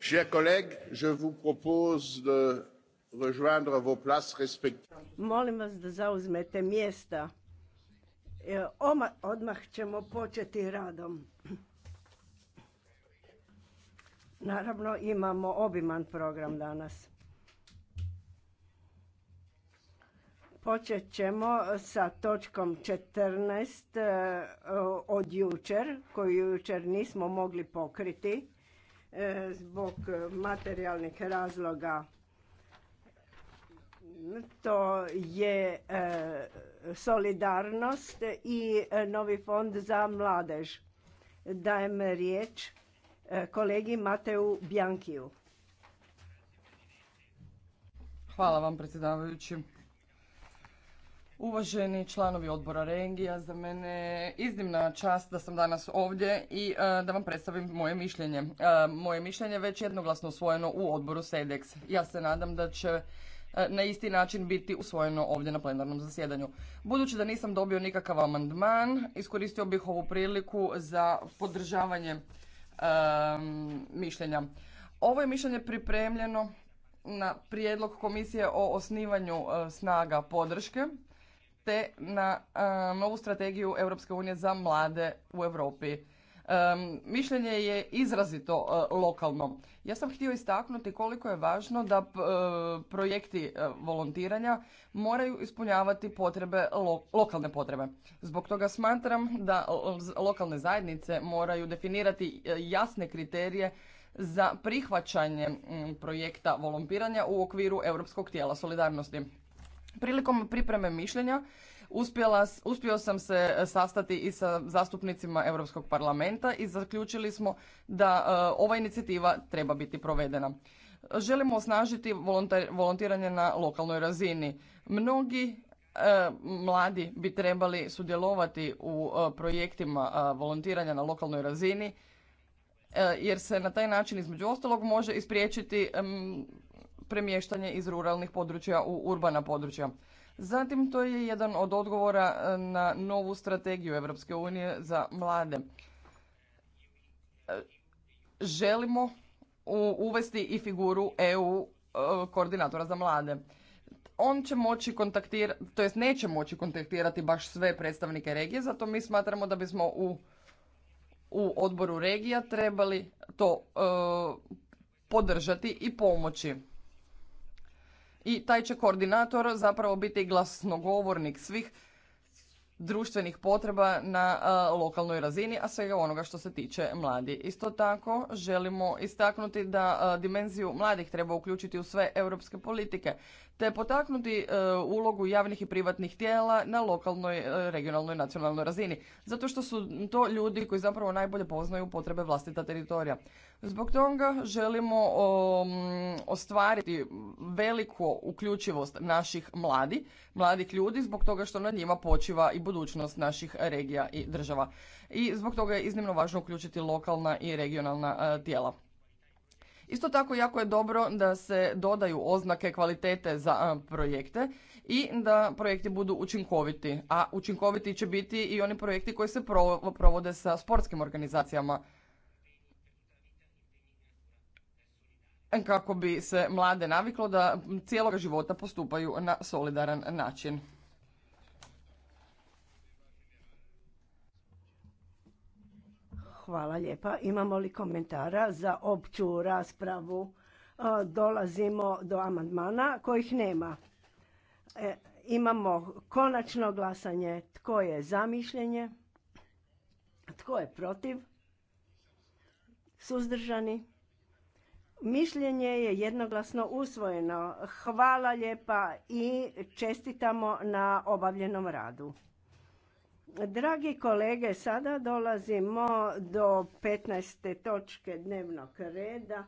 Chers collègues, je vous propose de rejoindre vos places respectives. Molim vas da zauzmete mjesta. E, odmah ćemo početi radom. Naravno imamo obiman program danas. Počet ćemo sa točkom 14 e, od jučer, koju jučer nismo mogli pokriti e, zbog materijalnih razloga. To je e, solidarnost i novi fond za mladež. Dajem riječ kolegi Mateu Bjankiju. Hvala vam predsjedavajući. Uvaženi članovi odbora regija, za mene je iznimna čast da sam danas ovdje i e, da vam predstavim moje mišljenje. E, moje mišljenje je već jednoglasno usvojeno u odboru SEDEX. Ja se nadam da će e, na isti način biti usvojeno ovdje na plenarnom zasjedanju. Budući da nisam dobio nikakav amandman, iskoristio bih ovu priliku za podržavanje mišljenja. Ovo je mišljenje pripremljeno na prijedlog komisije o osnivanju snaga podrške te na um, novu strategiju Europske unije za mlade u Europi. Um, mišljenje je izrazito uh, lokalno. Ja sam htio istaknuti koliko je važno da uh, projekti uh, volontiranja moraju ispunjavati potrebe lokalne potrebe. Zbog toga smatram da lokalne zajednice moraju definirati jasne kriterije za prihvaćanje mm, projekta volontiranja u okviru Europskog tijela solidarnosti. Prilikom pripreme mišljenja uspjela, uspio sam se e, sastati i sa zastupnicima Europskog parlamenta i zaključili smo da e, ova inicijativa treba biti provedena. Želimo osnažiti volontiranje na lokalnoj razini. Mnogi e, mladi bi trebali sudjelovati u projektima volontiranja na lokalnoj razini jer se na taj način između ostalog može ispriječiti premještanje iz ruralnih područja u urbana područja. Zatim to je jedan od odgovora e, na novu strategiju Europske unije za mlade. E, želimo uvesti i figuru EU e, koordinatora za mlade. On će moći kontaktirati, to jest neće moći kontaktirati baš sve predstavnike regije, zato mi smatramo da bismo u, u odboru regija trebali to podržati i pomoći i taj će koordinator zapravo biti glasnogovornik svih društvenih potreba na lokalnoj razini, a svega onoga što se tiče mladi. Isto tako želimo istaknuti da dimenziju mladih treba uključiti u sve europske politike te potaknuti e, ulogu javnih i privatnih tijela na lokalnoj, e, regionalnoj i nacionalnoj razini. Zato što su to ljudi koji zapravo najbolje poznaju potrebe vlastita teritorija. Zbog toga želimo ostvariti veliku uključivost naših mladi, mladih ljudi, zbog toga što na njima počiva i budućnost naših regija i država. I zbog toga je iznimno važno uključiti lokalna i regionalna e, tijela. Isto tako jako je dobro da se dodaju oznake kvalitete za projekte i da projekti budu učinkoviti, a učinkoviti će biti i oni projekti koji se provode sa sportskim organizacijama kako bi se mlade naviklo da cijelog života postupaju na solidaran način. Hvala lijepa. Imamo li komentara za opću raspravu? E, dolazimo do amandmana kojih nema. E, imamo konačno glasanje. Tko je za mišljenje? Tko je protiv? Suzdržani? Mišljenje je jednoglasno usvojeno. Hvala lijepa i čestitamo na obavljenom radu. Dragi kolege, sada dolazimo do 15. točke dnevnog reda.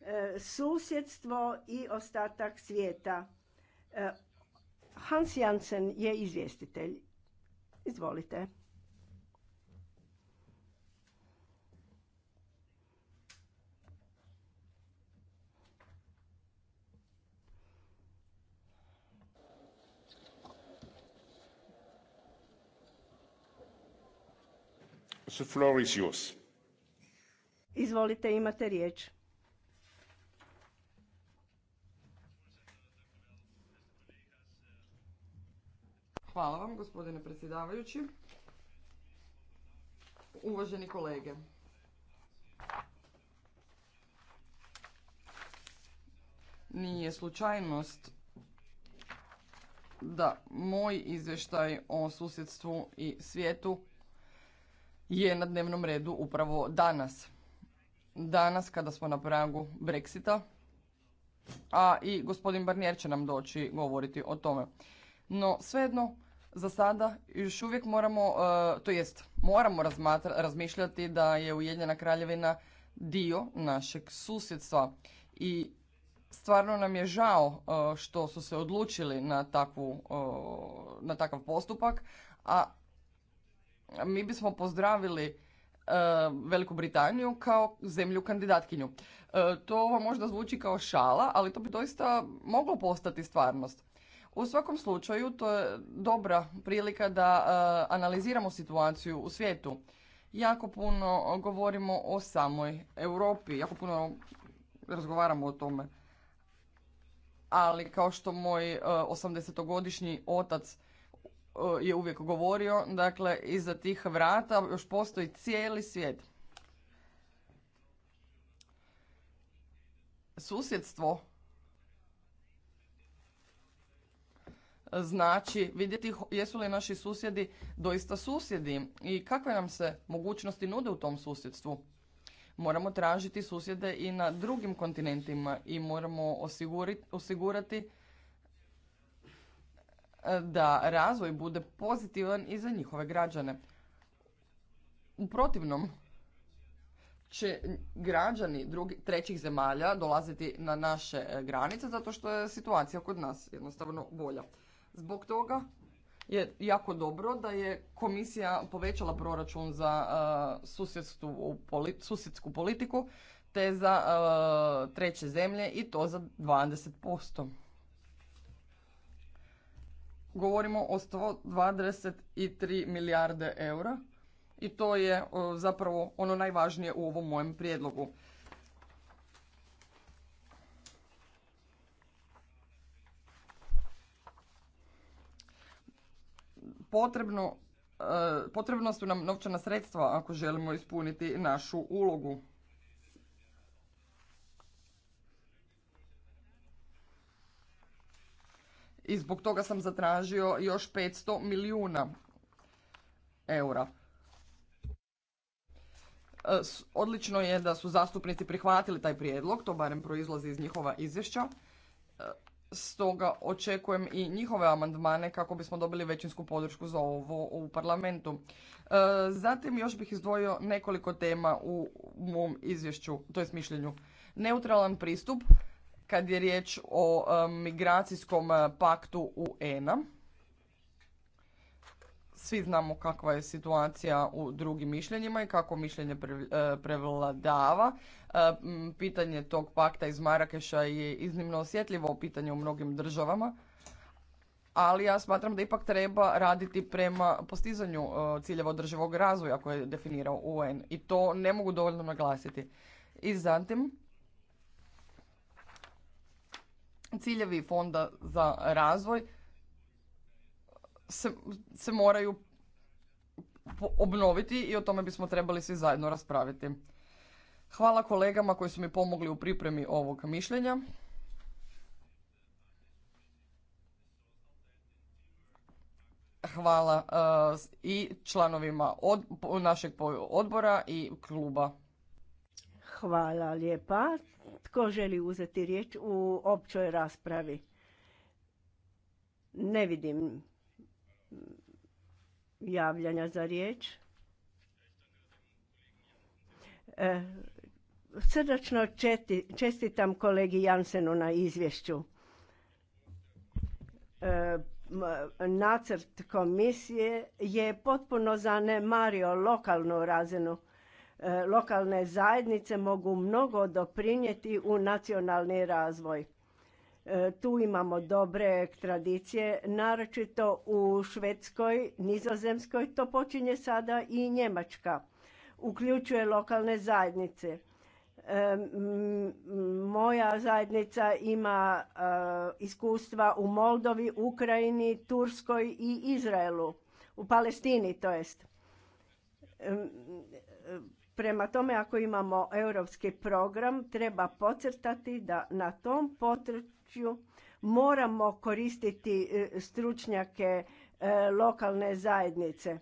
E, susjedstvo i ostatak svijeta. E, Hans Jansen je izvjestitelj. Izvolite. The floor is Izvolite, imate riječ. Hvala vam, gospodine predsjedavajući. Uvaženi kolege. Nije slučajnost da moj izvještaj o susjedstvu i svijetu je na dnevnom redu upravo danas. Danas kada smo na pragu Brexita, a i gospodin Barnier će nam doći govoriti o tome. No svejedno, za sada još uvijek moramo, e, to jest moramo razmišljati da je Ujedinjena kraljevina dio našeg susjedstva i stvarno nam je žao e, što su se odlučili na, takvu, e, na takav postupak, a mi bismo pozdravili e, Veliku Britaniju kao zemlju kandidatkinju. E, to vam možda zvuči kao šala, ali to bi doista moglo postati stvarnost. U svakom slučaju to je dobra prilika da e, analiziramo situaciju u svijetu. Jako puno govorimo o samoj Europi, jako puno razgovaramo o tome. Ali kao što moj 80-godišnji otac je uvijek govorio, dakle iza tih vrata još postoji cijeli svijet. Susjedstvo znači vidjeti jesu li naši susjedi doista susjedi i kakve nam se mogućnosti nude u tom susjedstvu. Moramo tražiti susjede i na drugim kontinentima i moramo osigurati da razvoj bude pozitivan i za njihove građane. U protivnom će građani drugi, trećih zemalja dolaziti na naše e, granice zato što je situacija kod nas jednostavno bolja. Zbog toga je jako dobro da je komisija povećala proračun za e, susjedsku politiku te za e, treće zemlje i to za 20% govorimo o 123 milijarde eura i to je e, zapravo ono najvažnije u ovom mojem prijedlogu. Potrebno, e, potrebno su nam novčana sredstva ako želimo ispuniti našu ulogu. i zbog toga sam zatražio još 500 milijuna eura. E, odlično je da su zastupnici prihvatili taj prijedlog, to barem proizlazi iz njihova izvješća. E, stoga očekujem i njihove amandmane kako bismo dobili većinsku podršku za ovo u parlamentu. E, zatim još bih izdvojio nekoliko tema u mom izvješću, to je mišljenju. Neutralan pristup kad je riječ o migracijskom eh, paktu UN-a. Svi znamo kakva je situacija u drugim mišljenjima i kako mišljenje eh, prevladava. Eh, pitanje tog pakta iz Marakeša je iznimno osjetljivo pitanje u mnogim državama, ali ja smatram da ipak treba raditi prema postizanju ciljeva održivog razvoja koje je definirao UN i to ne mogu dovoljno naglasiti. I zatim, ciljevi fonda za razvoj se, se moraju obnoviti i o tome bismo trebali svi zajedno raspraviti. Hvala kolegama koji su mi pomogli u pripremi ovog mišljenja. Hvala e, i članovima od, našeg odbora i kluba. Hvala lijepa. Tko želi uzeti riječ u općoj raspravi? Ne vidim javljanja za riječ. E, srdačno čestitam kolegi Jansenu na izvješću. E, nacrt komisije je potpuno zanemario lokalnu razinu E, lokalne zajednice mogu mnogo doprinijeti u nacionalni razvoj. E, tu imamo dobre tradicije, naročito u Švedskoj, Nizozemskoj, to počinje sada i Njemačka. Uključuje lokalne zajednice. E, moja zajednica ima iskustva u Moldovi, Ukrajini, Turskoj i Izraelu. U Palestini, to jest Prema tome, ako imamo europski program, treba pocrtati da na tom području moramo koristiti e, stručnjake e, lokalne zajednice. E,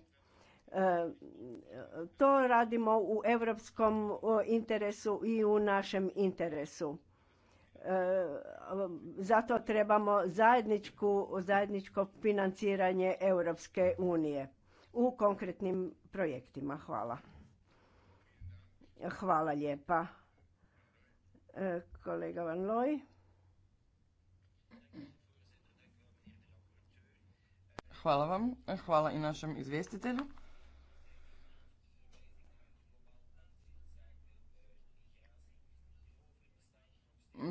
to radimo u europskom interesu i u našem interesu. Zato trebamo zajedničko financiranje Europske unije u konkretnim projektima. Hvala. Hvala lijepa. E, kolega Van Loj. Hvala vam. Hvala i našem izvjestitelju.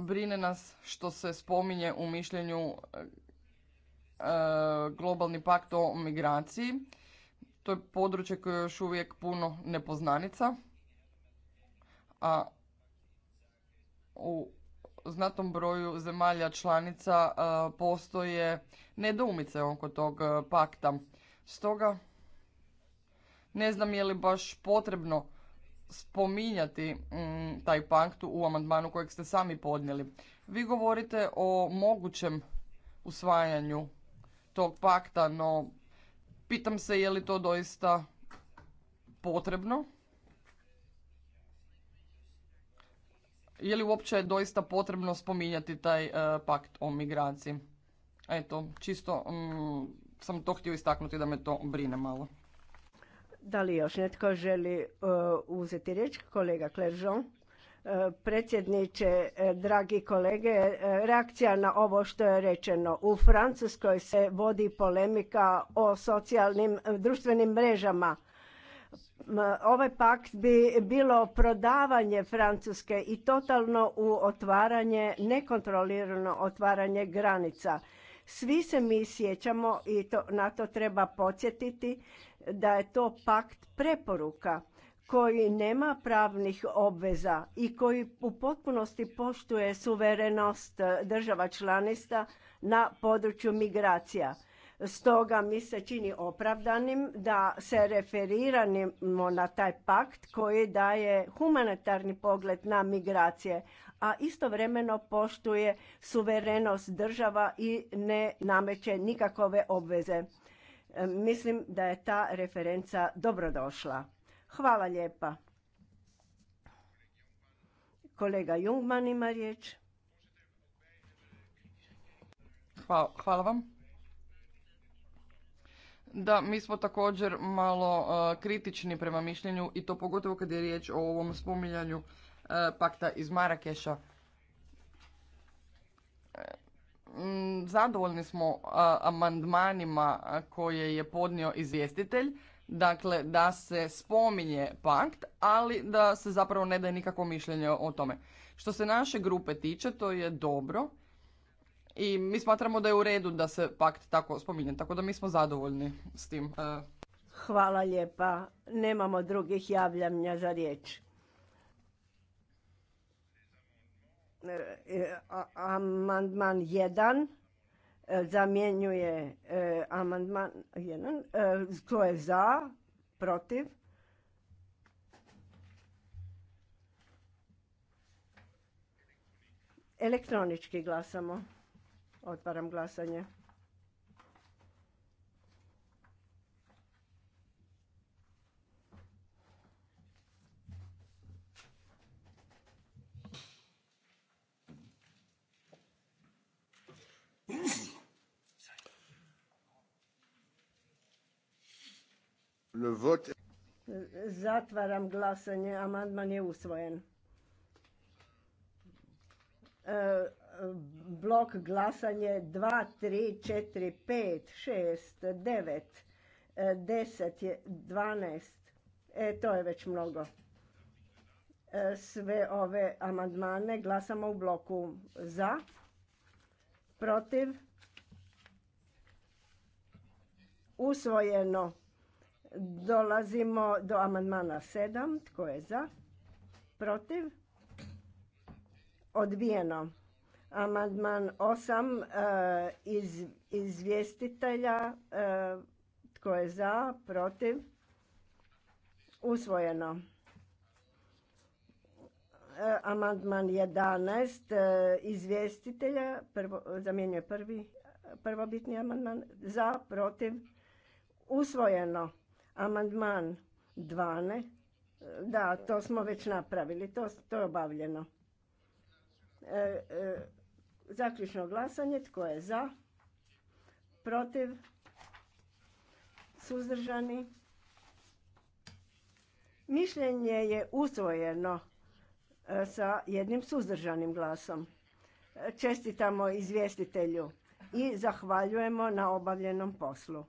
Brine nas što se spominje u mišljenju e, globalni pakt o migraciji. To je područje koje je još uvijek puno nepoznanica a u znatom broju zemalja članica e, postoje nedoumice oko tog e, pakta. Stoga ne znam je li baš potrebno spominjati mm, taj pakt u amandmanu kojeg ste sami podnijeli. Vi govorite o mogućem usvajanju tog pakta, no pitam se je li to doista potrebno. je li uopće doista potrebno spominjati taj e, pakt o migraciji. Eto, čisto mm, sam to htio istaknuti da me to brine malo. Da li još netko želi e, uzeti riječ? Kolega Kleržon. E, predsjedniče, dragi kolege, reakcija na ovo što je rečeno. U Francuskoj se vodi polemika o socijalnim društvenim mrežama Ovaj pakt bi bilo prodavanje Francuske i totalno u otvaranje, nekontrolirano otvaranje granica. Svi se mi sjećamo i to, na to treba podsjetiti da je to pakt preporuka koji nema pravnih obveza i koji u potpunosti poštuje suverenost država članica na području migracija. Stoga mi se čini opravdanim da se referiramo na taj pakt koji daje humanitarni pogled na migracije, a istovremeno poštuje suverenost država i ne nameće nikakove obveze. Mislim da je ta referenca dobrodošla. Hvala lijepa. Kolega Jungman ima riječ. hvala vam. Da, mi smo također malo e, kritični prema mišljenju i to pogotovo kad je riječ o ovom spominjanju e, pakta iz Marakeša. E, zadovoljni smo amandmanima koje je podnio izvjestitelj, dakle da se spominje pakt, ali da se zapravo ne daje nikakvo mišljenje o tome. Što se naše grupe tiče, to je dobro i mi smatramo da je u redu da se pakt tako spominje, tako da mi smo zadovoljni s tim. E. Hvala lijepa. Nemamo drugih javljanja za riječ. E, e, amandman 1 zamjenjuje amandman 1. Tko je za? Protiv? Elektronički glasamo. Otvaram glasanje. Le vote... Zatvaram glasanje. Amandman je usvojen. E, blok glasanje 2, 3, 4, 5, 6, 9, 10, 12. E, to je već mnogo. E, sve ove amandmane glasamo u bloku za, protiv, usvojeno. Dolazimo do amandmana 7. Tko je za? Protiv? Odbijeno. Amandman 8 eh, iz, izvjestitelja. Eh, tko je za? Protiv? Usvojeno. Eh, amandman 11 izvjestitelja. Prvo, zamjenjuje prvi prvobitni amandman. Za? Protiv? Usvojeno. Amandman 12. Da, to smo već napravili. To, to je obavljeno. Zaključno glasanje. Tko je za? Protiv? Suzdržani? Mišljenje je usvojeno e, sa jednim suzdržanim glasom. E, čestitamo izvjestitelju i zahvaljujemo na obavljenom poslu.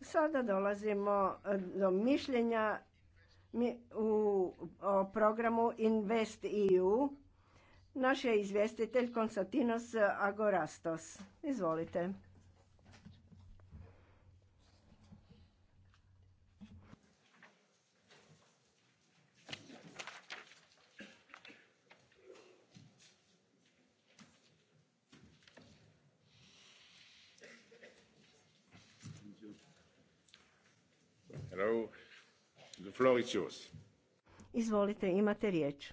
Sada dolazimo e, do mišljenja u programu Invest EU naš je izvjestitelj Konstantinos Agorastos. Izvolite. Hello. The Izvolite, imate riječ.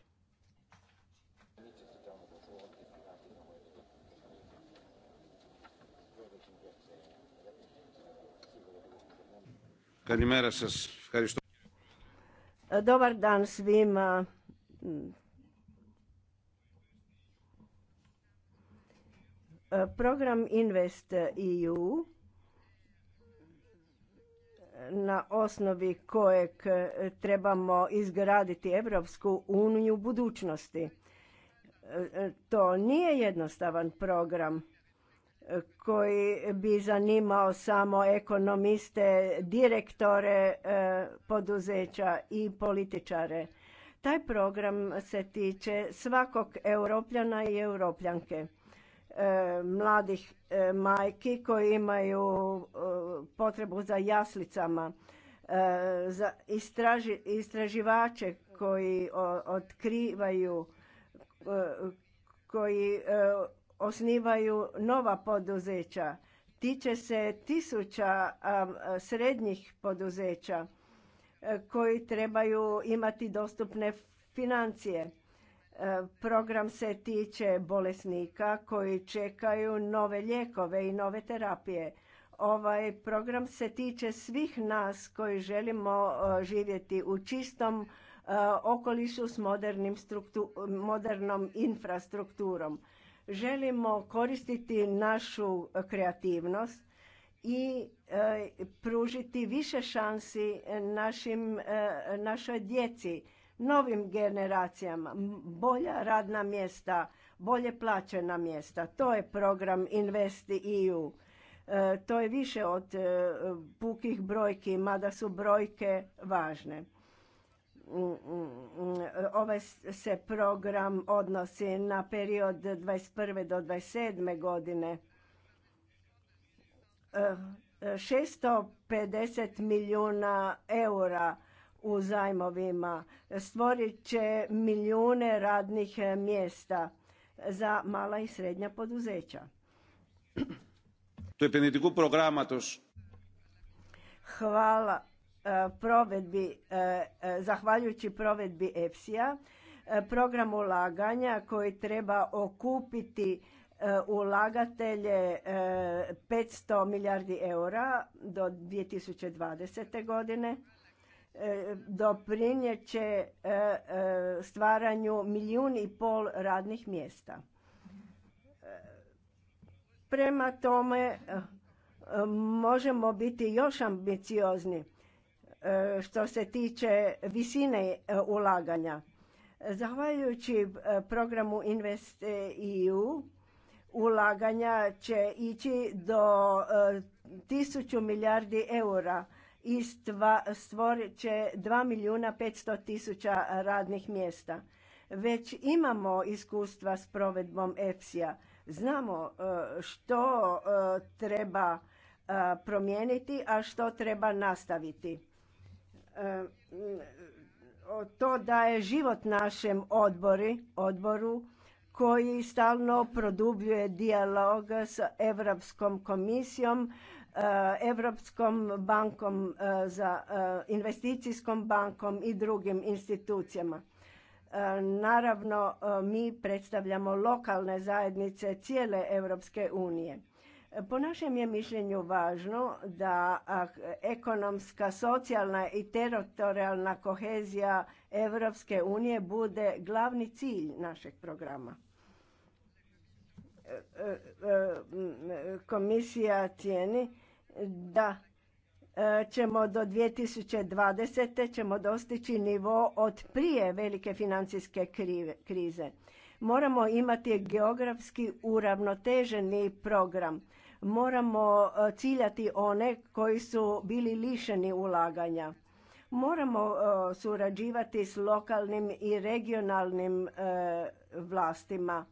E, dobar dan svima. E, program Invest EU na osnovi kojeg e, trebamo izgraditi Evropsku uniju budućnosti. E, to nije jednostavan program e, koji bi zanimao samo ekonomiste, direktore poduzeća i političare. Taj program se tiče svakog europljana i europljanke. E, mladih e, majki koji imaju e, potrebu za jaslicama, za istraživače koji otkrivaju, koji osnivaju nova poduzeća. Tiče se tisuća srednjih poduzeća koji trebaju imati dostupne financije E, program se tiče bolesnika koji čekaju nove lijekove i nove terapije. Ovaj program se tiče svih nas koji želimo e, živjeti u čistom e, okolišu s modernim modernom infrastrukturom. Želimo koristiti našu kreativnost i pružiti više šansi našim, našoj djeci novim generacijama, bolja radna mjesta, bolje plaćena mjesta. To je program Investi EU. to je više od e, pukih brojki, mada su brojke važne. Mm, mm, mm, ovaj se program odnosi na period 21. do 27. godine. 650 e, milijuna eura u zajmovima, stvorit će milijune radnih eh, mjesta za mala i srednja poduzeća. Hvala eh, provedbi, eh, zahvaljujući provedbi EPSI-a, program ulaganja koji treba okupiti ulagatelje 500 milijardi eura do 2020. godine E, doprinjet će e, e, stvaranju milijun i pol radnih mjesta. Prema tome možemo biti još ambiciozni što se tiče visine ulaganja. Zahvaljujući programu Invest EU ulaganja će ići do tisuću milijardi eura i stvorit će 2 milijuna 500 tisuća radnih mjesta. Već imamo iskustva s provedbom EPSI-a. Znamo e, što e, treba e, promijeniti, a što treba nastaviti. To da je život našem odbori, odboru koji stalno produbljuje dijalog s Europskom komisijom, Europskom eh, bankom eh, za eh, investicijskom bankom i drugim institucijama. Naravno, mi predstavljamo lokalne zajednice cijele Evropske unije. Po našem je mišljenju važno da ekonomska, socijalna i teritorijalna kohezija Europske unije bude glavni cilj našeg programa. E, e, e, komisija cijeni da ćemo do 2020. ćemo dostići nivo od prije velike financijske krize. Moramo imati geografski uravnoteženi program. Moramo ciljati one koji su bili lišeni ulaganja Moramo e, surađivati s lokalnim i regionalnim e, vlastima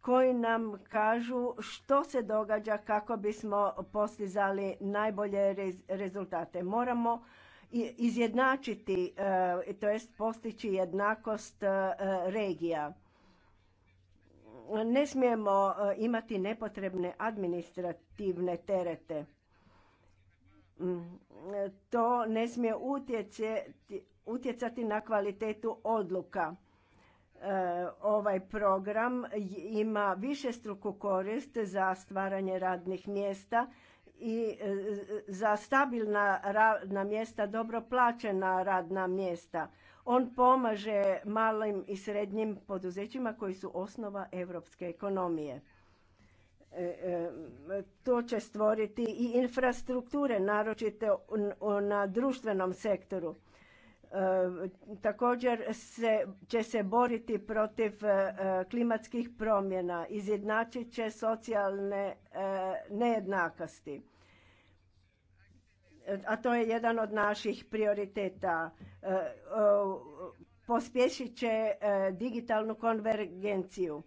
koji nam kažu što se događa kako bismo postizali najbolje rezultate. Moramo izjednačiti, e, to jest postići jednakost regija. Ne smijemo imati nepotrebne administrativne terete. To ne smije utjecati, na kvalitetu odluka. E, ovaj program ima više struku korist za stvaranje radnih mjesta i e, za stabilna radna mjesta, dobro plaćena radna mjesta. On pomaže malim i srednjim poduzećima koji su osnova europske ekonomije. To će stvoriti i infrastrukture, naročito na društvenom sektoru. E, također se, će se boriti protiv e, klimatskih promjena, izjednačit će socijalne e, nejednakosti a to je jedan od naših prioriteta. Pospješit će digitalnu konvergenciju.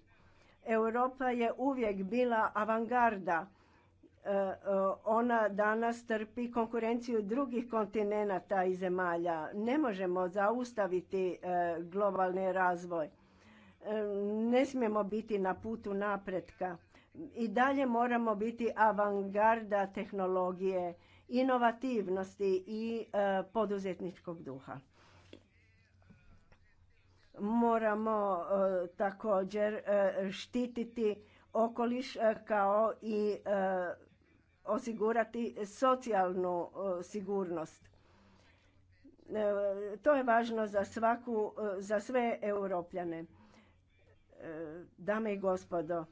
Europa je uvijek bila avangarda. E, e, ona danas trpi konkurenciju drugih kontinenata i zemalja. Ne možemo zaustaviti e, globalni razvoj. Ne smijemo biti na putu napretka. I dalje moramo biti avangarda tehnologije, inovativnosti i poduzetničkog duha. Moramo e, također e, štititi okoliš e, kao i osigurati socijalnu sigurnost. To je važno za svaku, za sve europljane. Dame i gospodo,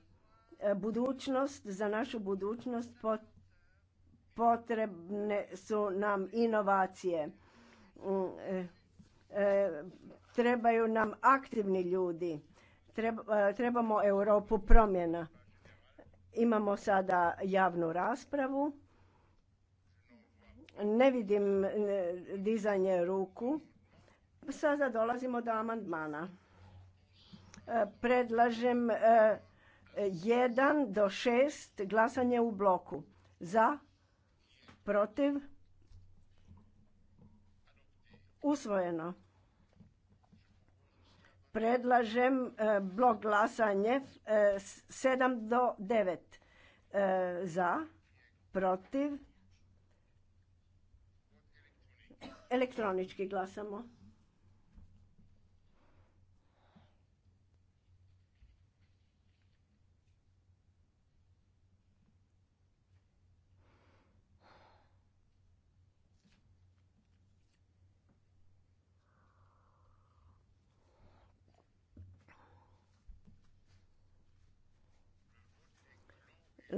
budućnost, za našu budućnost potrebne su nam inovacije. Mm, trebaju nam aktivni ljudi, e, trebamo Europu promjena. Imamo sada javnu raspravu. Ne vidim e, dizanje ruku. Sada dolazimo do amandmana. E, predlažem jedan do šest glasanje u bloku. Za, protiv, usvojeno. Predlažem e, blok glasanje 7 e, do 9 e, za, protiv. Elektronički glasamo.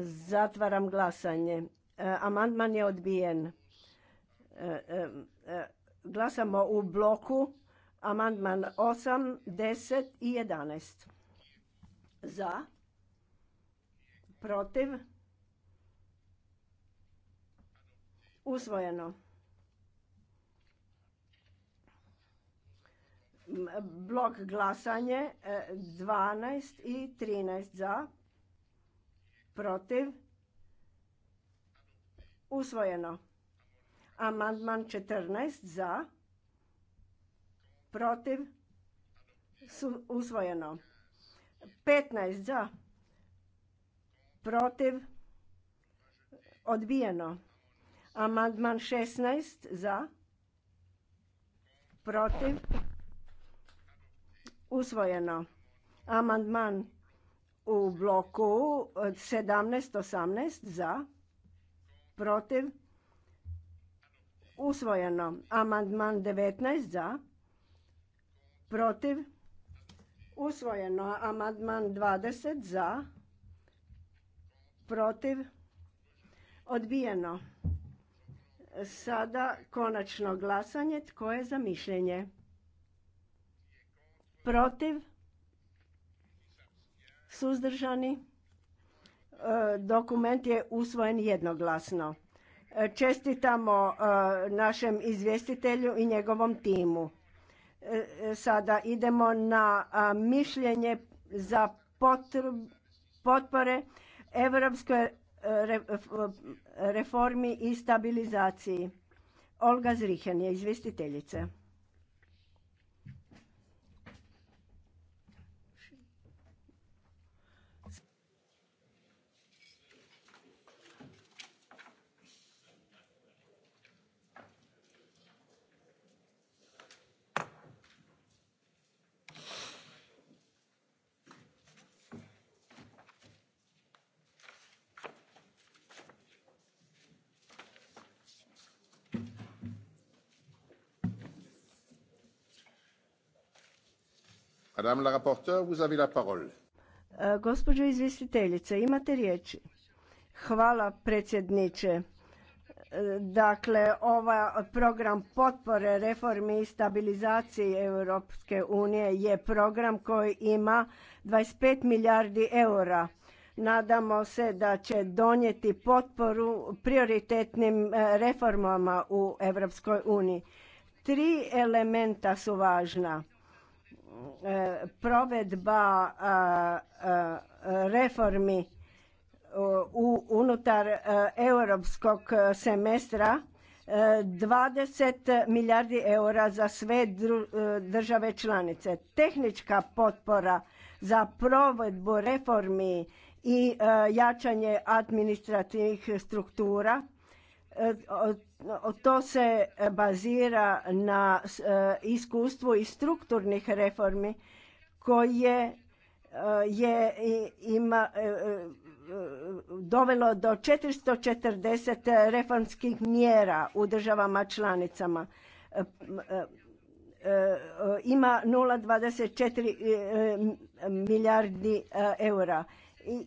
Zatvaram glasanje. E, amandman je odbijen. E, e, glasamo u bloku amandman 8, 10 i 11. Za. Protiv. Usvojeno. Blok glasanje 12 i 13 za, protiv, usvojeno. Amandman 14 za, protiv, usvojeno. 15 za, protiv, odbijeno. Amandman 16 za, protiv, usvojeno. Amandman u bloku 17-18 e, za, protiv, usvojeno. Amandman 19 za, protiv, usvojeno. Amandman 20 za, protiv, odbijeno. Sada konačno glasanje. Tko je za mišljenje? Protiv? suzdržani. E, dokument je usvojen jednoglasno. E, čestitamo e, našem izvjestitelju i njegovom timu. Sada idemo na mišljenje za potpore Europskoj reformi i stabilizaciji. Olga Zrihen je izvjestiteljica. E, gospođo imate riječi. Hvala predsjedniče. E, dakle, ovaj program potpore reformi i stabilizaciji Europske unije je program koji ima 25 milijardi eura. Nadamo se da će donijeti potporu prioritetnim e, reformama u Europskoj uniji. Tri elementa su važna provedba reformi unutar europskog semestra 20 milijardi eura za sve e, države članice. Tehnička potpora za provedbu reformi i e, jačanje administrativnih struktura to se bazira na e, iskustvu i strukturnih reformi koje e, je ima e, dovelo do 440 reformskih mjera u državama članicama. Ima 0,24 milijardi eura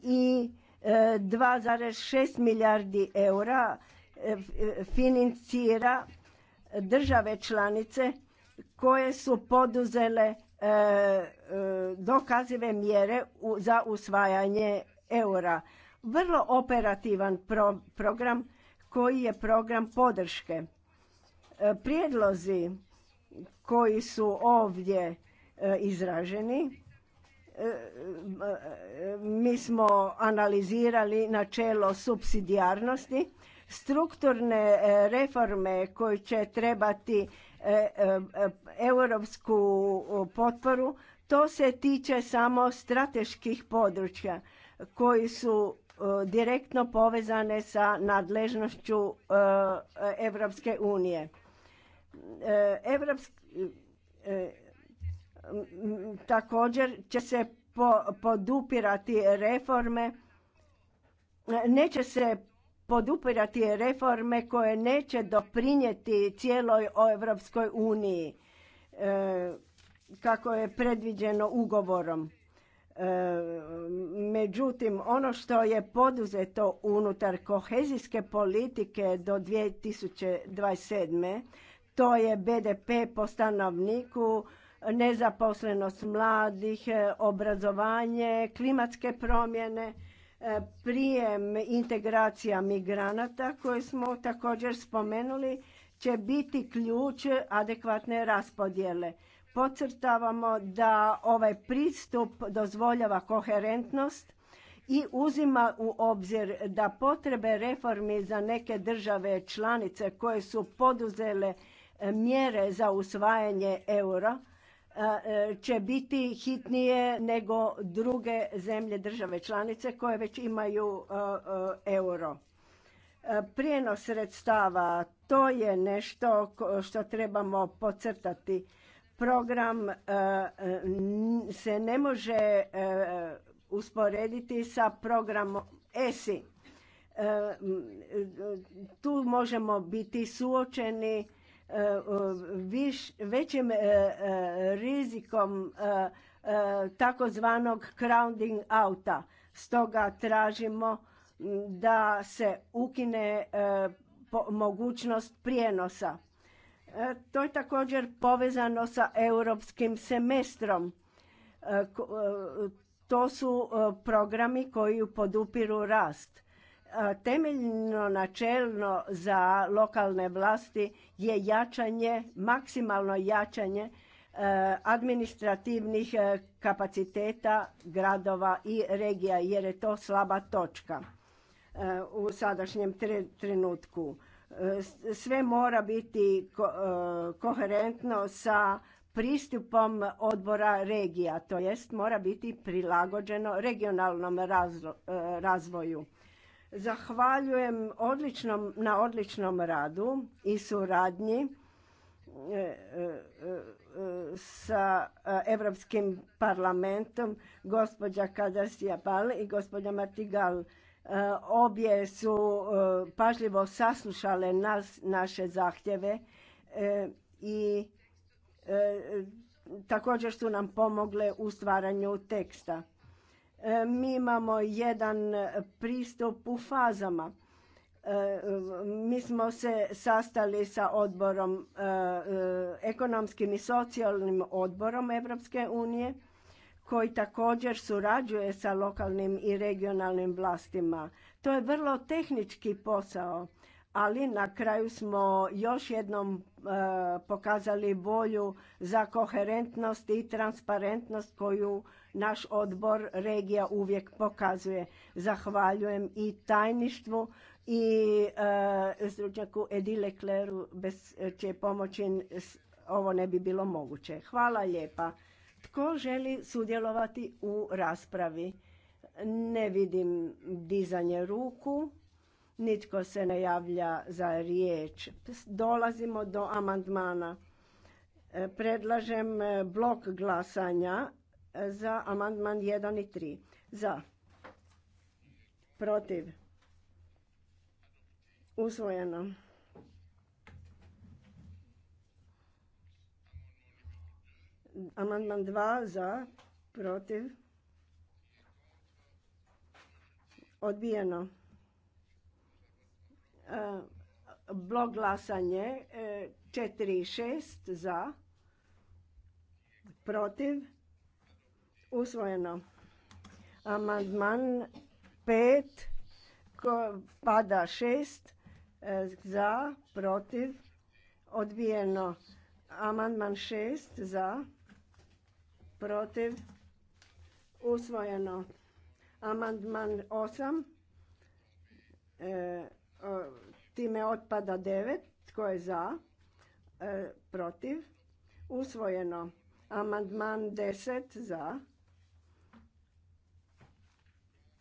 i 2,6 milijardi eura financira države članice koje su poduzele e, e, dokazive mjere za usvajanje eura. Vrlo operativan program koji je program podrške. E, prijedlozi koji su ovdje izraženi mi smo analizirali načelo subsidijarnosti Strukturne e, reforme koje će trebati e, e, europsku potporu, to se tiče samo strateških područja koji su direktno povezane sa nadležnošću Evropske unije. Također će se podupirati reforme, neće se podupirati reforme koje neće doprinijeti cijeloj Europskoj uniji e, kako je predviđeno ugovorom. E, međutim, ono što je poduzeto unutar kohezijske politike do 2027. to je BDP po stanovniku, nezaposlenost mladih, obrazovanje, klimatske promjene – prijem integracija migranata koje smo također spomenuli će biti ključ adekvatne raspodjele. Podcrtavamo da ovaj pristup dozvoljava koherentnost i uzima u obzir da potrebe reformi za neke države članice koje su poduzele mjere za usvajanje eura E, će biti hitnije nego druge zemlje države članice koje već imaju e, e, euro. Prijenos sredstava, to je nešto što trebamo podcrtati. Program se ne može usporediti sa programom ESI. Tu možemo biti suočeni E, viš, većim e, e, rizikom takozvanog crowding outa. Stoga tražimo da se ukine mogućnost prijenosa. To je također povezano sa europskim semestrom. To su programi koji podupiru rast. Temeljno načelno za lokalne vlasti je jačanje, maksimalno jačanje e, administrativnih e, kapaciteta gradova i regija jer je to slaba točka e, u sadašnjem trenutku. Sve mora biti koherentno sa pristupom odbora regija, to jest mora biti prilagođeno regionalnom razvoju. Zahvaljujem odličnom, na odličnom radu i suradnji e, e, e, sa Europskim parlamentom gospođa Kadasija Pal i gospođa Martigal. Obje su pažljivo saslušale nas, naše zahtjeve i također su nam pomogle u stvaranju teksta. E, mi imamo jedan pristup u fazama. E, mi smo se sastali sa odborom, e, ekonomskim i socijalnim odborom Evropske unije, koji također surađuje sa lokalnim i regionalnim vlastima. To je vrlo tehnički posao ali na kraju smo još jednom e, pokazali volju za koherentnost i transparentnost koju naš odbor regija uvijek pokazuje. Zahvaljujem i tajništvu i e, stručnjaku Edile bez čije pomoći ovo ne bi bilo moguće. Hvala lijepa. Tko želi sudjelovati u raspravi? Ne vidim dizanje ruku. Nitko se ne javlja za riječ. Dolazimo do amandmana. E, predlažem e, blok glasanja e, za amandman 1 i 3. Za. Protiv. Usvojeno. Amandman 2 za, protiv. Odbijeno. E, blok glasanje 4 e, i 6 za, protiv, usvojeno. Amandman 5, pada 6, e, za, protiv, odbijeno. Amandman 6 za, protiv, usvojeno. Amandman 8, e, Ime otpada 9. Tko je za? E, protiv. Usvojeno. Amandman 10 za.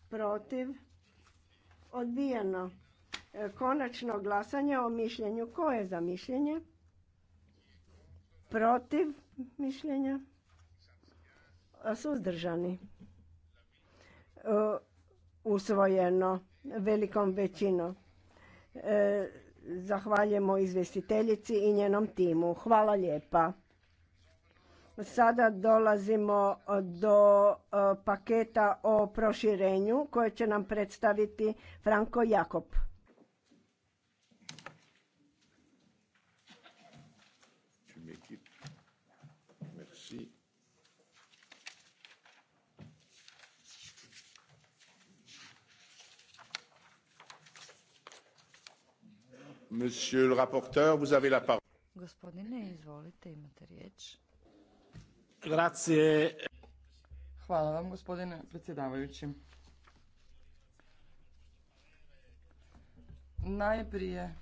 Protiv. Odbijeno. E, konačno glasanje o mišljenju. Ko je za mišljenje? Protiv mišljenja. Suzdržani. E, usvojeno velikom većinom. E, zahvaljujemo izvjestiteljici i njenom timu. Hvala lijepa. Sada dolazimo do e, paketa o proširenju koje će nam predstaviti Franko Jakob. Monsieur le rapporteur, vous avez la parole. Gospodine, izvolite, imate riječ. Grazie. Hvala vam, gospodine predsjedavajući. Najprije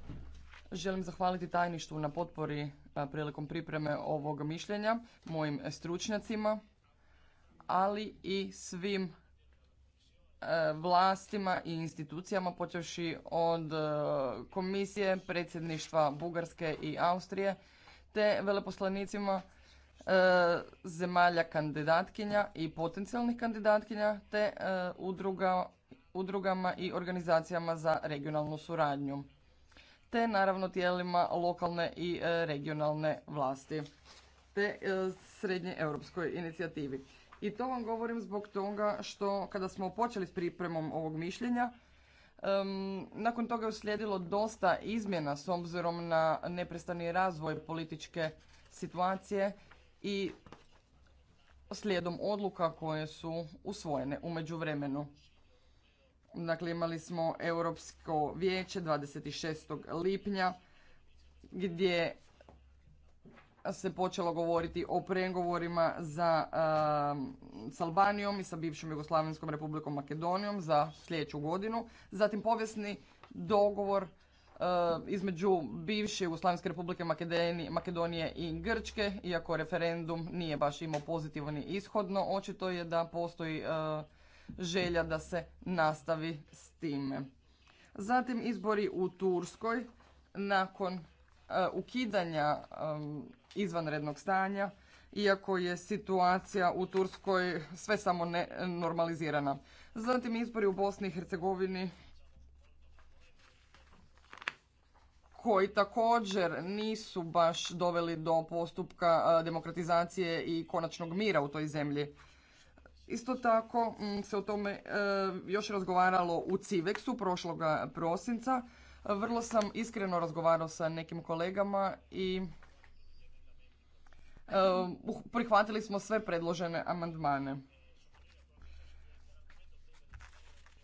želim zahvaliti tajništvu na potpori prilikom pripreme ovog mišljenja, mojim stručnjacima, ali i svim vlastima i institucijama počevši od e, komisije, predsjedništva Bugarske i Austrije te veleposlanicima e, zemalja kandidatkinja i potencijalnih kandidatkinja te e, udruga, udrugama i organizacijama za regionalnu suradnju te naravno tijelima lokalne i regionalne vlasti te srednje europskoj inicijativi. I to vam govorim zbog toga što kada smo počeli s pripremom ovog mišljenja, nakon toga je uslijedilo dosta izmjena s obzirom na neprestani razvoj političke situacije i slijedom odluka koje su usvojene u međuvremenu. Dakle, imali smo Europsko vijeće 26. lipnja gdje se počelo govoriti o pregovorima za, um, Albanijom i sa bivšom Jugoslavenskom republikom Makedonijom za sljedeću godinu. Zatim povijesni dogovor uh, između bivše Jugoslavenske republike Makedonije, Makedonije i Grčke, iako referendum nije baš imao pozitivan ishodno, očito je da postoji uh, želja da se nastavi s time. Zatim izbori u Turskoj nakon E, ukidanja izvanrednog stanja, iako je situacija u Turskoj sve samo ne normalizirana. Zatim izbori u Bosni i Hercegovini koji također nisu baš doveli do postupka e, demokratizacije i konačnog mira u toj zemlji. Isto tako se o tome e, još razgovaralo u Civeksu prošloga prosinca vrlo sam iskreno razgovarao sa nekim kolegama i eh, uh, prihvatili smo sve predložene amandmane.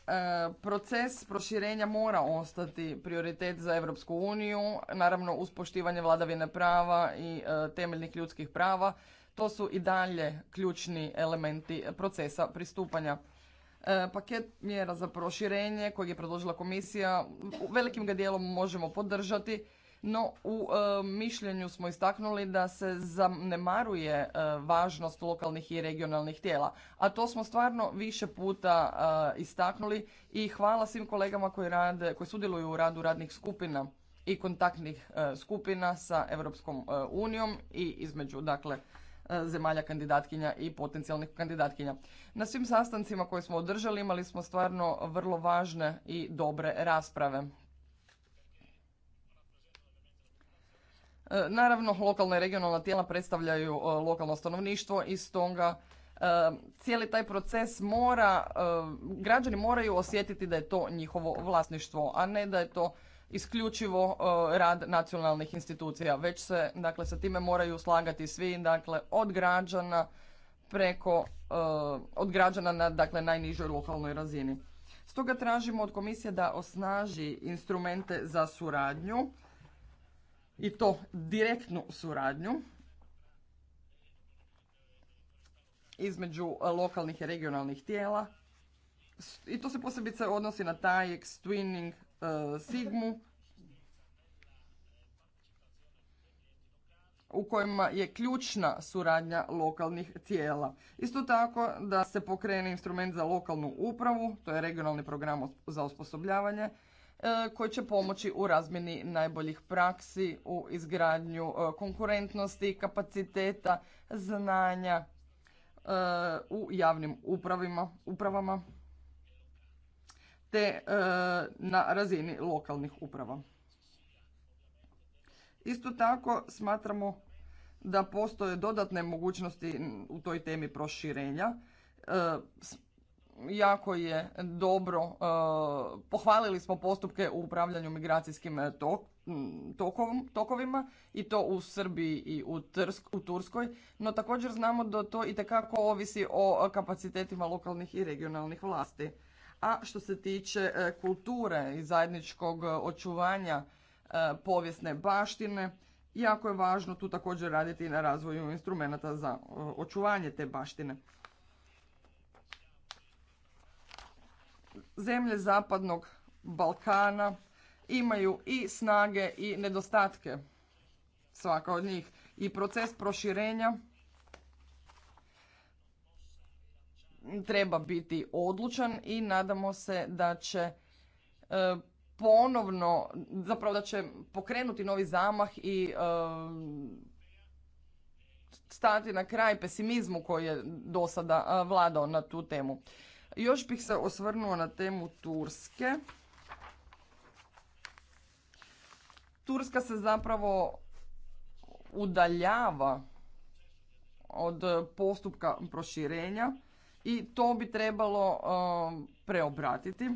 Eh, proces proširenja mora ostati prioritet za Europsku uniju, naravno uz poštivanje vladavine prava i eh, temeljnih ljudskih prava. To su i dalje ključni elementi procesa pristupanja. E, paket mjera za proširenje kojeg je predložila komisija, velikim ga dijelom možemo podržati, no u e, mišljenju smo istaknuli da se zanemaruje e, važnost lokalnih i regionalnih tijela, a to smo stvarno više puta istaknuli i hvala svim kolegama koji rade, koji sudjeluju u radu radnih skupina i kontaktnih skupina sa Europskom unijom i između dakle E, zemalja kandidatkinja i potencijalnih kandidatkinja. Na svim sastancima koje smo održali imali smo stvarno vrlo važne i dobre rasprave. E, naravno, lokalna i regionalna tijela predstavljaju e, lokalno stanovništvo i stoga cijeli taj proces mora, građani moraju osjetiti da je to njihovo vlasništvo, a ne da je to isključivo e, rad nacionalnih institucija, već se dakle sa time moraju slagati svi, dakle od građana preko e, od građana na dakle najnižoj lokalnoj razini. Stoga tražimo od komisije da osnaži instrumente za suradnju i to direktnu suradnju između e, lokalnih i regionalnih tijela. I to se posebice odnosi na taj twinning, Sigmu u kojima je ključna suradnja lokalnih tijela. Isto tako da se pokrene instrument za lokalnu upravu, to je regionalni program za osposobljavanje, e, koji će pomoći u razmjeni najboljih praksi, u izgradnju e, konkurentnosti, kapaciteta, znanja e, u javnim upravama te e, na razini lokalnih uprava. Isto tako smatramo da postoje dodatne mogućnosti u toj temi proširenja. E, jako je dobro, e, pohvalili smo postupke u upravljanju migracijskim tokovima i to u Srbiji i u Turskoj, no također znamo da to itekako ovisi o kapacitetima lokalnih i regionalnih vlasti. A što se tiče e, kulture i zajedničkog e, očuvanja e, povijesne baštine, jako je važno tu također raditi na razvoju instrumenta za očuvanje te baštine. Zemlje zapadnog Balkana imaju i snage i nedostatke svaka od njih i proces proširenja treba biti odlučan i nadamo se da će e, ponovno, zapravo da će pokrenuti novi zamah i e, stati na kraj pesimizmu koji je do sada e, vladao na tu temu. Još bih se osvrnuo na temu Turske. Turska se zapravo udaljava od postupka proširenja i to bi trebalo um, preobratiti.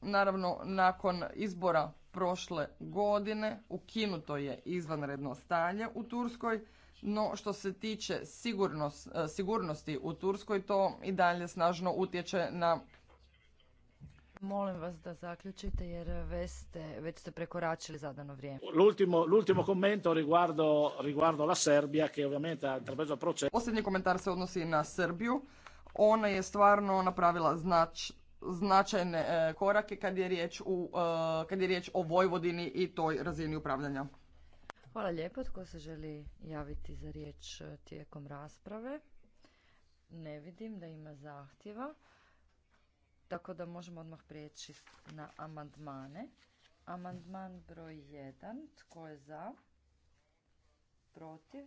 Naravno, nakon izbora prošle godine ukinuto je izvanredno stanje u Turskoj, no što se tiče eh, sigurnosti u Turskoj to i dalje snažno utječe na Molim vas da zaključite jer već ste, već ste prekoračili zadano vrijeme. L'ultimo, l'ultimo commento riguardo, riguardo la Serbia che ovviamente Posljednji komentar se odnosi na Srbiju. Ona je stvarno napravila značajne e, korake kad je, riječ u, e, kad je riječ o Vojvodini i toj razini upravljanja. Hvala lijepo. Tko se želi javiti za riječ e, tijekom rasprave? Ne vidim da ima zahtjeva. Tako da možemo odmah prijeći na amandmane. Amandman broj 1. Tko je za? Protiv?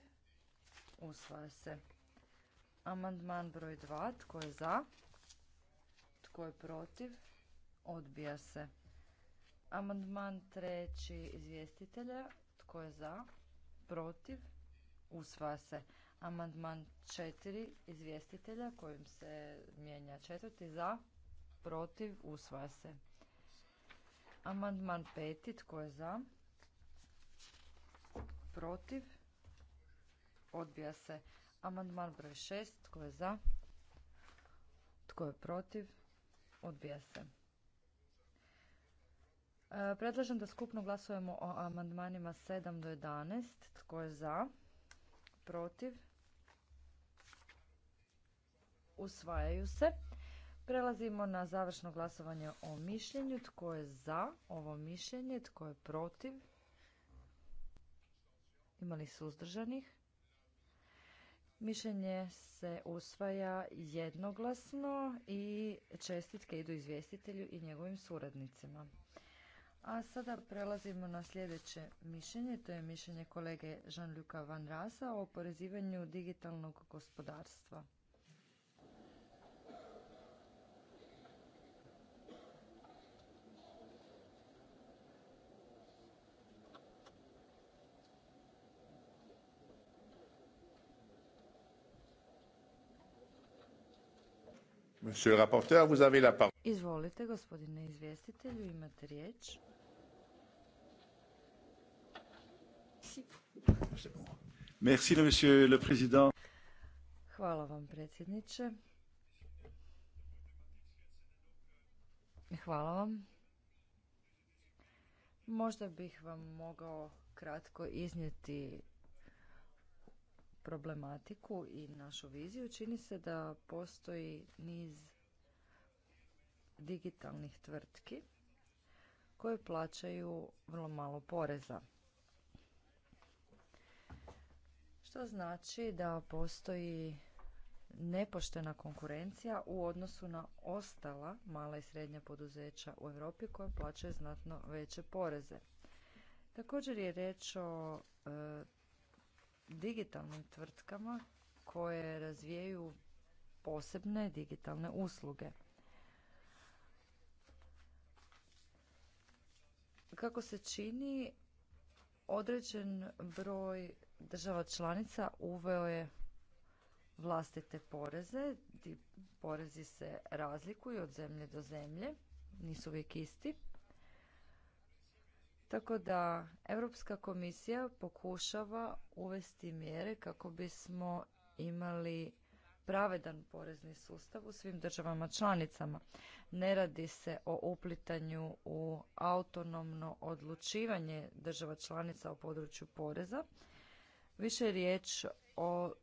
Usvaja se. Amandman broj 2. Tko je za? Tko je protiv? Odbija se. Amandman treći izvjestitelja. Tko je za? Protiv? Usvaja se. Amandman četiri izvjestitelja kojim se mijenja četvrti za, protiv, usvaja se. Amandman peti, tko je za? Protiv, odbija se. Amandman broj šest, tko je za? Tko je protiv, odbija se. E, predlažem da skupno glasujemo o amandmanima 7 do 11. Tko je za? Protiv? Usvajaju se. Prelazimo na završno glasovanje o mišljenju. Tko je za ovo mišljenje? Tko je protiv? Ima li suzdržanih? Mišljenje se usvaja jednoglasno i čestitke idu izvjestitelju i njegovim suradnicima. A sada prelazimo na sljedeće mišljenje, to je mišljenje kolege Jean-Luc Van Rasa o oporezivanju digitalnog gospodarstva. rapporteur, Izvolite, gospodine izvjestitelju, imate riječ. Merci, monsieur le président. Hvala vam, predsjedniče. Hvala vam. Možda bih vam mogao kratko iznijeti problematiku i našu viziju, čini se da postoji niz digitalnih tvrtki koje plaćaju vrlo malo poreza. Što znači da postoji nepoštena konkurencija u odnosu na ostala mala i srednja poduzeća u Europi koja plaćaju znatno veće poreze. Također je reč o e, digitalnim tvrtkama koje razvijaju posebne digitalne usluge. Kako se čini, određen broj država članica uveo je vlastite poreze. Ti porezi se razlikuju od zemlje do zemlje, nisu uvijek isti. Tako da Europska komisija pokušava uvesti mjere kako bismo imali pravedan porezni sustav u svim državama članicama. Ne radi se o uplitanju u autonomno odlučivanje država članica o području poreza. Više je riječ o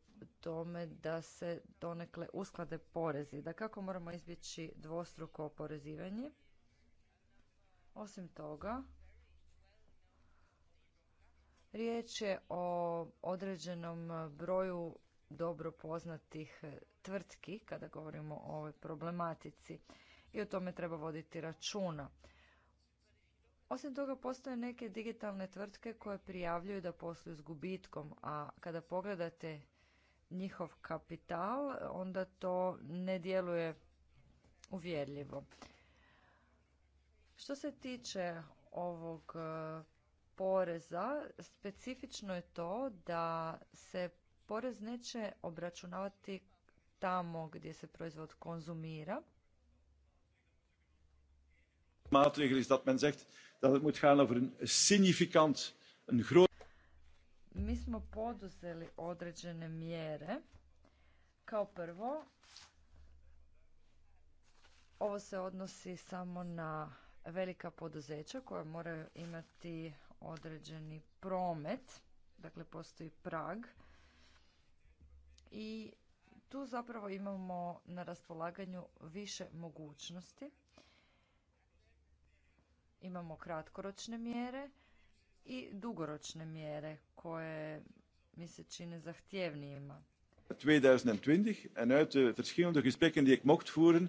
tome da se donekle usklade porezi, da kako moramo izbjeći dvostruko oporezivanje. Osim toga, Riječ je o određenom broju dobro poznatih tvrtki kada govorimo o ovoj problematici i o tome treba voditi računa. Osim toga, postoje neke digitalne tvrtke koje prijavljuju da posluju s gubitkom, a kada pogledate njihov kapital, onda to ne djeluje uvjerljivo. Što se tiče ovog poreza specifično je to da se porez neće obračunavati tamo gdje se proizvod konzumira. is dat men zegt dat het moet gaan over Mi smo poduzeli određene mjere. Kao prvo, ovo se odnosi samo na velika poduzeća koja moraju imati određeni promet, dakle postoji prag i tu zapravo imamo na raspolaganju više mogućnosti. Imamo kratkoročne mjere i dugoročne mjere koje mi se čine zahtjevnijima. 2020 en uit de verschillende gesprekken die ik mocht voeren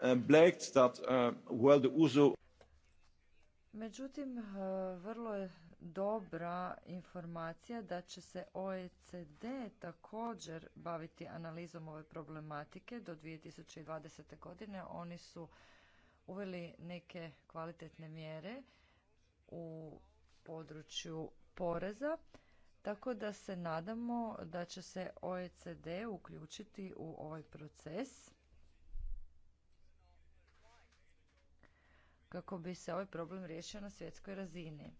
eh, blijkt dat hoewel eh, de OESO Međutim, e, vrlo je dobra informacija da će se OECD također baviti analizom ove problematike do 2020. godine. Oni su uveli neke kvalitetne mjere u području poreza, tako da se nadamo da će se OECD uključiti u ovaj proces kako bi se ovaj problem riješio na svjetskoj razini.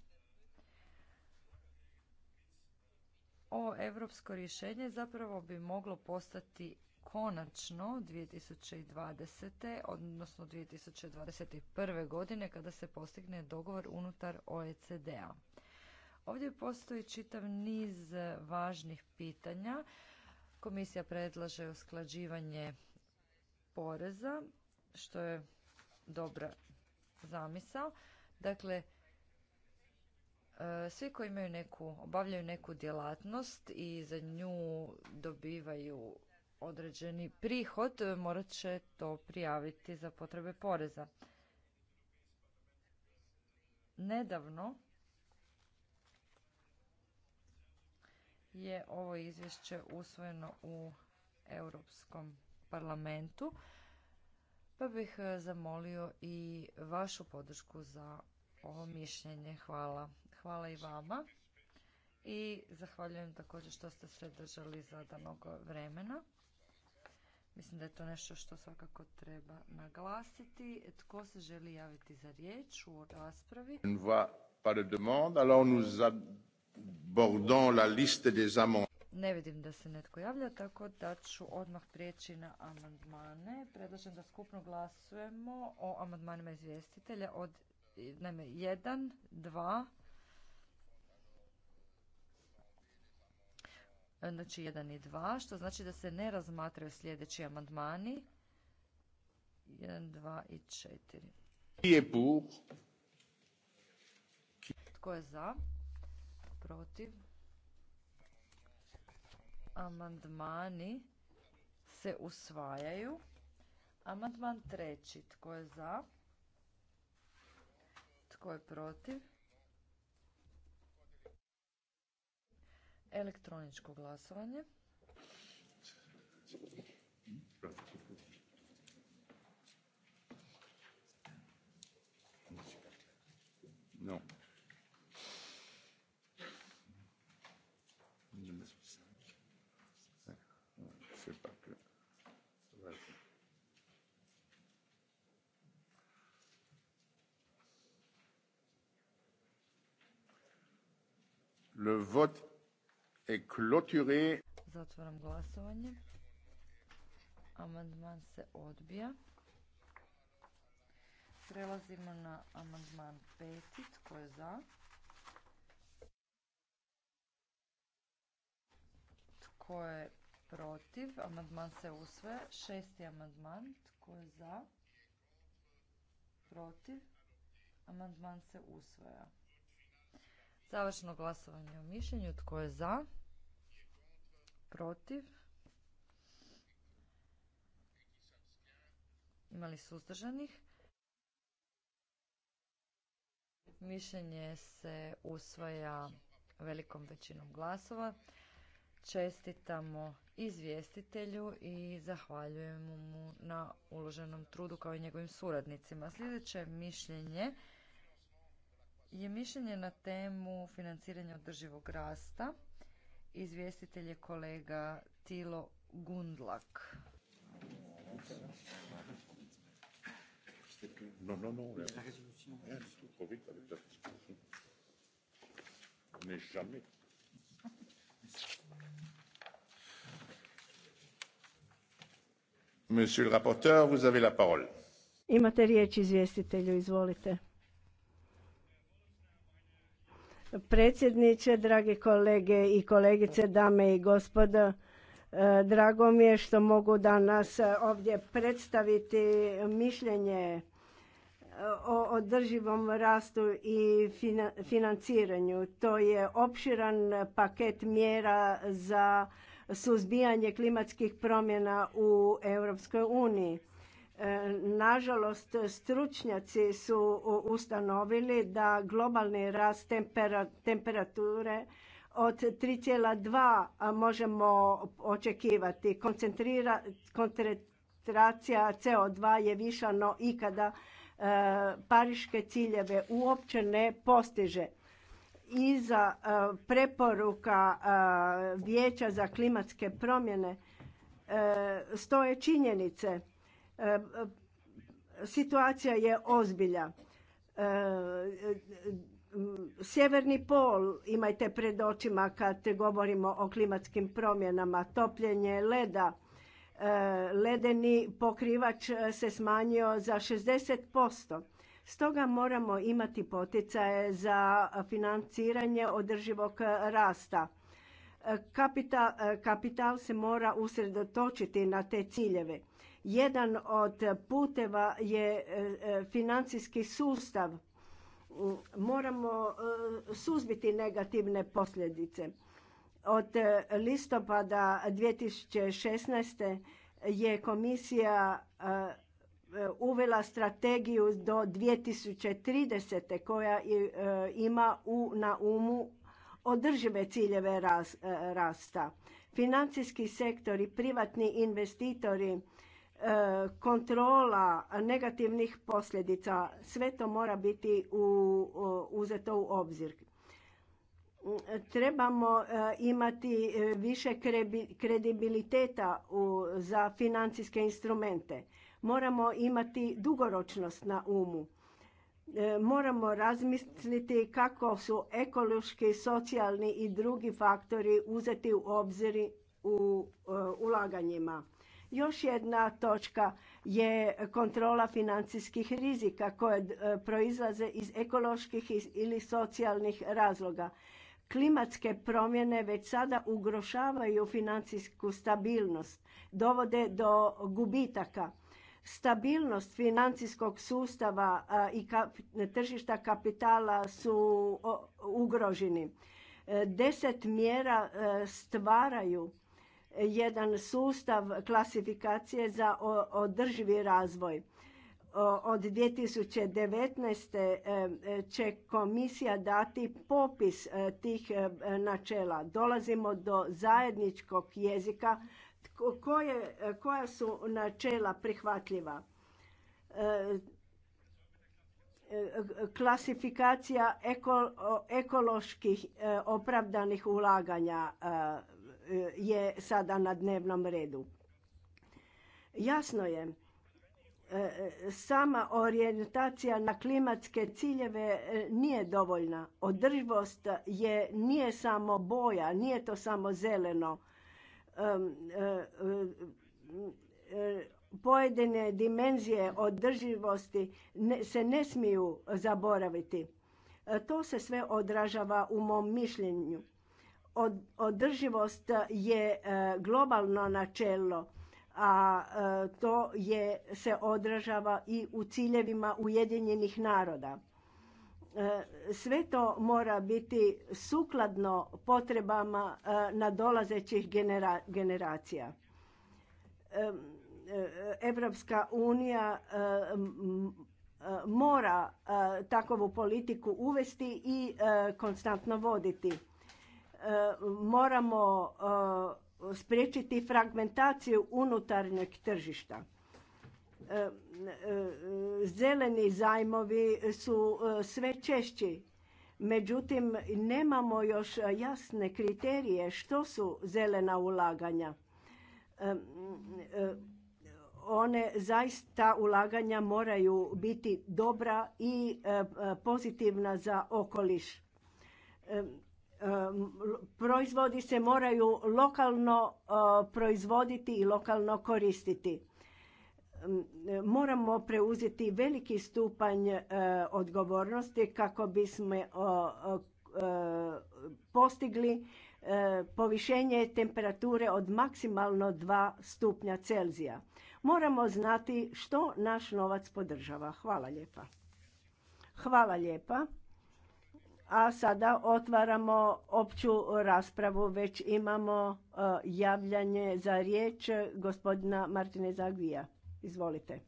Ovo europsko rješenje zapravo bi moglo postati konačno 2020. odnosno 2021. godine kada se postigne dogovor unutar OECD-a. Ovdje postoji čitav niz važnih pitanja. Komisija predlaže usklađivanje poreza, što je dobra zamisao. Dakle, e, svi koji imaju neku, obavljaju neku djelatnost i za nju dobivaju određeni prihod, e, morat će to prijaviti za potrebe poreza. Nedavno je ovo izvješće usvojeno u Europskom parlamentu pa bih e, zamolio i vašu podršku za ovo mišljenje. Hvala. Hvala i vama. I zahvaljujem također što ste se držali zadanog vremena. Mislim da je to nešto što svakako treba naglasiti. Tko se želi javiti za riječ u raspravi? Ne la liste des ne vidim da se netko javlja, tako da ću odmah prijeći na amandmane. Predlažem da skupno glasujemo o amandmanima izvjestitelja od 1, 2, znači 1 i 2, što znači da se ne razmatraju sljedeći amandmani. 1, 2 i 4. Tko je za? Protiv? amandmani se usvajaju. Amandman treći. Tko je za? Tko je protiv? Elektroničko glasovanje. No. Le Zatvaram glasovanje. Amandman se odbija. Prelazimo na amandman peti. Tko je za? Tko je protiv? Amandman se usvaja. Šesti amandman. Tko je za? Protiv? Amandman se usvaja. Završno glasovanje o mišljenju. Tko je za? Protiv? Imali suzdržanih? Mišljenje se usvaja velikom većinom glasova. Čestitamo izvjestitelju i zahvaljujemo mu na uloženom trudu kao i njegovim suradnicima. Sljedeće mišljenje je mišljenje na temu financiranja održivog rasta. Izvjestitelj je kolega Tilo Gundlak. Monsieur le rapporteur, vous avez la parole. Imate riječ izvjestitelju, izvolite. predsjedniče, dragi kolege i kolegice, dame i gospodo. E, drago mi je što mogu danas ovdje predstaviti mišljenje e, o održivom rastu i financiranju. To je opširan paket mjera za suzbijanje klimatskih promjena u Europskoj uniji. E, nažalost, stručnjaci su ustanovili da globalni rast temperature od 3,2 možemo očekivati. Koncentracija CO2 je viša, no ikada e, pariške ciljeve uopće ne postiže. Iza e, preporuka Vijeća za klimatske promjene stoje činjenice Situacija je ozbilja. E, sjeverni pol imajte pred očima kad govorimo o klimatskim promjenama, topljenje leda, e, ledeni pokrivač se smanjio za 60%. Stoga moramo imati poticaje za financiranje održivog rasta. E, kapital, kapital se mora usredotočiti na te ciljeve jedan od puteva je e, e, financijski sustav. Moramo e, suzbiti negativne posljedice. Od listopada 2016. je komisija uvela strategiju do 2030. koja ima u, na umu održive ciljeve rasta. Financijski sektor i privatni investitori E, kontrola negativnih posljedica, sve to mora biti uzeto u obzir. Trebamo e, imati e, više kredibiliteta za financijske instrumente. Moramo imati dugoročnost na umu. Moramo razmisliti kako su ekološki, socijalni i drugi faktori uzeti u obzir u ulaganjima još jedna točka je kontrola financijskih rizika koje e, proizlaze iz ekoloških ili socijalnih razloga. Klimatske promjene već sada ugrošavaju financijsku stabilnost, dovode do gubitaka. Stabilnost financijskog sustava i tržišta kapitala su ugroženi. E, deset mjera e, stvaraju jedan sustav klasifikacije za održivi razvoj. Od 2019. E, će komisija dati popis e, tih e, načela. Dolazimo do zajedničkog jezika koja su načela prihvatljiva. Klasifikacija ekoloških opravdanih ulaganja E, je sada na dnevnom redu. Jasno je, e, sama orijentacija na klimatske ciljeve e, nije dovoljna. Održivost je, nije samo boja, nije to samo zeleno. Pojedine dimenzije održivosti se ne smiju zaboraviti. To se sve odražava u mom mišljenju. Održivost je e, globalno načelo, a e, to je, se odražava i u ciljevima Ujedinjenih naroda. E, sve to mora biti sukladno potrebama nadolazećih generacija. Evropska unija mora takovu politiku uvesti i konstantno voditi moramo e, spriječiti fragmentaciju unutarnjeg tržišta. E, e, zeleni zajmovi su sve češći, međutim nemamo još jasne kriterije što su zelena ulaganja. One zaista ulaganja moraju biti dobra i pozitivna za okoliš proizvodi se moraju lokalno e, proizvoditi i lokalno koristiti. E, moramo preuzeti veliki stupanj e, odgovornosti kako bismo postigli povišenje temperature od maksimalno 2 stupnja Celzija. Moramo znati što naš novac podržava. Hvala lijepa. Hvala lijepa. A sada otvaramo opću raspravu. Već imamo e, javljanje za riječ gospodina Martine Zagvija. Izvolite.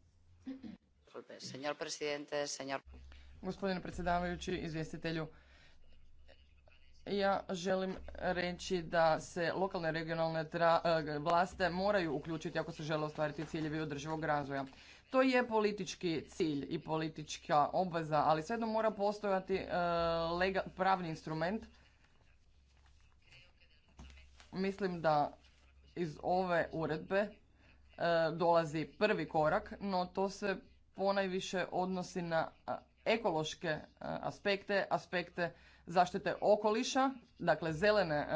Gospodine predsjedavajući, izvjestitelju, ja želim reći da se lokalne regionalne tra, e, vlaste moraju uključiti ako se žele ostvariti ciljevi održivog razvoja. To je politički cilj i politička obveza, ali svejedno mora postojati e, pravni instrument. Mislim da iz ove uredbe e, dolazi prvi korak, no to se ponajviše odnosi na ekološke aspekte, aspekte zaštite okoliša, dakle zelene e,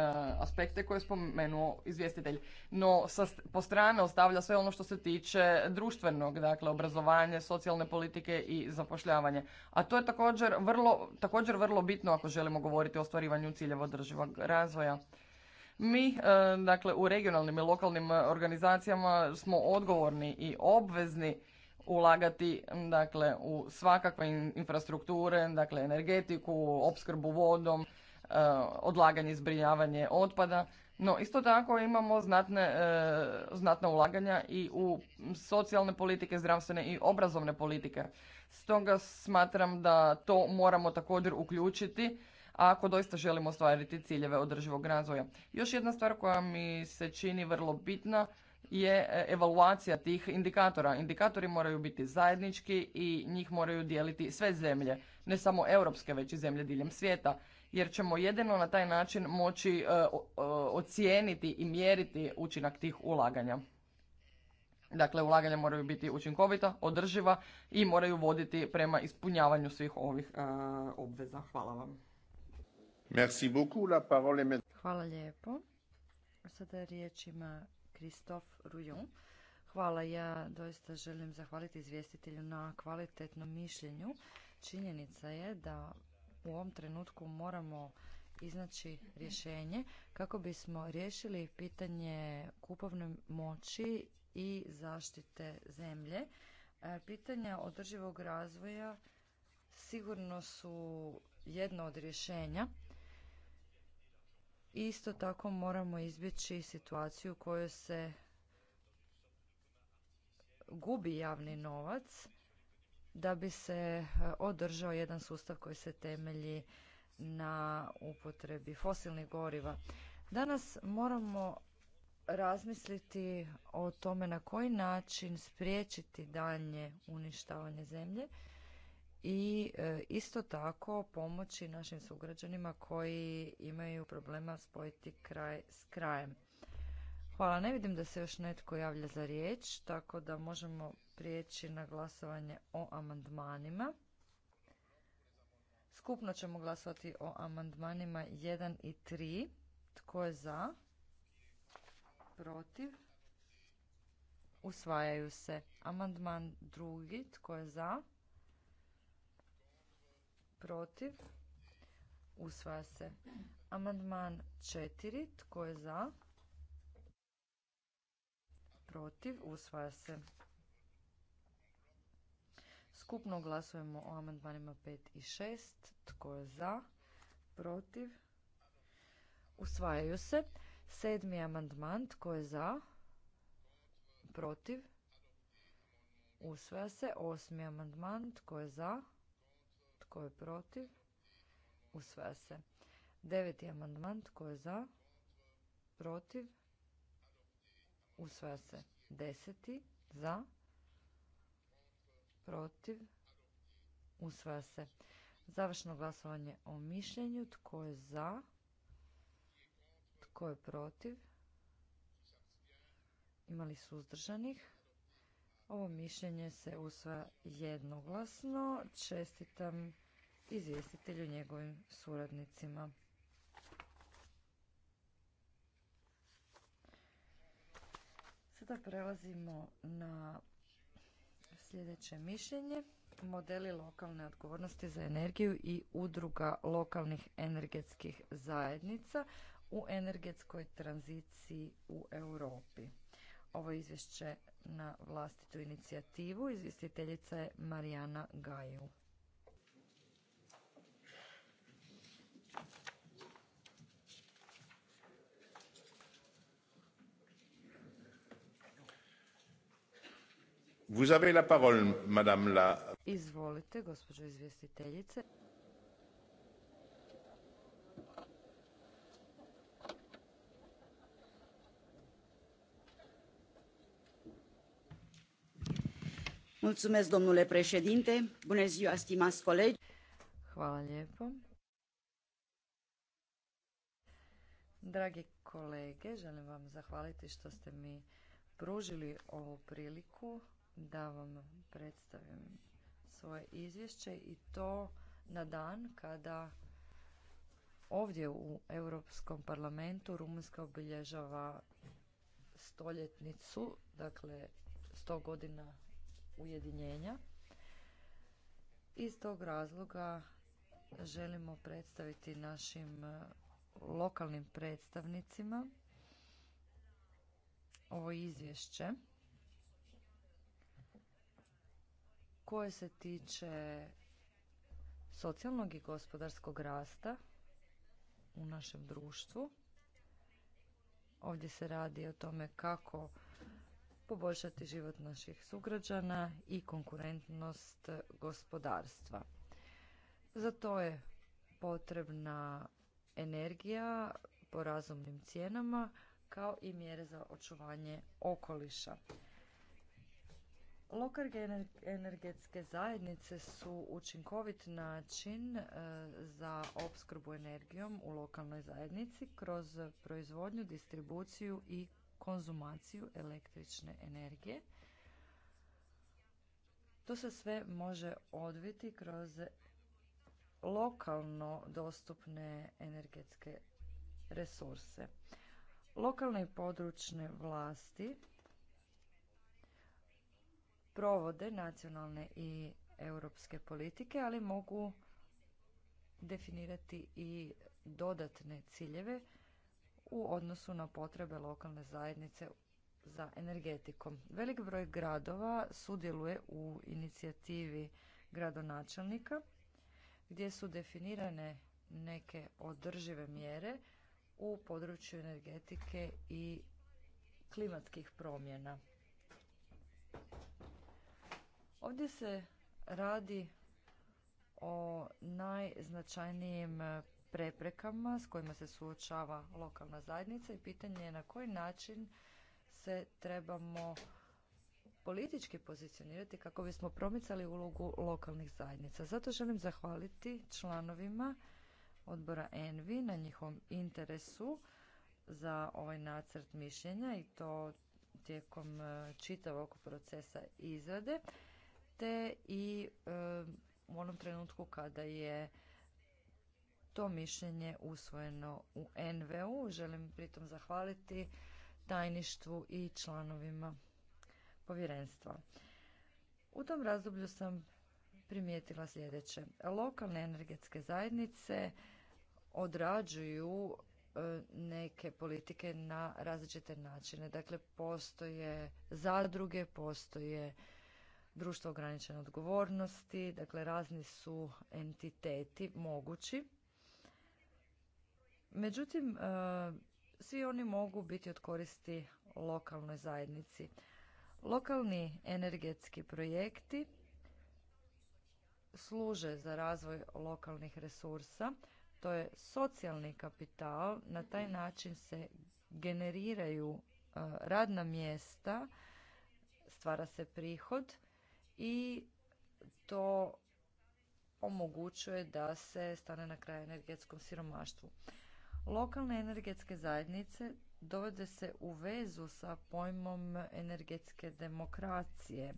aspekte koje je spomenuo izvjestitelj, no sa, po strane ostavlja sve ono što se tiče društvenog, dakle obrazovanje, socijalne politike i zapošljavanje. A to je također vrlo, također vrlo bitno ako želimo govoriti o ostvarivanju ciljeva održivog razvoja. Mi, e, dakle, u regionalnim i lokalnim organizacijama smo odgovorni i obvezni ulagati dakle u svakakve infrastrukture, dakle energetiku, opskrbu vodom, eh, odlaganje i zbrinjavanje otpada. No isto tako imamo znatne, eh, znatna ulaganja i u socijalne politike, zdravstvene i obrazovne politike. Stoga smatram da to moramo također uključiti ako doista želimo ostvariti ciljeve održivog razvoja. Još jedna stvar koja mi se čini vrlo bitna je e, evaluacija tih indikatora. Indikatori moraju biti zajednički i njih moraju dijeliti sve zemlje, ne samo europske, već i zemlje diljem svijeta, jer ćemo jedino na taj način moći e, e, ocijeniti i mjeriti učinak tih ulaganja. Dakle, ulaganja moraju biti učinkovita, održiva i moraju voditi prema ispunjavanju svih ovih obveza. Hvala vam. Merci beaucoup, la parole Hvala lijepo. Sada riječ ima Christophe Rouillon. Hvala, ja doista želim zahvaliti izvjestitelju na kvalitetnom mišljenju. Činjenica je da u ovom trenutku moramo iznaći rješenje kako bismo riješili pitanje kupovne moći i zaštite zemlje. E, pitanja održivog razvoja sigurno su jedno od rješenja Isto tako moramo izbjeći situaciju u kojoj se gubi javni novac da bi se e, održao jedan sustav koji se temelji na upotrebi fosilnih goriva. Danas moramo razmisliti o tome na koji način spriječiti daljnje uništavanje zemlje i e, isto tako pomoći našim sugrađanima koji imaju problema spojiti kraj s krajem. Hvala, ne vidim da se još netko javlja za riječ, tako da možemo prijeći na glasovanje o amandmanima. Skupno ćemo glasovati o amandmanima 1 i 3. Tko je za? Protiv? Usvajaju se. Amandman drugi. Tko je za? protiv, usvaja se. Amandman 4, tko je za, protiv, usvaja se. Skupno glasujemo o amandmanima 5 i 6, tko je za, protiv, usvajaju se. Sedmi amandman, tko je za, protiv, usvaja se. Osmi amandman, tko je za, tko je protiv? Usvaja se. Deveti amandman. Tko je za? Protiv? Usvaja se. Deseti. Za? Protiv? Usvaja se. Završno glasovanje o mišljenju. Tko je za? Tko je protiv? Imali suzdržanih? Ovo mišljenje se usva jednoglasno. Čestitam izvjestitelju njegovim suradnicima. Sada prelazimo na sljedeće mišljenje. Modeli lokalne odgovornosti za energiju i udruga lokalnih energetskih zajednica u energetskoj tranziciji u Europi. Ovo izvješće na vlastitu inicijativu. Izvjestiteljica je Marijana Gaju. madame la... Izvolite, gospođo izvjestiteljice. domnule președinte. Hvala lijepo. Dragi kolege, želim vam zahvaliti što ste mi pružili ovu priliku da vam predstavim svoje izvješće i to na dan kada ovdje u Europskom parlamentu Rumunjska obilježava stoljetnicu, dakle 100 godina ujedinjenja. Iz tog razloga želimo predstaviti našim e, lokalnim predstavnicima ovo izvješće koje se tiče socijalnog i gospodarskog rasta u našem društvu. Ovdje se radi o tome kako poboljšati život naših sugrađana i konkurentnost gospodarstva. Za to je potrebna energija po razumnim cijenama kao i mjere za očuvanje okoliša. Lokalne energetske zajednice su učinkovit način e, za opskrbu energijom u lokalnoj zajednici kroz proizvodnju, distribuciju i konzumaciju električne energije. To se sve može odviti kroz lokalno dostupne energetske resurse. Lokalne i područne vlasti provode nacionalne i europske politike, ali mogu definirati i dodatne ciljeve u odnosu na potrebe lokalne zajednice za energetikom. Velik broj gradova sudjeluje u inicijativi gradonačelnika gdje su definirane neke održive mjere u području energetike i klimatskih promjena. Ovdje se radi o najznačajnijim preprekama s kojima se suočava lokalna zajednica i pitanje je na koji način se trebamo politički pozicionirati kako bismo promicali ulogu lokalnih zajednica. Zato želim zahvaliti članovima odbora ENVI na njihovom interesu za ovaj nacrt mišljenja i to tijekom e, čitavog procesa izrade te i e, u onom trenutku kada je to mišljenje usvojeno u NVU. Želim pritom zahvaliti tajništvu i članovima povjerenstva. U tom razdoblju sam primijetila sljedeće. Lokalne energetske zajednice odrađuju e, neke politike na različite načine. Dakle, postoje zadruge, postoje društvo ograničene odgovornosti, dakle razni su entiteti mogući Međutim, e, svi oni mogu biti od koristi lokalnoj zajednici. Lokalni energetski projekti služe za razvoj lokalnih resursa. To je socijalni kapital. Na taj način se generiraju e, radna mjesta, stvara se prihod i to omogućuje da se stane na kraj energetskom siromaštvu. Lokalne energetske zajednice dovode se u vezu sa pojmom energetske demokracije.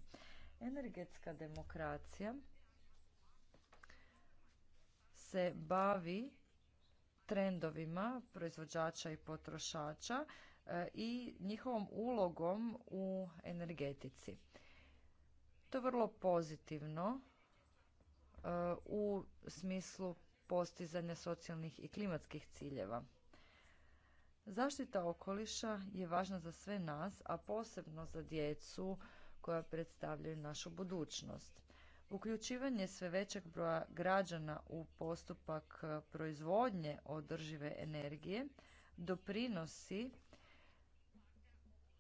Energetska demokracija se bavi trendovima proizvođača i potrošača e, i njihovom ulogom u energetici. To je vrlo pozitivno e, u smislu postizanja socijalnih i klimatskih ciljeva. Zaštita okoliša je važna za sve nas, a posebno za djecu koja predstavljaju našu budućnost. Uključivanje sve većeg broja građana u postupak proizvodnje održive energije doprinosi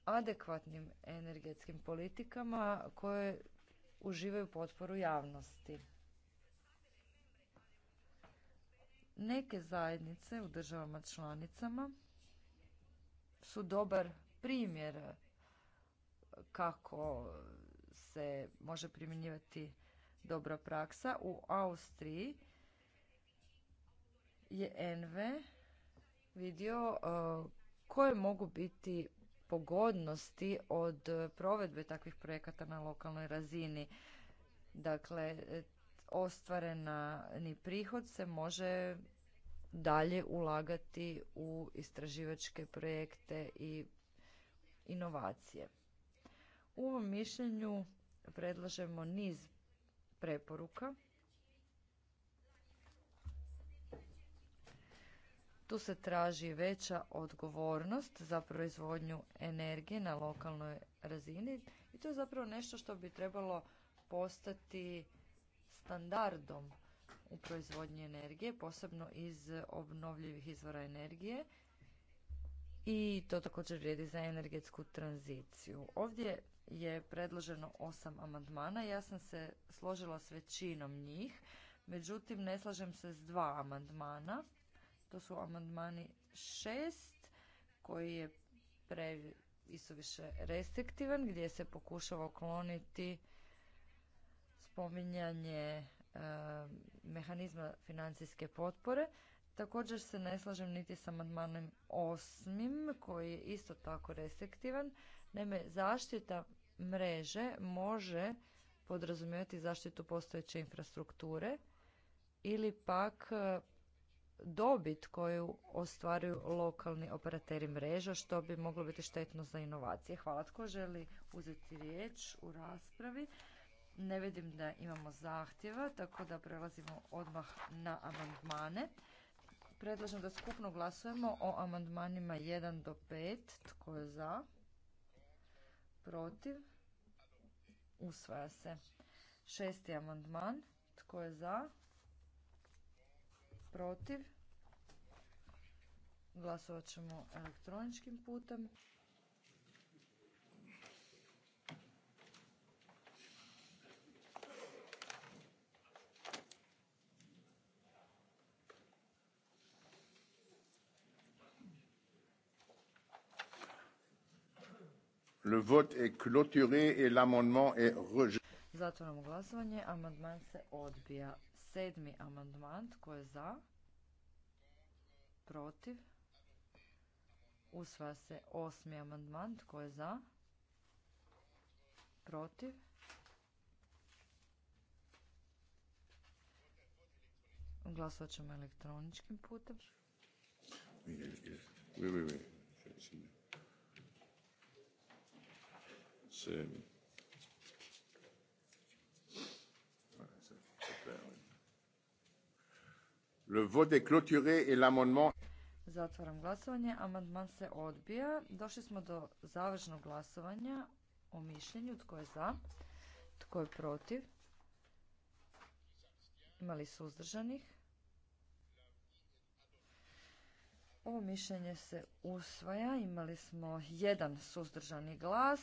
adekvatnim energetskim politikama koje uživaju potporu javnosti. Neke zajednice u državama članicama su dobar primjer kako se može primjenjivati dobra praksa. U Austriji je Enve vidio e, koje mogu biti pogodnosti od provedbe takvih projekata na lokalnoj razini. Dakle, ostvareni prihod se može dalje ulagati u istraživačke projekte i inovacije. U ovom mišljenju predlažemo niz preporuka. Tu se traži veća odgovornost za proizvodnju energije na lokalnoj razini i to je zapravo nešto što bi trebalo postati standardom u proizvodnji energije, posebno iz obnovljivih izvora energije i to također vrijedi za energetsku tranziciju. Ovdje je predloženo osam amandmana, ja sam se složila s većinom njih, međutim ne slažem se s dva amandmana. To su amandmani šest koji je previše restriktivan gdje se pokušava ukloniti spominjanje e, mehanizma financijske potpore. Također se ne slažem niti sa amandmanom osmim koji je isto tako restriktivan. Naime, zaštita mreže može podrazumijevati zaštitu postojeće infrastrukture ili pak e, dobit koju ostvaruju lokalni operateri mreža, što bi moglo biti štetno za inovacije. Hvala. Tko želi uzeti riječ u raspravi? Ne vidim da imamo zahtjeva, tako da prelazimo odmah na amandmane. Predlažem da skupno glasujemo o amandmanima 1 do 5. Tko je za? Protiv? Usvaja se. Šesti amandman. Tko je za? Protiv? Glasovat ćemo elektroničkim putem. Le vote est clôturé et l'amendement est rejeté. glasovanje. Amandman se odbija. Sedmi amandman. Tko je za? Protiv? Usvaja se osmi amandman. Tko je za? Protiv? Glasovat ćemo elektroničkim putem. Uvijek, uvijek, uvijek. Le Zatvaram glasovanje. Amandman se odbija. Došli smo do završnog glasovanja o mišljenju. Tko je za? Tko je protiv? Imali suzdržanih? Ovo mišljenje se usvaja. Imali smo jedan suzdržani glas.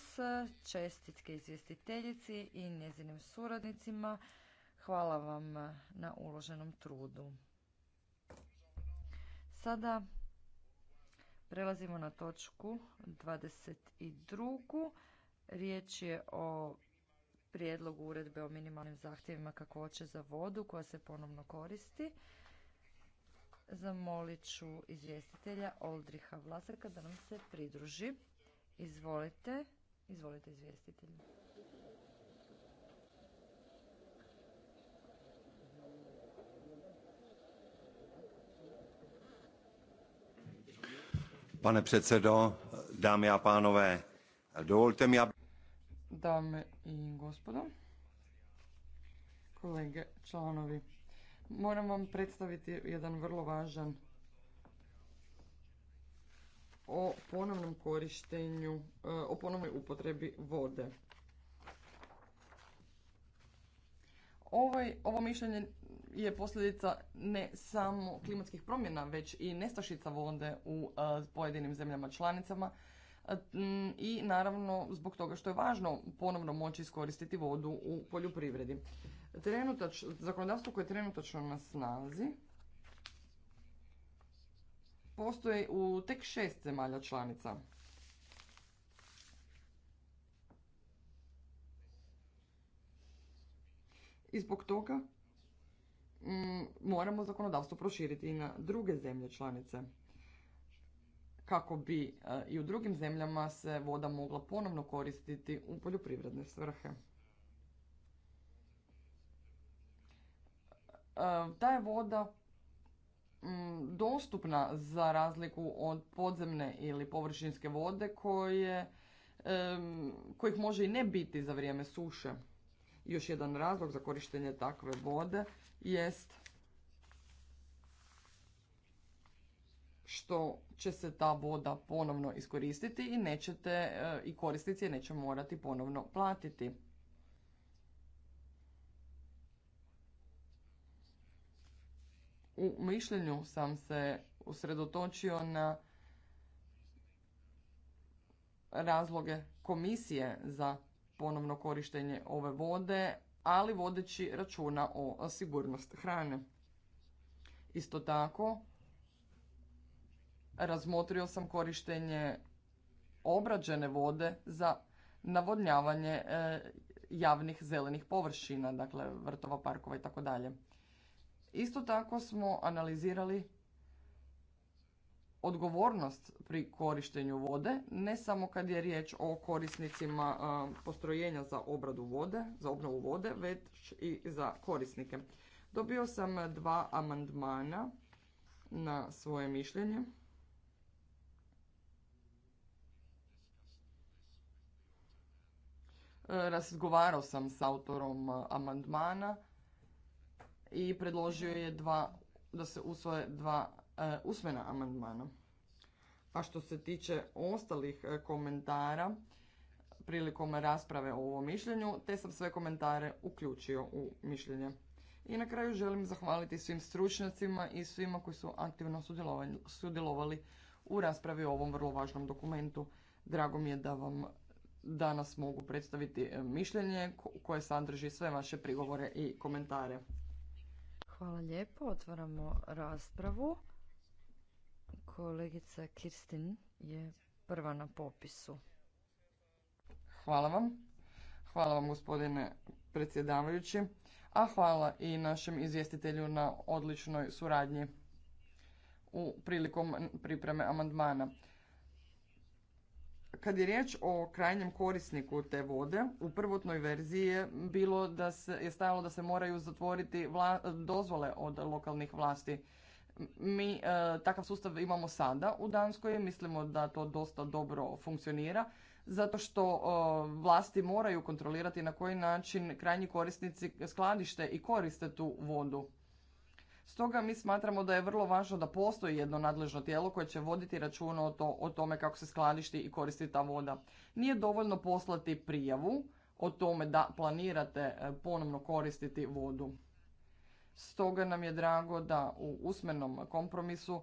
Čestitke izvjestiteljici i njezinim suradnicima. Hvala vam na uloženom trudu. Sada prelazimo na točku 22. Riječ je o prijedlogu uredbe o minimalnim zahtjevima kakvoće za vodu koja se ponovno koristi. Zamolit ću izvjestitelja Oldriha Vlasaka da nam se pridruži. Izvolite, izvolite izvjestitelju. Pane předsedo, dámy a pánové, dovolte mi, aby... Dame i gospodo, kolege, članovi Moram vam predstaviti jedan vrlo važan o ponovnom korištenju, e, o ponovnoj upotrebi vode. Ovo, ovaj, ovo mišljenje je posljedica ne samo klimatskih promjena, već i nestašica vode u e, pojedinim zemljama članicama, i naravno zbog toga što je važno ponovno moći iskoristiti vodu u poljoprivredi. Trenutač, zakonodavstvo koje je trenutačno na snazi postoji u tek šest zemalja članica. I zbog toga moramo zakonodavstvo proširiti i na druge zemlje članice kako bi e, i u drugim zemljama se voda mogla ponovno koristiti u poljoprivredne svrhe. E, ta je voda mm, dostupna za razliku od podzemne ili površinske vode kojih može i ne biti za vrijeme suše. Još jedan razlog za korištenje takve vode jest što će se ta voda ponovno iskoristiti i nećete e, i korisnici neće morati ponovno platiti. U mišljenju sam se usredotočio na razloge komisije za ponovno korištenje ove vode, ali vodeći računa o sigurnost hrane. Isto tako, razmotrio sam korištenje obrađene vode za navodnjavanje e, javnih zelenih površina, dakle vrtova, parkova i tako dalje. Isto tako smo analizirali odgovornost pri korištenju vode, ne samo kad je riječ o korisnicima e, postrojenja za obradu vode, za obnovu vode, već i za korisnike. Dobio sam dva amandmana na svoje mišljenje. E, razgovarao sam s autorom e, amandmana i predložio je dva, da se usvoje dva e, usmena amandmana. A što se tiče ostalih komentara prilikom rasprave o ovom mišljenju, te sam sve komentare uključio u mišljenje. I na kraju želim zahvaliti svim stručnjacima i svima koji su aktivno sudjelovali u raspravi o ovom vrlo važnom dokumentu. Drago mi je da vam danas mogu predstaviti e, mišljenje koje sadrži sve vaše prigovore i komentare. Hvala lijepo. Otvaramo raspravu. Kolegica Kirstin je prva na popisu. Hvala vam. Hvala vam gospodine predsjedavajući, a hvala i našem izvjestitelju na odličnoj suradnji u prilikom pripreme amandmana kad je riječ o krajnjem korisniku te vode, u prvotnoj verziji je bilo da se, je stajalo da se moraju zatvoriti dozvole od lokalnih vlasti. Mi e, takav sustav imamo sada u Danskoj, mislimo da to dosta dobro funkcionira, zato što e, vlasti moraju kontrolirati na koji način krajnji korisnici skladište i koriste tu vodu. Stoga mi smatramo da je vrlo važno da postoji jedno nadležno tijelo koje će voditi računa o, to, o tome kako se skladišti i koristi ta voda. Nije dovoljno poslati prijavu o tome da planirate e, ponovno koristiti vodu. Stoga nam je drago da u usmenom kompromisu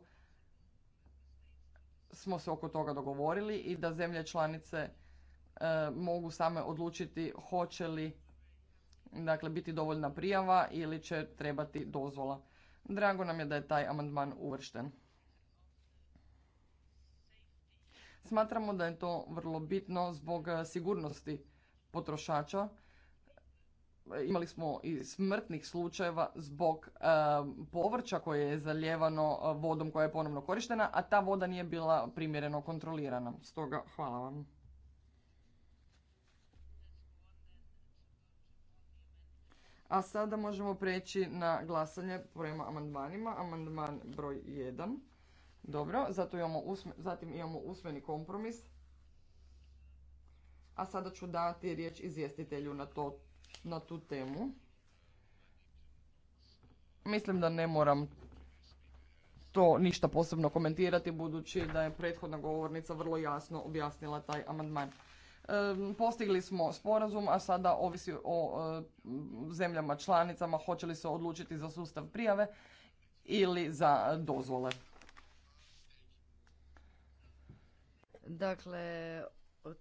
smo se oko toga dogovorili i da zemlje članice e, mogu same odlučiti hoće li dakle, biti dovoljna prijava ili će trebati dozvola. Drago nam je da je taj amandman uvršten. Smatramo da je to vrlo bitno zbog e, sigurnosti potrošača. Imali smo i smrtnih slučajeva zbog e, povrća koje je zaljevano e, vodom koja je ponovno korištena, a ta voda nije bila primjereno kontrolirana. Stoga hvala vam. A sada možemo preći na glasanje prema amandmanima. Amandman broj 1. Dobro, zatim imamo usmeni kompromis. A sada ću dati riječ izvjestitelju na, na tu temu. Mislim da ne moram to ništa posebno komentirati budući da je prethodna govornica vrlo jasno objasnila taj amandman. Postigli smo sporazum, a sada ovisi o zemljama članicama hoće li se odlučiti za sustav prijave ili za dozvole. Dakle,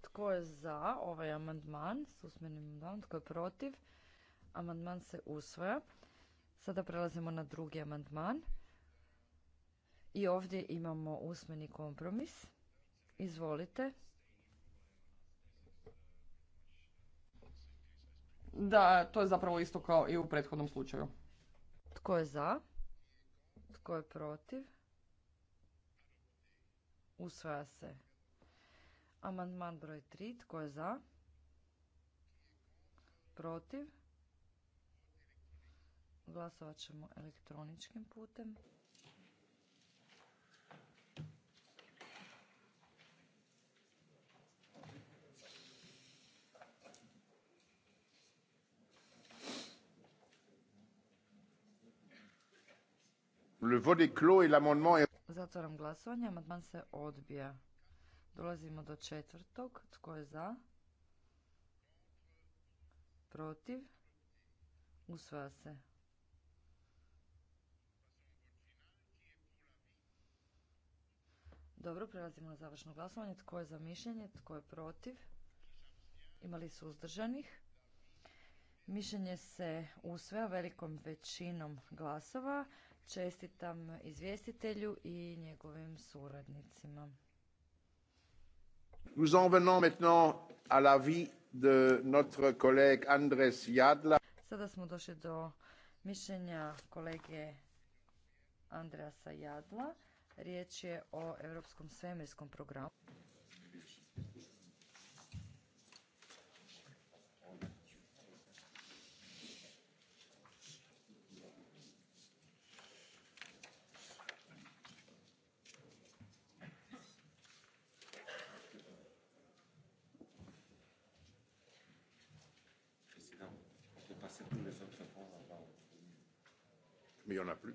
tko je za ovaj amandman s usmenim amandmanom, tko je protiv? Amandman se usvaja. Sada prelazimo na drugi amandman. I ovdje imamo usmeni kompromis. Izvolite. Da, to je zapravo isto kao i u prethodnom slučaju. Tko je za? Tko je protiv? Usvaja se. Amandman broj 3. Tko je za? Protiv? Glasovat ćemo elektroničkim putem. Le vote est clos et l'amendement est... Zatvaram glasovanje, amandman se odbija. Dolazimo do četvrtog. Tko je za? Protiv? Usvaja se. Dobro, prelazimo na završno glasovanje. Tko je za mišljenje? Tko je protiv? Imali su uzdržanih? Mišljenje se usvaja velikom većinom glasova. Čestitam izvjestitelju i njegovim suradnicima. Nous en venons maintenant à la vie de notre collègue Jadla. Sada smo došli do mišljenja kolege Andreasa Jadla. Riječ je o Europskom svemirskom programu. Mais il n'y en a plus.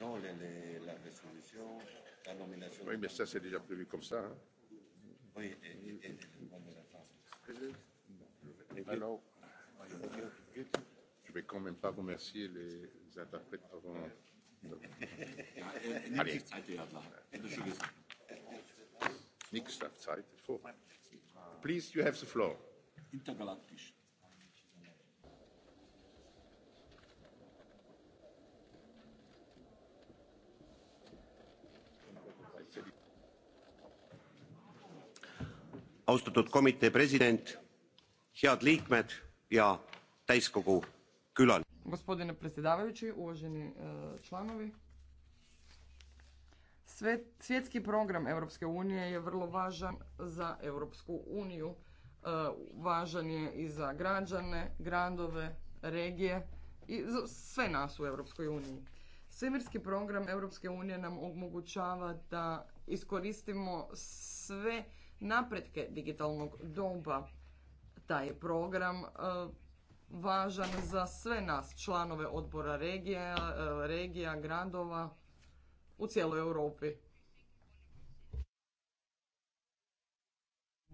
Non, les, les, la résolution, la nomination. Oui, mais ça, c'est déjà prévu comme ça. Hein. Oui, et, et, et le nom de la femme. Alors, je ne vais quand même pas remercier les interprètes avant. Allez. Nix Zeit. Please, you have the floor. Intergalactisch. austatud komitee president head liikmed ja täiskogu külaline gospodine predsjedavajući uvaženi e, članovi svjetski program europske unije je vrlo važan za europsku uniju e, važan je i za građane gradove regije i sve nas u europskoj uniji svemirski program europske unije nam omogućava da iskoristimo sve napretke digitalnog doba. Taj je program e, važan za sve nas, članove odbora regija, e, regija, gradova u cijeloj Europi.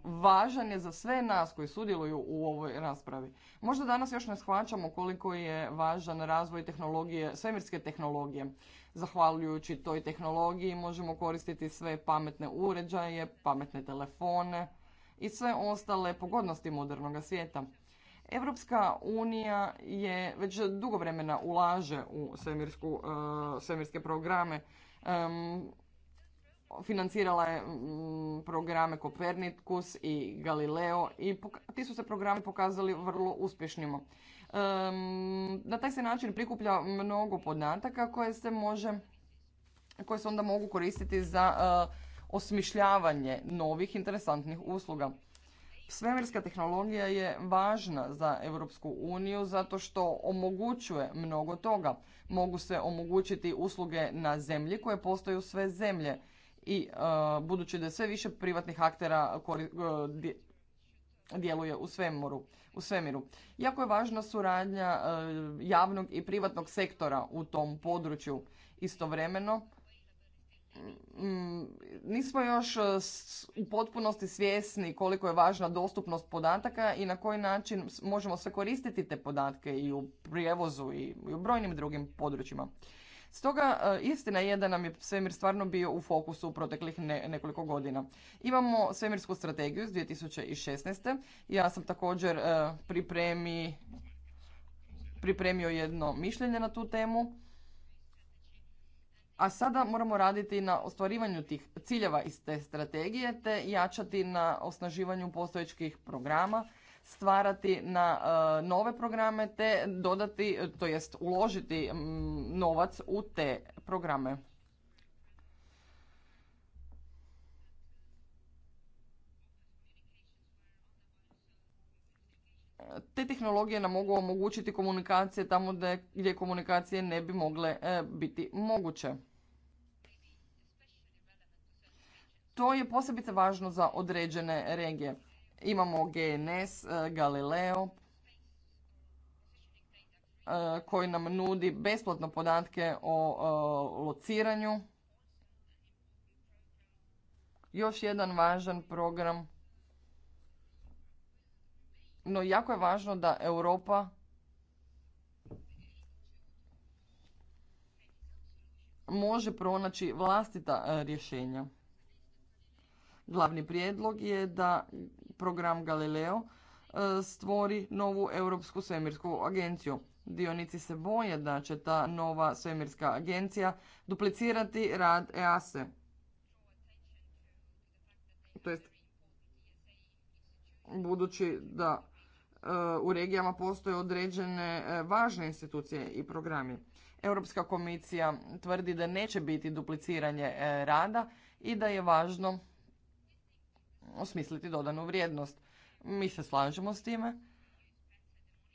Važan je za sve nas koji sudjeluju u ovoj raspravi. Možda danas još ne shvaćamo koliko je važan razvoj tehnologije, svemirske tehnologije. Zahvaljujući toj tehnologiji možemo koristiti sve pametne uređaje, pametne telefone i sve ostale pogodnosti modernog svijeta. Europska unija je već dugo vremena ulaže u svemirsku, e, svemirske programe. Financirala je programe Kopernikus i Galileo i ti su se programi pokazali vrlo uspješnimo. Na taj se način prikuplja mnogo podataka koje se može, koje se onda mogu koristiti za e, osmišljavanje novih interesantnih usluga. Svemirska tehnologija je važna za Europsku uniju zato što omogućuje mnogo toga. Mogu se omogućiti usluge na zemlji koje postaju sve zemlje i e, budući da je sve više privatnih aktera e, djeluje u svemiru. U svemiru. Iako je važna suradnja e, javnog i privatnog sektora u tom području. Istovremeno, mm, nismo još e, u potpunosti svjesni koliko je važna dostupnost podataka i na koji način možemo se koristiti te podatke i u prijevozu i u brojnim drugim područjima. Stoga e, istina je da nam je svemir stvarno bio u fokusu u proteklih nekoliko godina. Imamo svemirsku strategiju iz 2016. Ja sam također e, pripremi, pripremio jedno mišljenje na tu temu. A sada moramo raditi na ostvarivanju tih ciljeva iz te strategije te jačati na osnaživanju postojećih programa stvarati na e, nove programe te dodati, to jest uložiti novac u te programe. te tehnologije nam mogu omogućiti komunikacije tamo gdje komunikacije ne bi mogle e, biti moguće. To je posebice važno za određene regije. Imamo GNS, e, Galileo, e, koji nam nudi besplatno podatke o e, lociranju. Još jedan važan program. No jako je važno da Europa može pronaći vlastita rješenja. Glavni prijedlog je da program Galileo e, stvori novu Europsku svemirsku agenciju. Dionici se boje da će ta nova svemirska agencija duplicirati rad EASE. To budući da e, u regijama postoje određene e, važne institucije i programi. Europska komisija tvrdi da neće biti dupliciranje rada i da je važno osmisliti dodanu vrijednost. Mi se slažemo s time.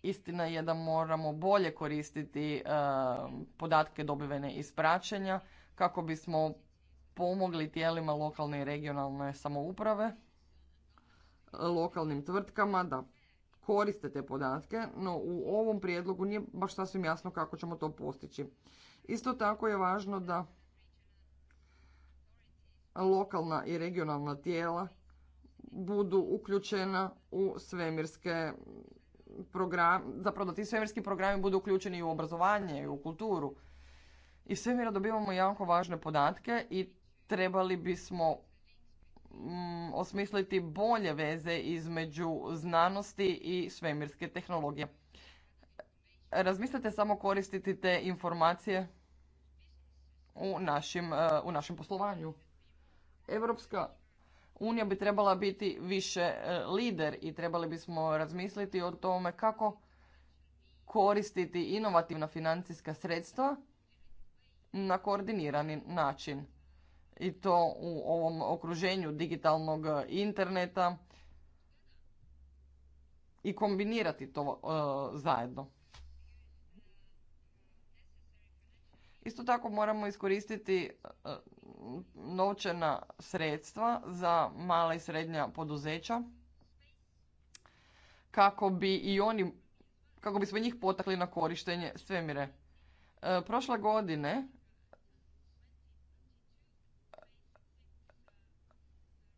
Istina je da moramo bolje koristiti e, podatke dobivene iz praćenja kako bismo pomogli tijelima lokalne i regionalne samouprave, lokalnim tvrtkama da koriste te podatke, no u ovom prijedlogu nije baš sasvim jasno kako ćemo to postići. Isto tako je važno da lokalna i regionalna tijela budu uključena u svemirske program, zapravo da ti svemirski programi budu uključeni i u obrazovanje i u kulturu. I svemira dobivamo jako važne podatke i trebali bismo mm, osmisliti bolje veze između znanosti i svemirske tehnologije. Razmislite samo koristiti te informacije u našim, eh, u našem poslovanju. Europska Unija bi trebala biti više e, lider i trebali bismo razmisliti o tome kako koristiti inovativna financijska sredstva na koordinirani način. I to u ovom okruženju digitalnog e, interneta i kombinirati to e, zajedno. Isto tako moramo iskoristiti novčana sredstva za mala i srednja poduzeća kako bi i oni, kako bismo njih potakli na korištenje svemire. E, prošle godine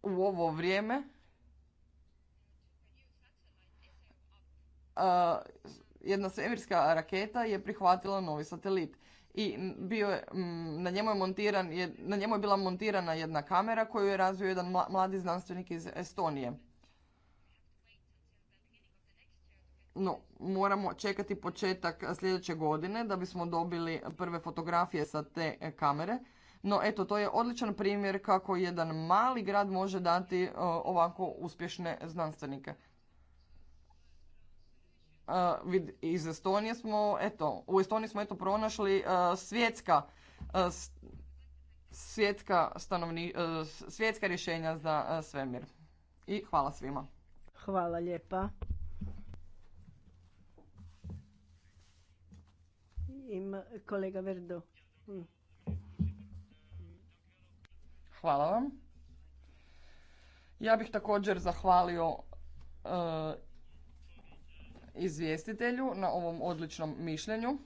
u ovo vrijeme e, jedna svemirska raketa je prihvatila novi satelit i bio je, mm, na, njemu je montiran, na njemu je bila montirana jedna kamera koju je razvio jedan mladi znanstvenik iz Estonije. No, moramo čekati početak sljedeće godine da bismo dobili prve fotografije sa te kamere. No eto, to je odličan primjer kako jedan mali grad može dati ovako uspješne znanstvenike iz Estonije smo, eto, u Estoniji smo eto pronašli svjetska svjetska, stanovni, svjetska rješenja za svemir. I hvala svima. Hvala lijepa. Ima kolega Verdo. Mm. Hvala vam. Ja bih također zahvalio izvjestitelju na ovom odličnom mišljenju.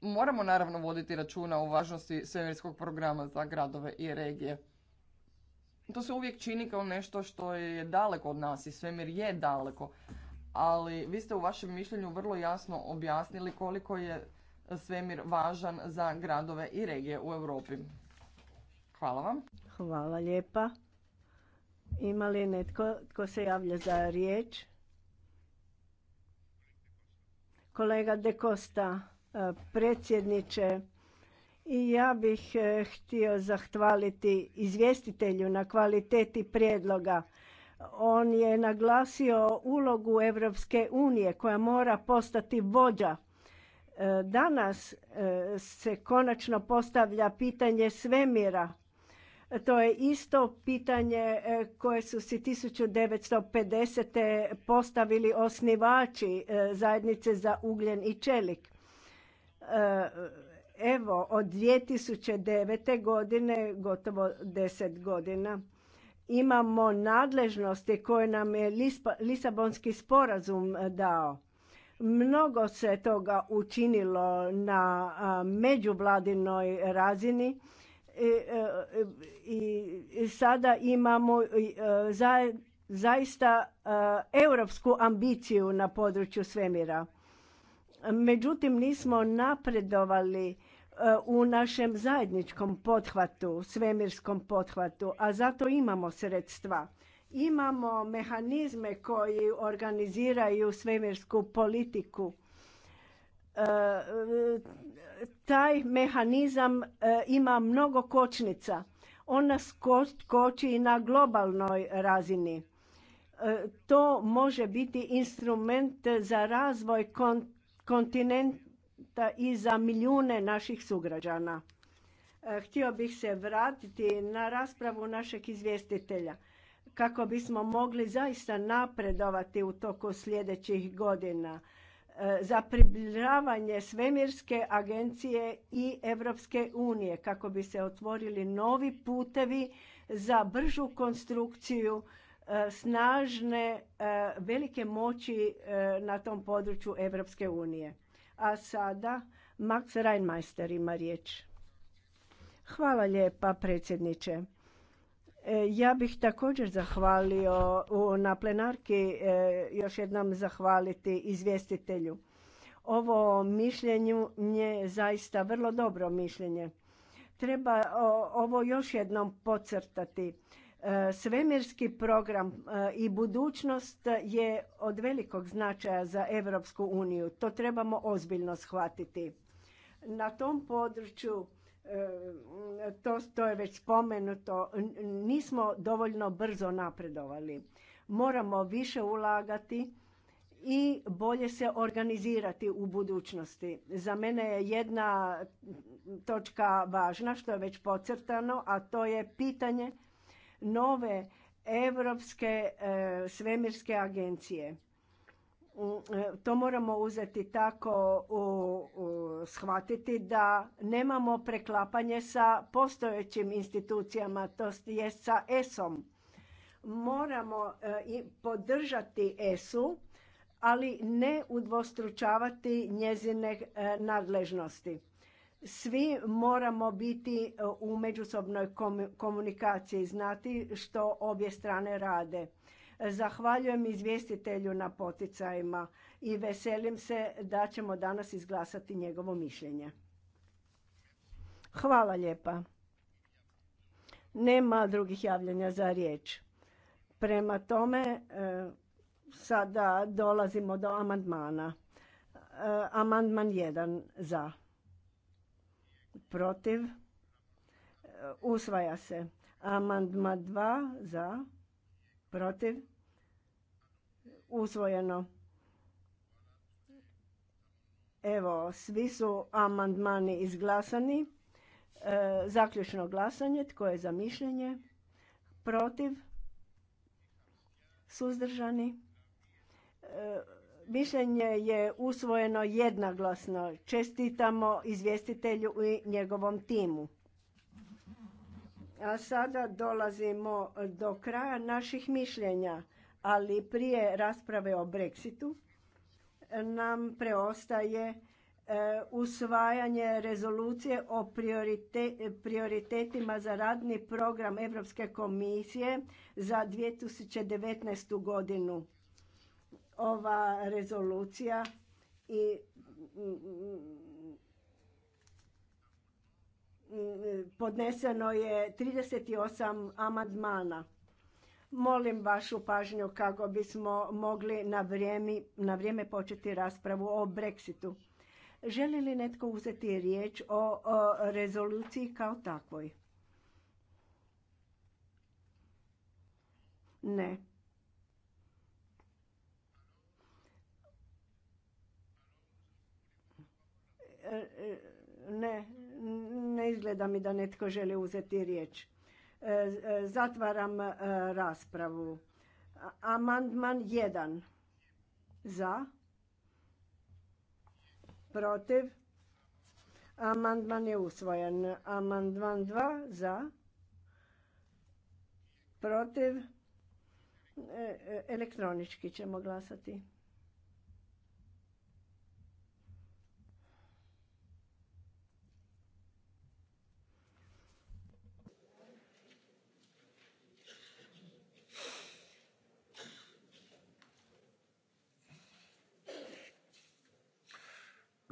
Moramo naravno voditi računa o važnosti svemirskog programa za gradove i regije. To se uvijek čini kao nešto što je daleko od nas i svemir je daleko, ali vi ste u vašem mišljenju vrlo jasno objasnili koliko je svemir važan za gradove i regije u Europi. Hvala vam. Hvala lijepa. Ima li netko tko se javlja za riječ? Kolega De Costa, e, predsjedniče, i ja bih e, htio zahvaliti izvjestitelju na kvaliteti prijedloga. On je naglasio ulogu Europske unije koja mora postati vođa. E, danas se konačno postavlja pitanje svemira to je isto pitanje e, koje su si 1950. postavili osnivači e, zajednice za ugljen i čelik. E, evo, od 2009. godine, gotovo 10 godina, imamo nadležnosti koje nam je Lisabonski sporazum dao. Mnogo se toga učinilo na međuvladinoj razini E, e, i sada imamo e, zaista europsku ambiciju na području svemira. Međutim, nismo napredovali u našem zajedničkom pothvatu, svemirskom pothvatu, a zato imamo sredstva. Imamo mehanizme koji organiziraju svemirsku politiku taj mehanizam e, ima mnogo kočnica. On nas koči i na globalnoj razini. E, to može biti instrument za razvoj kontinenta i za milijune naših sugrađana. E, htio bih se vratiti na raspravu našeg izvjestitelja kako bismo mogli zaista napredovati u toku sljedećih godina E, za približavanje svemirske agencije i Europske unije kako bi se otvorili novi putevi za bržu konstrukciju e, snažne e, velike moći na tom području Europske unije. A sada Max Reinmeister ima riječ. Hvala lijepa predsjedniče. E, ja bih također zahvalio na plenarki e, još jednom zahvaliti izvjestitelju. Ovo mišljenju je zaista vrlo dobro mišljenje. Treba ovo još jednom podcrtati. E, svemirski program i budućnost je od velikog značaja za Europsku uniju. To trebamo ozbiljno shvatiti. Na tom području E, to, to je već spomenuto, nismo dovoljno brzo napredovali. Moramo više ulagati i bolje se organizirati u budućnosti. Za mene je jedna točka važna što je već pocrtano, a to je pitanje nove Europske e, svemirske agencije. Mm, e, to moramo uzeti tako u, shvatiti da nemamo preklapanje sa postojećim institucijama, to je sa ESOM. Moramo e, i podržati ESU, ali ne udvostručavati njezine e, nadležnosti. Svi moramo biti u međusobnoj komunikaciji, znati što obje strane rade Zahvaljujem izvjestitelju na poticajima i veselim se da ćemo danas izglasati njegovo mišljenje. Hvala lijepa. Nema drugih javljanja za riječ. Prema tome, e, sada dolazimo do amandmana. E, amandman 1 za. Protiv. E, usvaja se. Amandman 2 za protiv, usvojeno. Evo, svi su amandmani izglasani. E, zaključno glasanje, tko je za mišljenje, protiv, suzdržani. E, mišljenje je usvojeno jednoglasno. Čestitamo izvjestitelju i njegovom timu. A sada dolazimo do kraja naših mišljenja, ali prije rasprave o Brexitu nam preostaje e, usvajanje rezolucije o prioritetima za radni program Europske komisije za 2019. godinu. Ova rezolucija i podneseno je 38 amandmana. Molim vašu pažnju kako bismo mogli na vrijeme, na vrijeme početi raspravu o Brexitu. Želi li netko uzeti riječ o, o rezoluciji kao takvoj? Ne. E, e, ne. Ne izgleda mi da netko želi uzeti riječ. E, e, zatvaram e, raspravu. Amandman 1. Za. Protiv. Amandman je usvojen. Amandman 2. Za. Protiv. Elektronički ćemo glasati.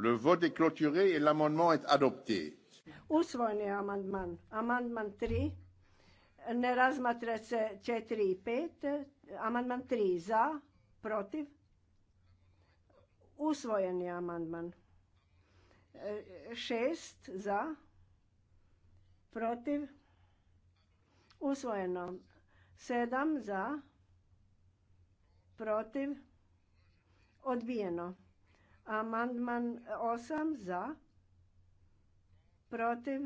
Le vote est clôturé et l'amendement est adopté. Usvojen je amandman. Amandman 3. Ne razmatra se 4 i 5. Amandman 3 za, protiv. Usvojen je amandman. 6 e, za, protiv. Usvojeno. 7 za, protiv. Odbijeno. Amandman 8 za, protiv,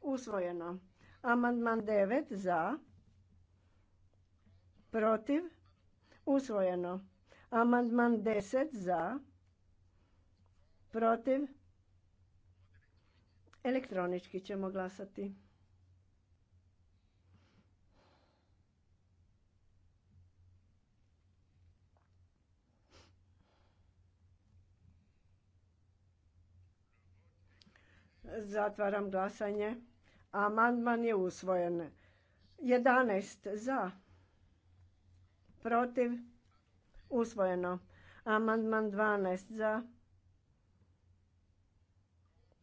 usvojeno. Amandman 9 za, protiv, usvojeno. Amandman 10 za, protiv, elektronički ćemo glasati. Zatvaram glasanje. Amandman je usvojen. 11 za. Protiv. Usvojeno. Amandman 12 za.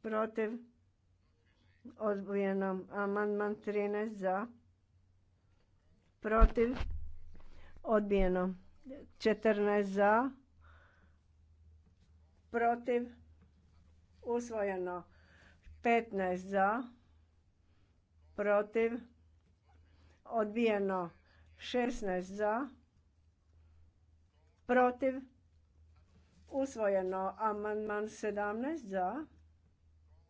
Protiv. Odbijeno. Amandman 13 za. Protiv. Odbijeno. 14 za. Protiv. Usvojeno. 15 za, protiv, odbijeno 16 za, protiv, usvojeno amandman 17 za,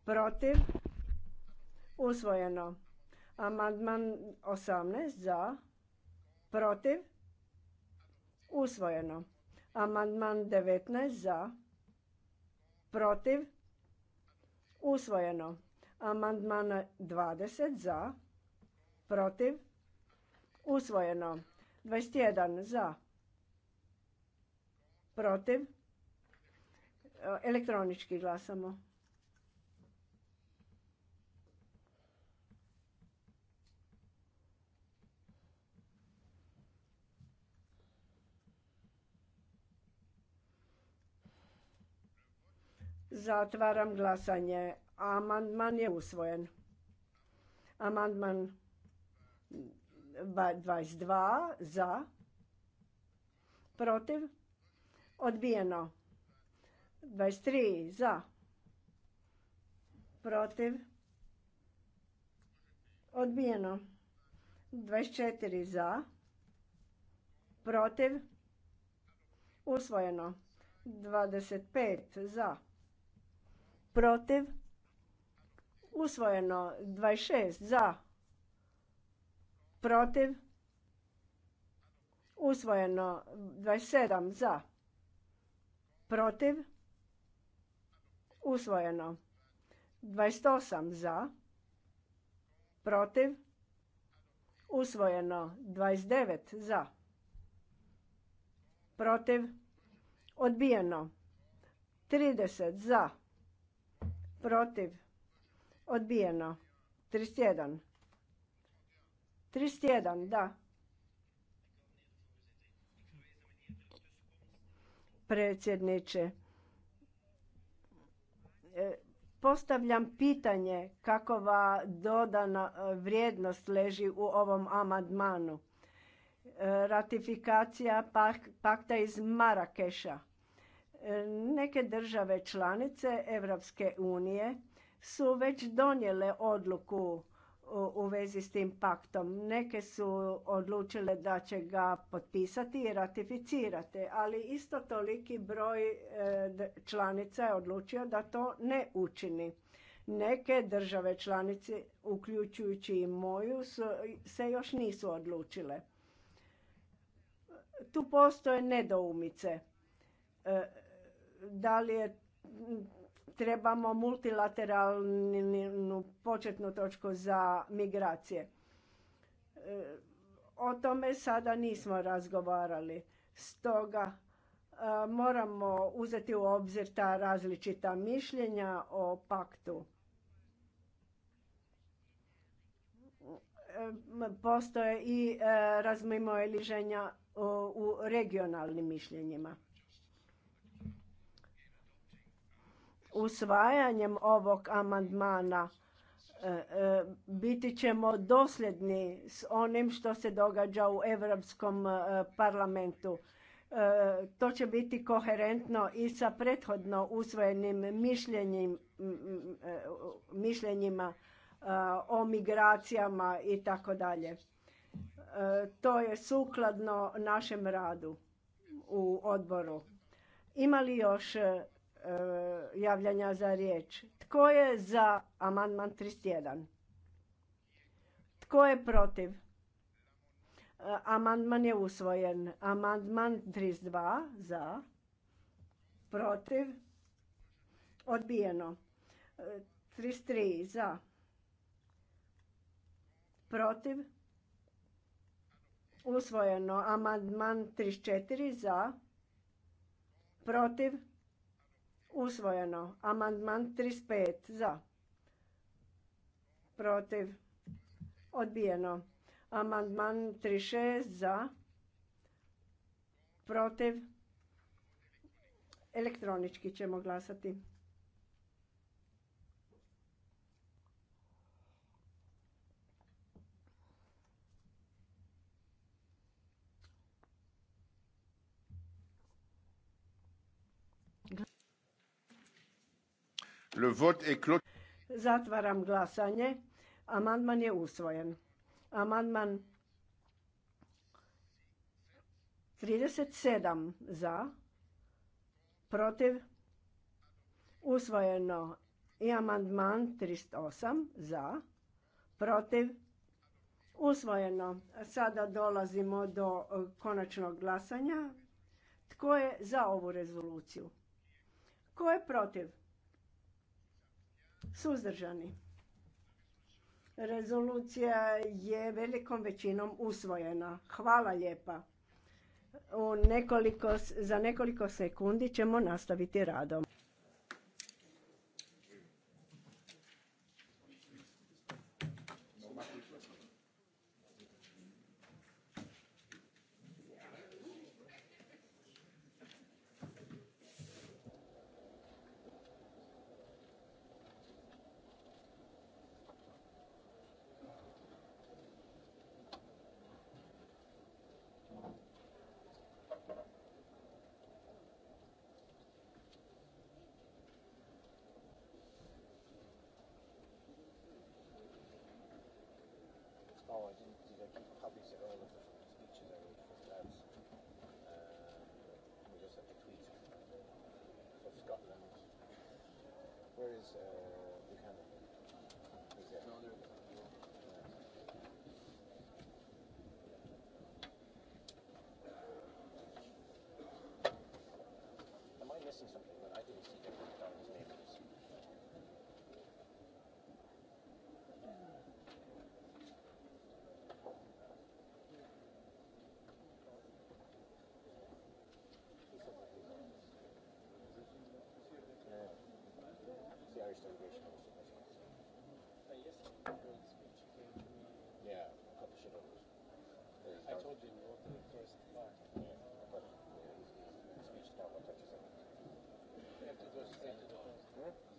protiv, usvojeno amandman 18 za, protiv, usvojeno amandman 19 za, protiv, Usvojeno. Amandman 20 za, protiv. Usvojeno. 21 za, protiv. E, elektronički glasamo. Zatvaram glasanje. Amandman je usvojen. Amandman 22 za, protiv, odbijeno. 23 za, protiv, odbijeno. 24 za, protiv, usvojeno. 25 za, protiv, usvojeno 26 za, protiv, usvojeno 27 za, protiv, usvojeno 28 za, protiv, usvojeno 29 za, protiv, odbijeno 30 za, protiv, odbijeno. 31. 31, da. Predsjedniče, e, postavljam pitanje kakova dodana e, vrijednost leži u ovom amandmanu. E, ratifikacija pakta iz Marakeša Neke države članice Europske unije su već donijele odluku u vezi s tim paktom. Neke su odlučile da će ga potpisati i ratificirati, ali isto toliki broj e, članica je odlučio da to ne učini. Neke države članice, uključujući i moju, se još nisu odlučile. Tu postoje nedoumice. E, da li je trebamo multilateralnu početnu točku za migracije. E, o tome sada nismo razgovarali. Stoga e, moramo uzeti u obzir ta različita mišljenja o paktu. E, postoje i razmimo eliženja u regionalnim mišljenjima. Usvajanjem ovog amandmana e, e, biti ćemo dosljedni s onim što se događa u Europskom e, parlamentu. To će biti koherentno i sa prethodno usvojenim mišljenjima o migracijama i tako dalje. To je sukladno našem radu u odboru. Ima li još E, javljanja za riječ. Tko je za amandman 31? Tko je protiv? E, amandman je usvojen. Amandman 32 za. Protiv. Odbijeno. 33 e, za. Protiv. Usvojeno. Amandman 34 za. Protiv. Usvojeno. Amandman 35 za. Protiv. Odbijeno. Amandman 36 za. Protiv. Elektronički ćemo glasati. Zatvaram glasanje. Amandman je usvojen. Amandman 37 za, protiv, usvojeno i amandman 38 za, protiv, usvojeno. Sada dolazimo do e, konačnog glasanja. Tko je za ovu rezoluciju? Tko je protiv? Suzdržani. Rezolucija je velikom većinom usvojena. Hvala lijepa. za nekoliko sekundi ćemo nastaviti radom. Hvala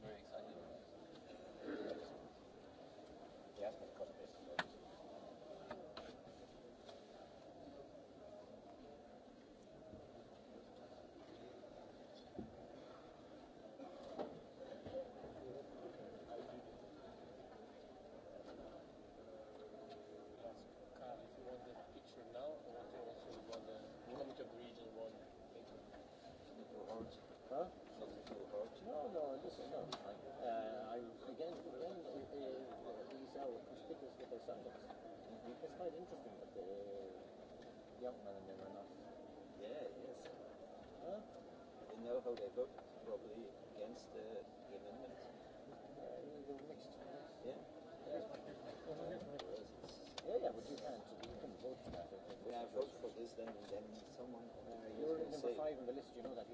Very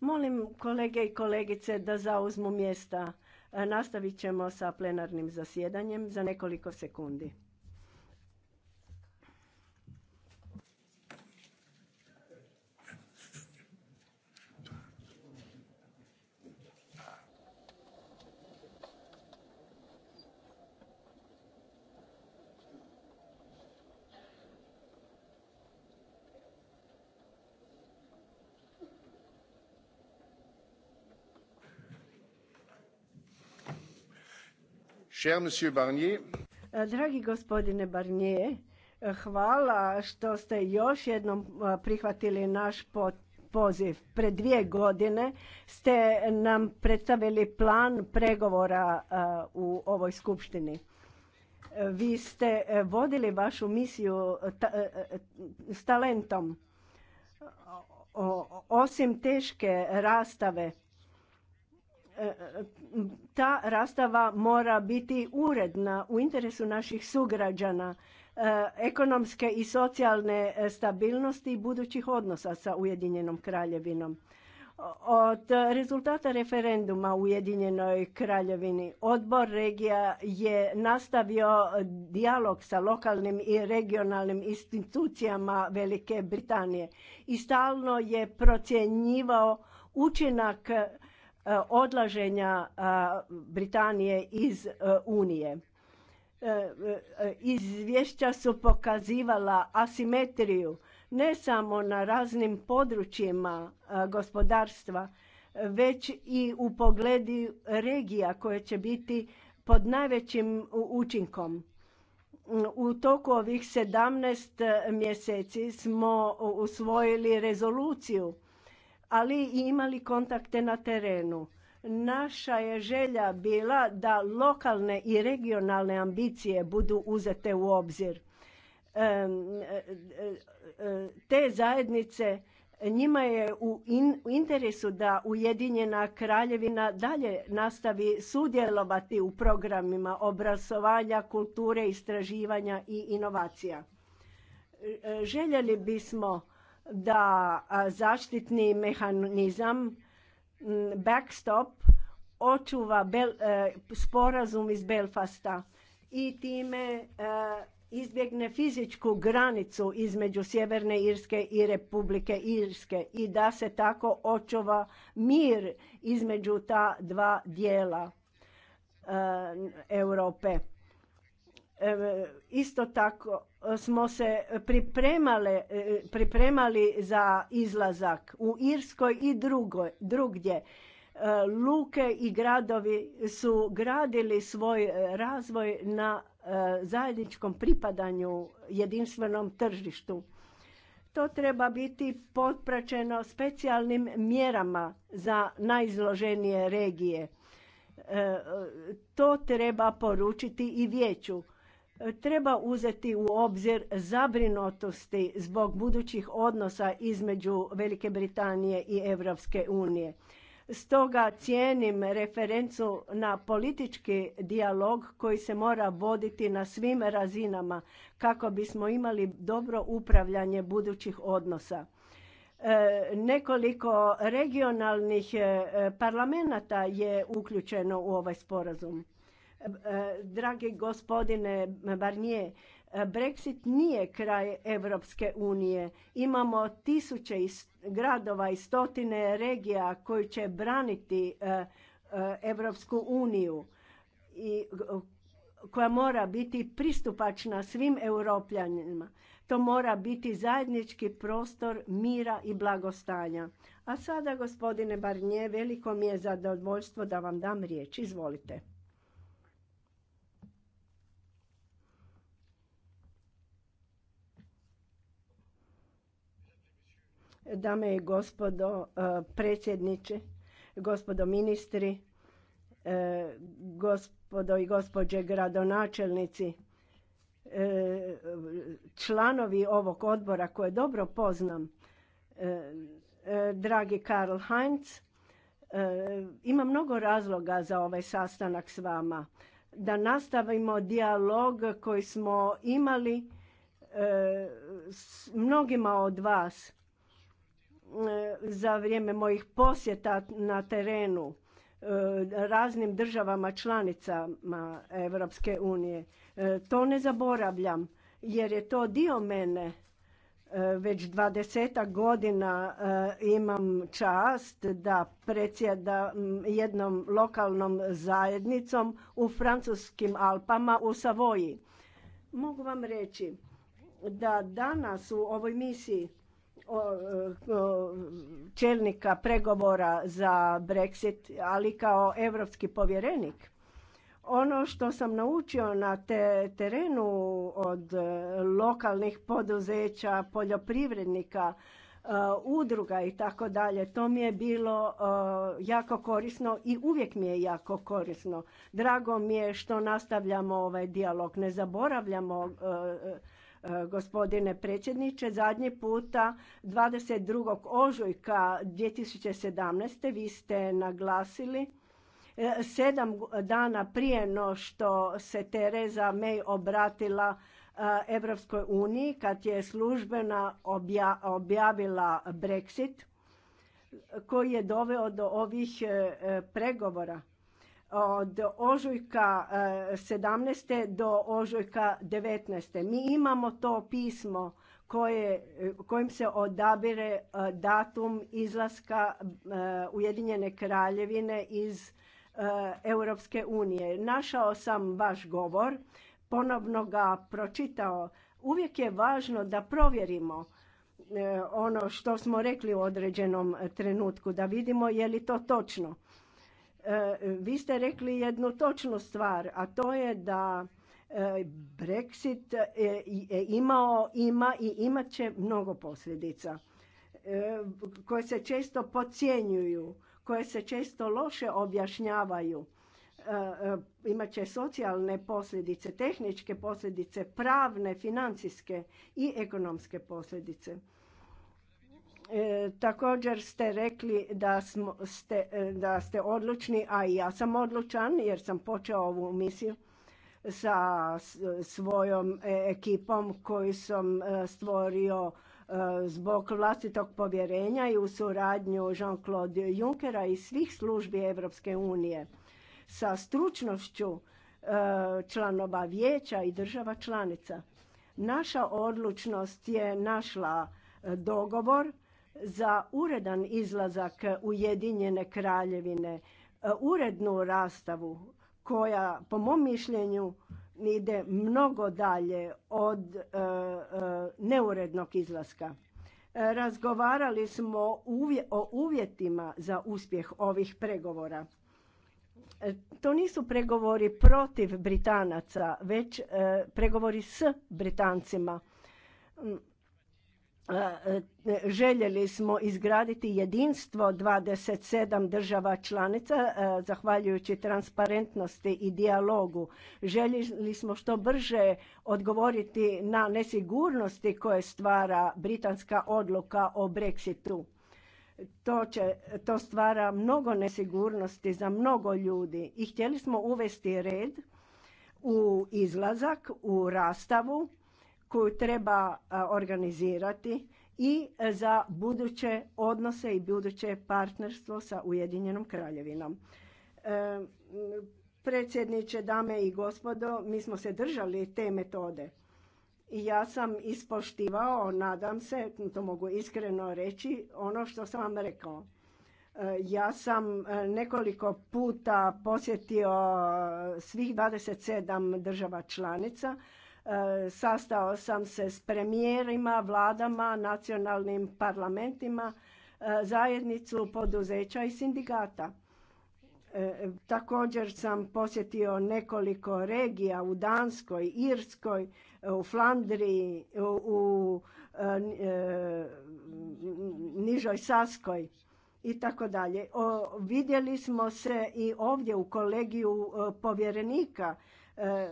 Molim kolege i kolegice da zauzmu mjesta. Nastavit ćemo sa plenarnim zasjedanjem za nekoliko sekundi. E, dragi gospodine Barnier, e, hvala što ste još jednom e, prihvatili naš poziv. Pred dvije godine ste nam predstavili plan pregovora u ovoj skupštini. Vi ste vodili vašu misiju s talentom. Osim teške rastave, ta rastava mora biti uredna u interesu naših sugrađana, e, ekonomske i socijalne stabilnosti budućih odnosa sa Ujedinjenom kraljevinom. Od rezultata referenduma u Ujedinjenoj kraljevini odbor regija je nastavio dijalog sa lokalnim i regionalnim institucijama Velike Britanije i stalno je procjenjivao učinak E, odlaženja e, Britanije iz e, Unije. Izvješća su pokazivala asimetriju ne samo na raznim područjima gospodarstva, već i u pogledu regija koje će biti pod najvećim učinkom. U toku ovih 17 mjeseci smo usvojili rezoluciju ali i imali kontakte na terenu. Naša je želja bila da lokalne i regionalne ambicije budu uzete u obzir. E, e, e, te zajednice njima je u interesu da Ujedinjena kraljevina dalje nastavi sudjelovati u programima obrazovanja, kulture, istraživanja i inovacija. Željeli bismo da zaštitni mehanizam backstop očuva e, sporazum iz Belfasta i time e, izbjegne fizičku granicu između Sjeverne Irske i Republike Irske i da se tako očuva mir između ta dva dijela e, Europe. Isto tako e, smo se e, pripremali za izlazak u Irskoj i drugdje. E, luke i gradovi su gradili svoj razvoj na zajedničkom pripadanju jedinstvenom tržištu. To treba biti potpraćeno specijalnim mjerama za najizloženije regije. To treba poručiti i vijeću treba uzeti u obzir zabrinutosti zbog budućih odnosa između Velike Britanije i Europske unije. Stoga cijenim referencu na politički dijalog koji se mora voditi na svim razinama kako bismo imali dobro upravljanje budućih odnosa. E, nekoliko regionalnih e, parlamenata je uključeno u ovaj sporazum. E, dragi gospodine Barnier, e, Brexit nije kraj europske unije. Imamo tisuće gradova i stotine regija koji će braniti e, Evropsku uniju i koja mora biti pristupačna svim europljanima. To mora biti zajednički prostor mira i blagostanja. A sada, gospodine Barnje, veliko mi je zadovoljstvo da vam dam riječ. Izvolite. Dame i gospodo e, predsjedniče, gospodo ministri, e, gospodo i gospođe gradonačelnici, e, članovi ovog odbora koje dobro poznam, dragi Karl Heinz, ima mnogo razloga za ovaj sastanak s vama. Da nastavimo dijalog koji smo imali s mnogima od vas za vrijeme mojih posjeta na terenu e, raznim državama članicama Europske unije. E, to ne zaboravljam jer je to dio mene. E, već dvadesetak godina imam čast da predsjedam jednom lokalnom zajednicom u francuskim Alpama u Savoji. Mogu vam reći da danas u ovoj misiji čelnika pregovora za Brexit, ali kao europski povjerenik. Ono što sam naučio na te terenu od e, lokalnih poduzeća, poljoprivrednika, e, udruga i tako dalje, to mi je bilo e, jako korisno i uvijek mi je jako korisno. Drago mi je što nastavljamo ovaj dijalog, ne zaboravljamo Gospodine predsjedniče, zadnji puta 22. ožujka 2017. vi ste naglasili e, sedam dana prije no što se Tereza May obratila e, Evropskoj uniji kad je službena objavila Brexit koji je doveo do ovih e, pregovora od ožujka 17. Eh, do ožujka 19. Mi imamo to pismo eh, kojim se odabire eh, datum izlaska Ujedinjene kraljevine iz Europske unije. Našao sam vaš govor, ponovno ga pročitao. Uvijek je važno da provjerimo ono što smo rekli u određenom trenutku, da vidimo je li to točno. E, vi ste rekli jednu točnu stvar, a to je da e, Brexit e, imao, ima i imat će mnogo posljedica koje se često podcjenjuju, koje se često loše objašnjavaju. Imat će socijalne posljedice, tehničke posljedice, pravne, financijske i ekonomske posljedice. E, također ste rekli da, smo, ste, e, da ste odlučni, a i ja sam odlučan jer sam počeo ovu misiju sa svojom e, ekipom koju sam stvorio zbog vlastitog povjerenja i u suradnju Jean-Claude Junckera i svih službi Europske unije sa stručnošću članova vijeća i država članica. Naša odlučnost je našla dogovor za uredan izlazak Ujedinjene kraljevine, e, urednu rastavu koja po mom mišljenju ide mnogo dalje od e, e, neurednog izlaska. Razgovarali smo o uvjetima za uspjeh ovih pregovora. To nisu pregovori protiv Britanaca, već pregovori s Britancima E, e, željeli smo izgraditi jedinstvo 27 država članica e, zahvaljujući transparentnosti i dijalogu. Željeli smo što brže odgovoriti na nesigurnosti koje stvara britanska odluka o Brexitu. To, će, to stvara mnogo nesigurnosti za mnogo ljudi i htjeli smo uvesti red u izlazak, u rastavu, koju treba e, organizirati i za buduće odnose i buduće partnerstvo sa Ujedinjenom kraljevinom. E, predsjedniče, dame i gospodo, mi smo se držali te metode. I ja sam ispoštivao, nadam se, to mogu iskreno reći, ono što sam vam rekao. E, ja sam nekoliko puta posjetio svih 27 država članica, E, sastao sam se s premijerima, vladama, nacionalnim parlamentima, e, zajednicu poduzeća i sindikata. E, također sam posjetio nekoliko regija u Danskoj, Irskoj, u Flandriji, u Nižoj Saskoj i tako dalje. Vidjeli smo se i ovdje u kolegiju povjerenika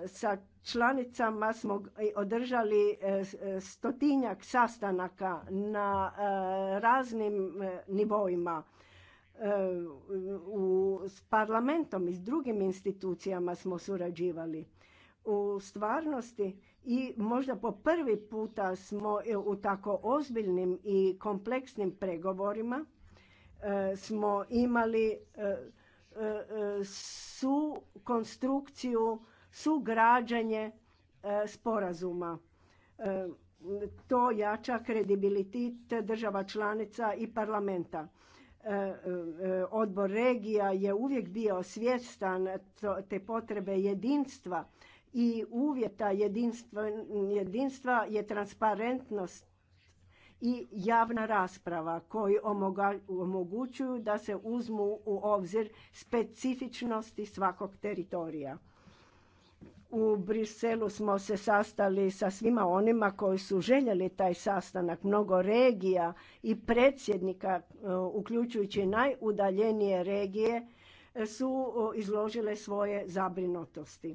sa članicama smo održali e, e, stotinjak sastanaka na e, raznim nivoima u, s parlamentom i s drugim institucijama smo surađivali. U stvarnosti i možda po prvi puta smo u tako ozbiljnim i kompleksnim pregovorima smo imali su konstrukciju su građanje e, sporazuma. E, to jača kredibilitet država članica i parlamenta. E, odbor regija je uvijek bio svjestan te potrebe jedinstva i uvjeta jedinstva, jedinstva je transparentnost i javna rasprava koji omogućuju da se uzmu u obzir specifičnosti svakog teritorija. U Briselu smo se sastali sa svima onima koji su željeli taj sastanak, mnogo regija i predsjednika, e, uključujući najudaljenije regije, su izložile svoje zabrinutosti.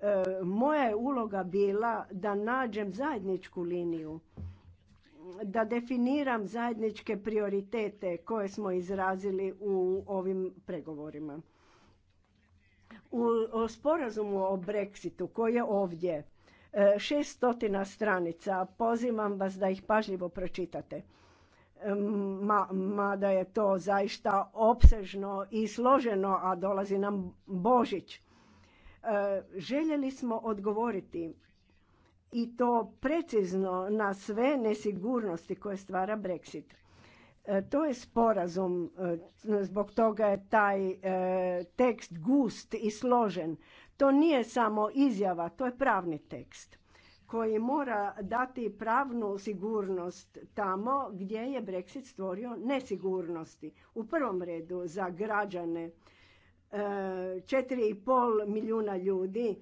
E, moja je uloga bila da nađem zajedničku liniju, da definiram zajedničke prioritete koje smo izrazili u ovim pregovorima u sporazumu o Brexitu koji je ovdje, e, stotina stranica, pozivam vas da ih pažljivo pročitate. E, mada je to zaista opsežno i složeno, a dolazi nam Božić. E, željeli smo odgovoriti i to precizno na sve nesigurnosti koje stvara Brexit E, to je sporazum, e, zbog toga je taj e, tekst gust i složen. To nije samo izjava, to je pravni tekst koji mora dati pravnu sigurnost tamo gdje je Brexit stvorio nesigurnosti. U prvom redu za građane 4,5 milijuna ljudi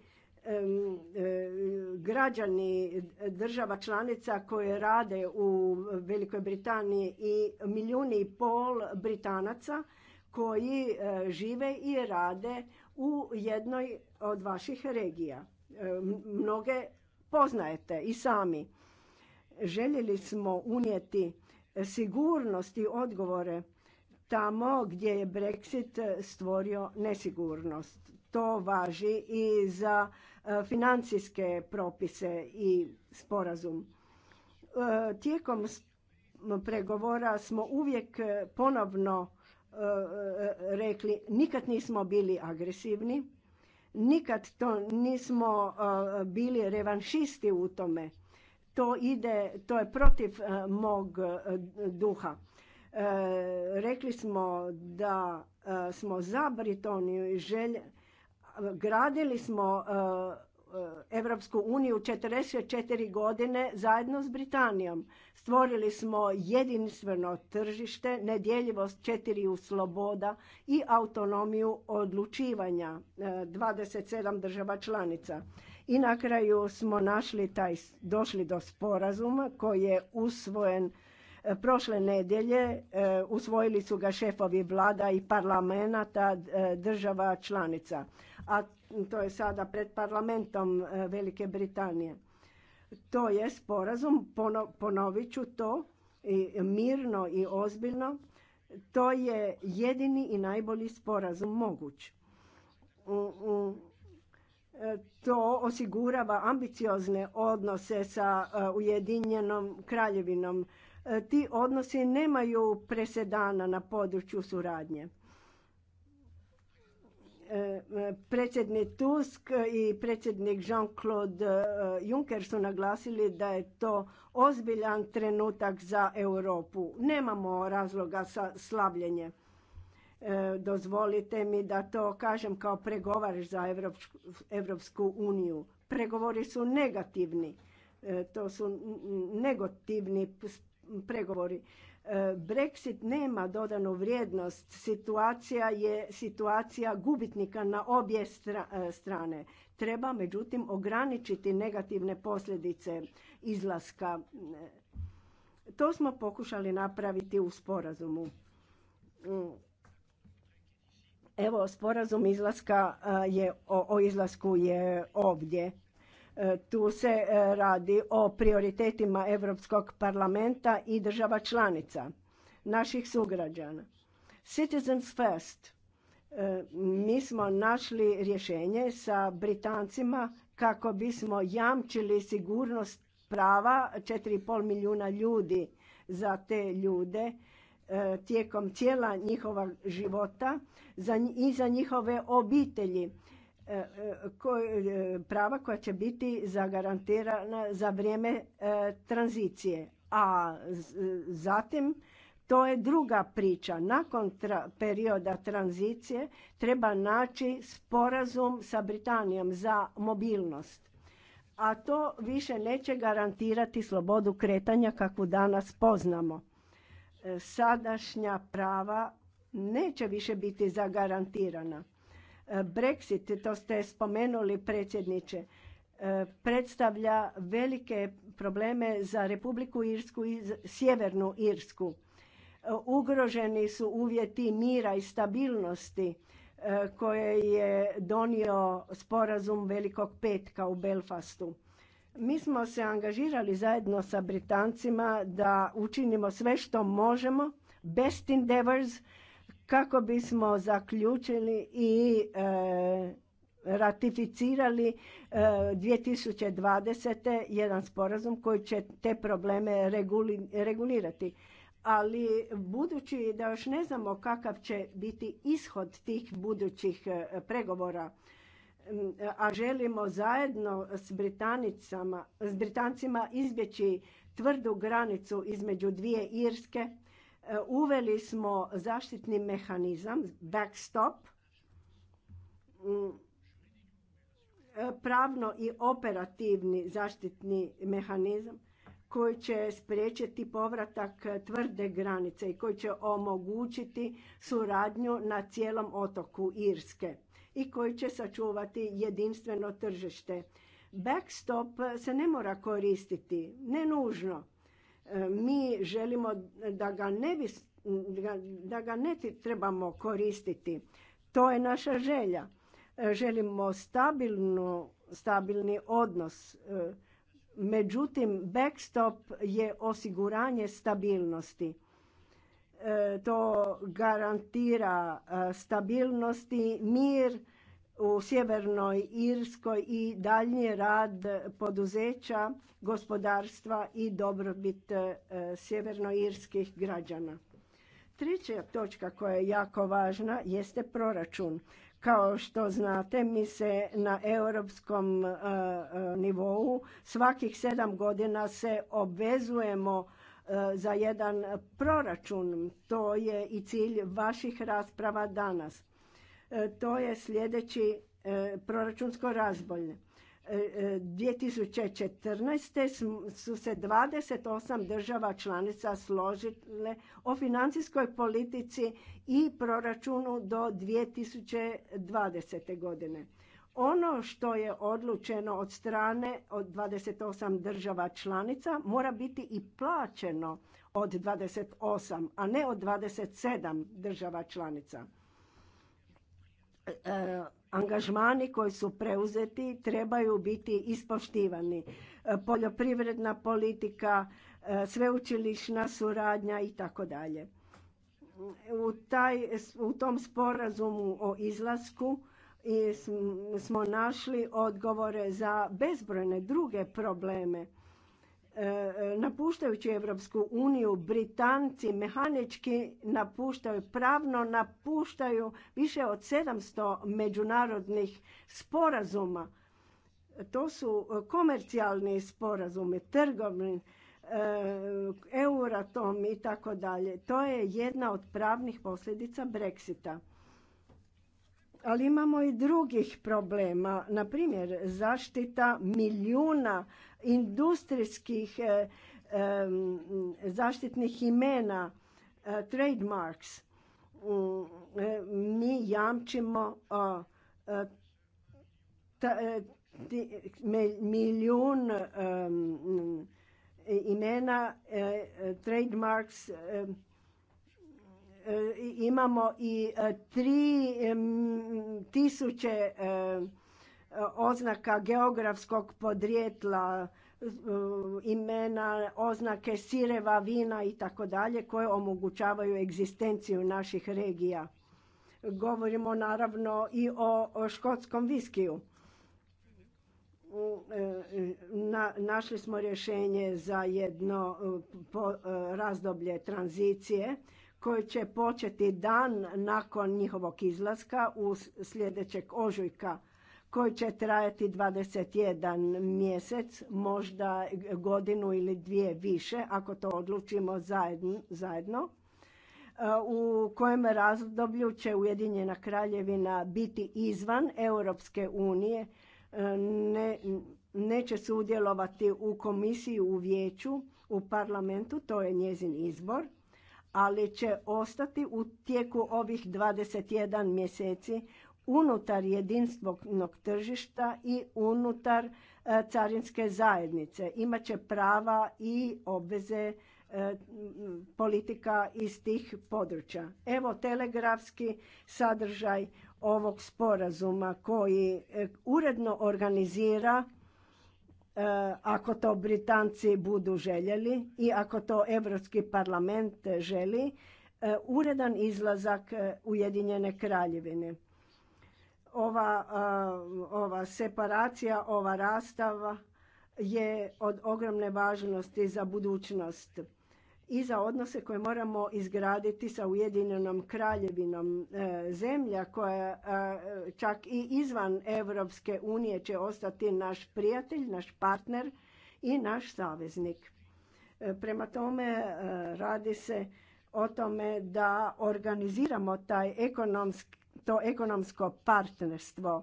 E, građani država članica koje rade u Velikoj Britaniji i milijuni i pol Britanaca koji e, žive i rade u jednoj od vaših regija. E, mnoge poznajete i sami. Željeli smo unijeti sigurnost i odgovore tamo gdje je Brexit stvorio nesigurnost. To važi i za E, financijske propise i sporazum. E, tijekom pregovora smo uvijek ponovno e, rekli nikad nismo bili agresivni, nikad to nismo bili revanšisti u tome. To ide, to je protiv mog duha. Rekli smo da smo za Britoniju i želje gradili smo e, e, Evropsku uniju 44 godine zajedno s Britanijom. Stvorili smo jedinstveno tržište, nedjeljivost četiriju sloboda i autonomiju odlučivanja 27 e, država članica. I na kraju smo našli taj, došli do sporazuma koji je usvojen prošle nedjelje. Usvojili su ga šefovi vlada i parlamenta država članica a to je sada pred parlamentom e, Velike Britanije. To je sporazum, ponovit ću to, mirno i ozbiljno. To je jedini i najbolji sporazum moguć. Mm, mm. E, to osigurava ambiciozne odnose sa e, Ujedinjenom kraljevinom. Ti odnosi nemaju presedana na području suradnje predsjednik Tusk i predsjednik Jean-Claude e, Juncker su naglasili da je to ozbiljan trenutak za Europu. Nemamo razloga za slavljenje. E, dozvolite mi da to kažem kao pregovar za Europsku uniju. Pregovori su negativni. E, to su negativni pregovori. Brexit nema dodanu vrijednost, situacija je situacija gubitnika na obje e, strane. Treba međutim ograničiti negativne posljedice izlaska. To smo pokušali napraviti u sporazumu. Evo, sporazum izlaska e, je, o, o izlasku je ovdje. E, tu se e, radi o prioritetima Europskog parlamenta i država članica, naših sugrađana. Citizens First. E, mi smo našli rješenje sa Britancima kako bismo jamčili sigurnost prava 4,5 milijuna ljudi za te ljude tijekom cijela njihova života i za njihove obitelji E, e, e, prava koja će biti zagarantirana za vrijeme tranzicije. A zatim to je druga priča. Nakon perioda tranzicije treba naći sporazum sa Britanijom za mobilnost. A to više neće garantirati slobodu kretanja kakvu danas poznamo. Sadašnja prava neće više biti zagarantirana Brexit, to ste spomenuli predsjedniče, e, predstavlja velike probleme za Republiku Irsku i Sjevernu Irsku. E, ugroženi su uvjeti mira i stabilnosti e, koje je donio sporazum Velikog petka u Belfastu. Mi smo se angažirali zajedno sa Britancima da učinimo sve što možemo, best endeavors, kako bismo zaključili i e, ratificirali 2020. E, jedan sporazum koji će te probleme regulirati. Ali budući da još ne znamo kakav će biti ishod tih budućih e, pregovora, a želimo zajedno s, Britanicama, s Britancima izbjeći tvrdu granicu između dvije Irske, Uveli smo zaštitni mehanizam, backstop, mm, pravno i operativni zaštitni mehanizam koji će spriječiti povratak tvrde granice i koji će omogućiti suradnju na cijelom otoku Irske i koji će sačuvati jedinstveno tržište. Backstop se ne mora koristiti, ne nužno mi želimo da ga ne, da ga ne trebamo koristiti. To je naša želja. Želimo stabilni odnos. Međutim, backstop je osiguranje stabilnosti. To garantira stabilnosti, mir, u Sjevernoj Irskoj i daljnji rad poduzeća, gospodarstva i dobrobit e, sjevernoirskih građana. Treća točka koja je jako važna jeste proračun. Kao što znate, mi se na europskom e, e, nivou svakih sedam godina se obvezujemo za jedan proračun. To je i cilj vaših rasprava danas. E, to je sljedeći e, proračunsko razbolje. 2014. E, su se 28 država članica složile o financijskoj politici i proračunu do 2020. godine. Ono što je odlučeno od strane od 28 država članica mora biti i plaćeno od 28, a ne od 27 država članica angažmani koji su preuzeti trebaju biti ispoštivani. E, poljoprivredna politika, e, sveučilišna suradnja i tako dalje. U tom sporazumu o izlasku smo našli odgovore za bezbrojne druge probleme E, napuštajući Europsku uniju, Britanci mehanički napuštaju, pravno napuštaju više od 700 međunarodnih sporazuma. To su komercijalni sporazumi, trgovni, e, Euratom i tako dalje. To je jedna od pravnih posljedica Brexita. Ali imamo i drugih problema. Na primjer, zaštita milijuna industrijskih e, e, zaštitnih imena, e, trademarks. Mm, mi jamčimo milijun imena, trademarks, imamo i tri tisuće oznaka geografskog podrijetla, e, imena, oznake sireva, vina i tako dalje koje omogućavaju egzistenciju naših regija. Govorimo naravno i o škotskom viskiju. E, našli smo rješenje za jedno e, razdoblje tranzicije koje će početi dan nakon njihovog izlaska u sljedećeg ožujka koji će trajati 21 mjesec, možda godinu ili dvije više, ako to odlučimo zajedno. E, u kojem razdoblju će Ujedinjena kraljevina biti izvan Europske unije, e, ne, neće sudjelovati u komisiji, u vijeću, u parlamentu, to je njezin izbor, ali će ostati u tijeku ovih 21 mjeseci unutar jedinstvenog tržišta i unutar e, carinske zajednice. Imaće prava i obveze e, politika iz tih područja. Evo telegrafski sadržaj ovog sporazuma koji e, uredno organizira ako to Britanci budu željeli i ako to Europski parlament želi, uredan izlazak Ujedinjene kraljevine ova, ova separacija, ova rastava je od ogromne važnosti za budućnost i za odnose koje moramo izgraditi sa Ujedinjenom kraljevinom. E, zemlja koja e, čak i izvan Europske unije će ostati naš prijatelj, naš partner i naš saveznik. E, prema tome radi se o tome da organiziramo taj ekonomski to ekonomsko partnerstvo,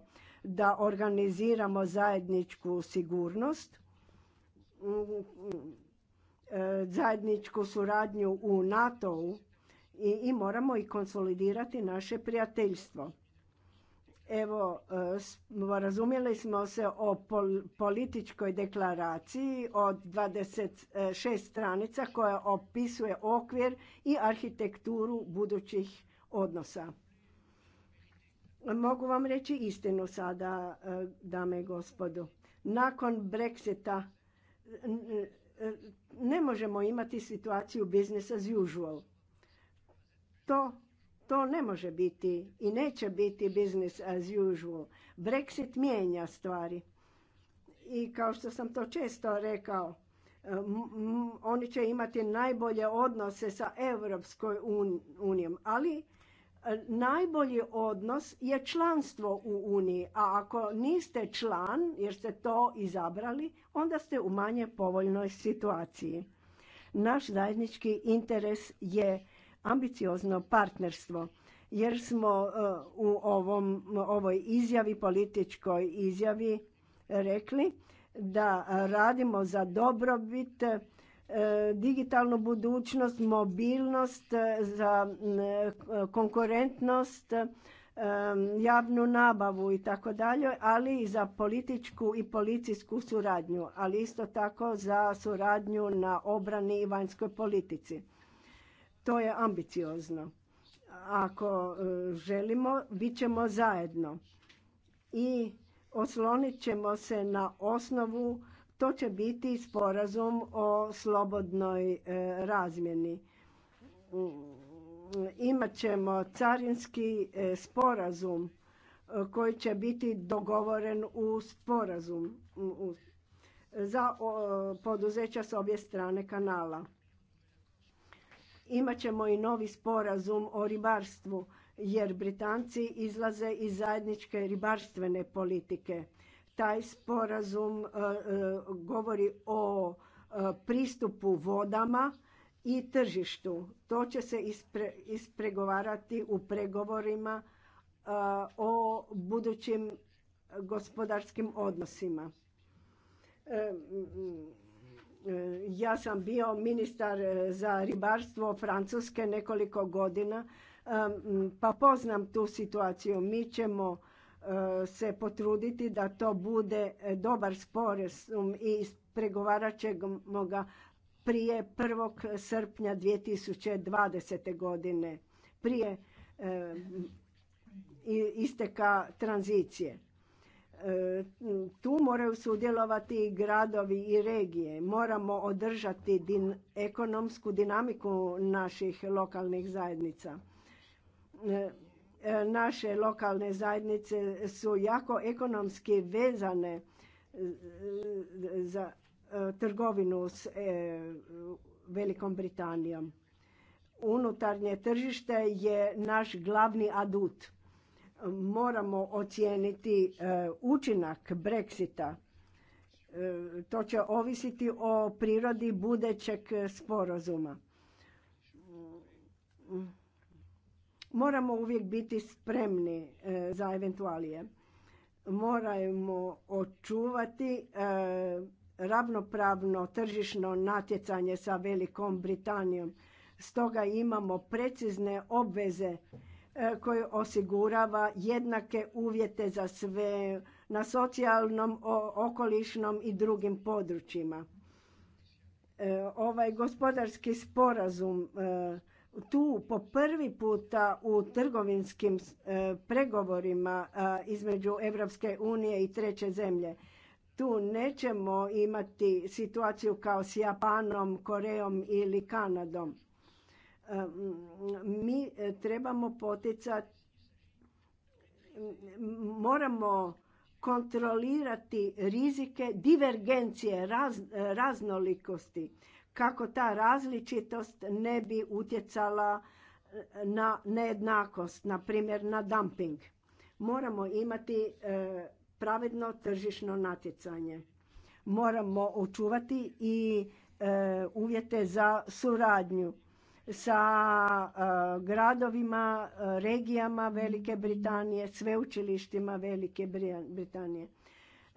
da organiziramo zajedničku sigurnost, mm, e, zajedničku suradnju u NATO-u i, i moramo i konsolidirati naše prijateljstvo. Evo, e, razumjeli smo se o političkoj deklaraciji od 26 stranica koja opisuje okvir i arhitekturu budućih odnosa. Mogu vam reći istinu sada, e, dame i gospodu. Nakon Brexita e, ne možemo imati situaciju business as usual. To, to ne može biti i neće biti business as usual. Brexit mijenja stvari. I kao što sam to često rekao, e, oni će imati najbolje odnose sa Europskoj unijom, ali najbolji odnos je članstvo u Uniji, a ako niste član jer ste to izabrali, onda ste u manje povoljnoj situaciji. Naš zajednički interes je ambiciozno partnerstvo jer smo eh, u ovom, ovoj izjavi, političkoj izjavi rekli da radimo za dobrobit E, digitalnu budućnost, mobilnost, e, za e, konkurentnost, javnu nabavu i tako dalje, ali i za političku i policijsku suradnju, ali isto tako za suradnju na obrani i vanjskoj politici. To je ambiciozno. Ako želimo, bit ćemo zajedno i oslonit ćemo se na osnovu to će biti sporazum o slobodnoj e, razmjeni. Mm, Imaćemo carinski e, sporazum e, koji će biti dogovoren u sporazum za poduzeća s obje strane kanala. Imaćemo i novi sporazum o ribarstvu jer Britanci izlaze iz zajedničke ribarstvene politike taj sporazum e, e, govori o e, pristupu vodama i tržištu. To će se ispregovarati u pregovorima o budućim gospodarskim odnosima. Ja sam bio ministar za ribarstvo Francuske nekoliko godina, pa poznam tu situaciju. Mi ćemo se potruditi da to bude e, dobar sporazum i pregovarat ćemo ga prije 1. srpnja 2020. godine, prije e, isteka tranzicije. E, tu moraju sudjelovati i gradovi i regije. Moramo održati din, ekonomsku dinamiku naših lokalnih zajednica. Naše lokalne zajednice su jako ekonomski vezane e, za e, trgovinu s e, Velikom Britanijom. Unutarnje tržište je naš glavni adut. Moramo ocijeniti učinak Brexita. To će ovisiti o prirodi budećeg sporazuma. Moramo uvijek biti spremni e, za eventualije. Moramo očuvati e, ravnopravno tržišno natjecanje sa Velikom Britanijom. Stoga imamo precizne obveze e, koje osigurava jednake uvjete za sve na socijalnom, okolišnom i drugim područjima. Ovaj gospodarski sporazum tu po prvi puta u trgovinskim e, pregovorima e, između Europske unije i treće zemlje. Tu nećemo imati situaciju kao s Japanom, Korejom ili Kanadom. E, mi trebamo poticati, moramo kontrolirati rizike divergencije, raznolikosti kako ta različitost ne bi utjecala e, na nejednakost, na primjer na dumping. Moramo imati e, pravedno tržišno natjecanje. Moramo očuvati i e, uvjete za suradnju sa gradovima, regijama Velike Britanije, sveučilištima Velike Britanije,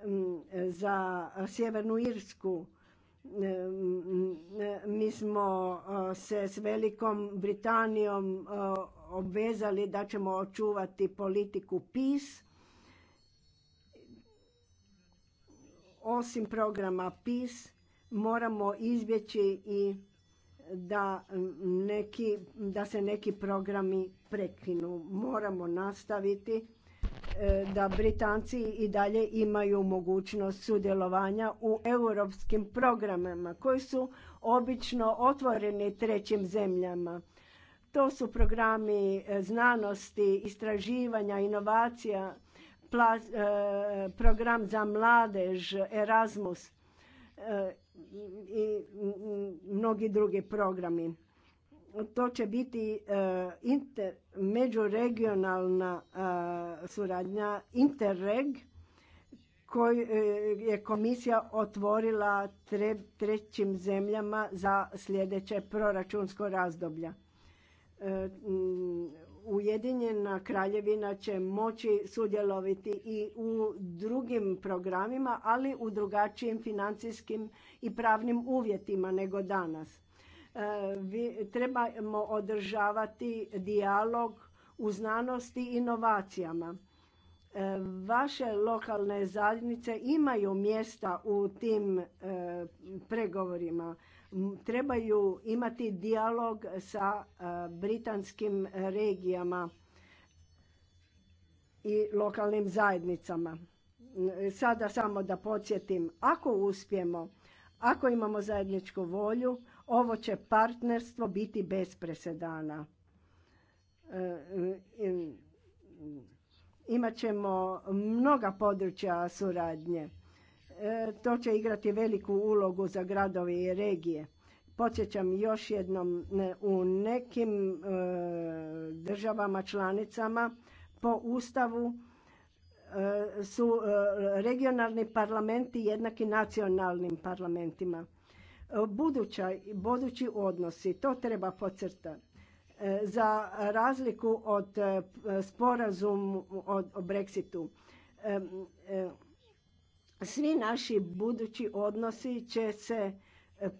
mm, za Sjevernu Irsku, mi smo se s Velikom Britanijom obvezali da ćemo očuvati politiku PIS. Osim programa PIS moramo izbjeći i da, neki, da se neki programi prekinu. Moramo nastaviti E, da Britanci i dalje imaju mogućnost sudjelovanja u europskim programima koji su obično otvoreni trećim zemljama. To su programi e, znanosti, istraživanja, inovacija, e, program za mladež, Erasmus i mnogi drugi programi to će biti e, inter, međuregionalna e, suradnja Interreg koju e, je komisija otvorila trećim zemljama za sljedeće proračunsko razdoblje. Ujedinjena kraljevina će moći sudjeloviti i u drugim programima, ali u drugačijim financijskim i pravnim uvjetima nego danas E, trebamo održavati dijalog u znanosti i inovacijama. E, vaše lokalne zajednice imaju mjesta u tim e, pregovorima. Trebaju imati dijalog sa britanskim regijama i lokalnim zajednicama. Sada samo da podsjetim, ako uspijemo, ako imamo zajedničku volju, ovo će partnerstvo biti bez presedana. E, e, e, Imaćemo mnoga područja suradnje. To će igrati veliku ulogu za gradove i regije. Podsjećam još jednom, u nekim državama članicama po Ustavu su regionalni parlamenti jednaki nacionalnim parlamentima. E, buduća, budući odnosi, to treba podcrtati. E, za razliku od e, sporazum o Brexitu, svi naši budući odnosi će se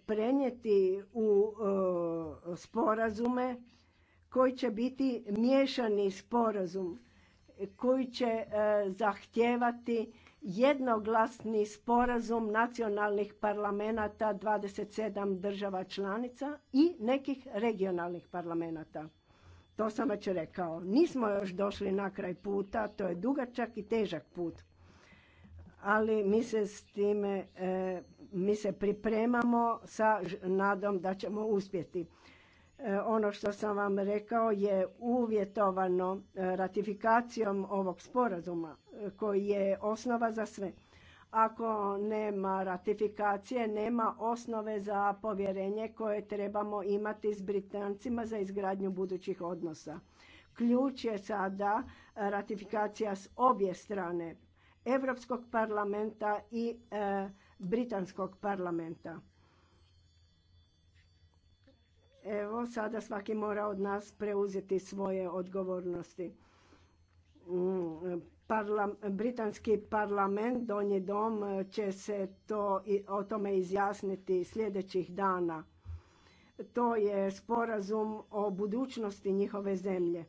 prenijeti u sporazume koji će biti miješani sporazum koji će zahtijevati jednoglasni sporazum nacionalnih parlamenata 27 država članica i nekih regionalnih parlamenata. To sam već rekao. Nismo još došli na kraj puta, to je dugačak i težak put. Ali mi se s time, eh, mi se pripremamo sa nadom da ćemo uspjeti. E, ono što sam vam rekao je uvjetovano e, ratifikacijom ovog sporazuma e, koji je osnova za sve. Ako nema ratifikacije, nema osnove za povjerenje koje trebamo imati s Britancima za izgradnju budućih odnosa. Ključ je sada ratifikacija s obje strane, Europskog parlamenta i Britanskog parlamenta. Evo, sada svaki mora od nas preuzeti svoje odgovornosti. Mm, britanski parlament, donji dom, će se to, o tome izjasniti sljedećih dana. To je sporazum o budućnosti njihove zemlje.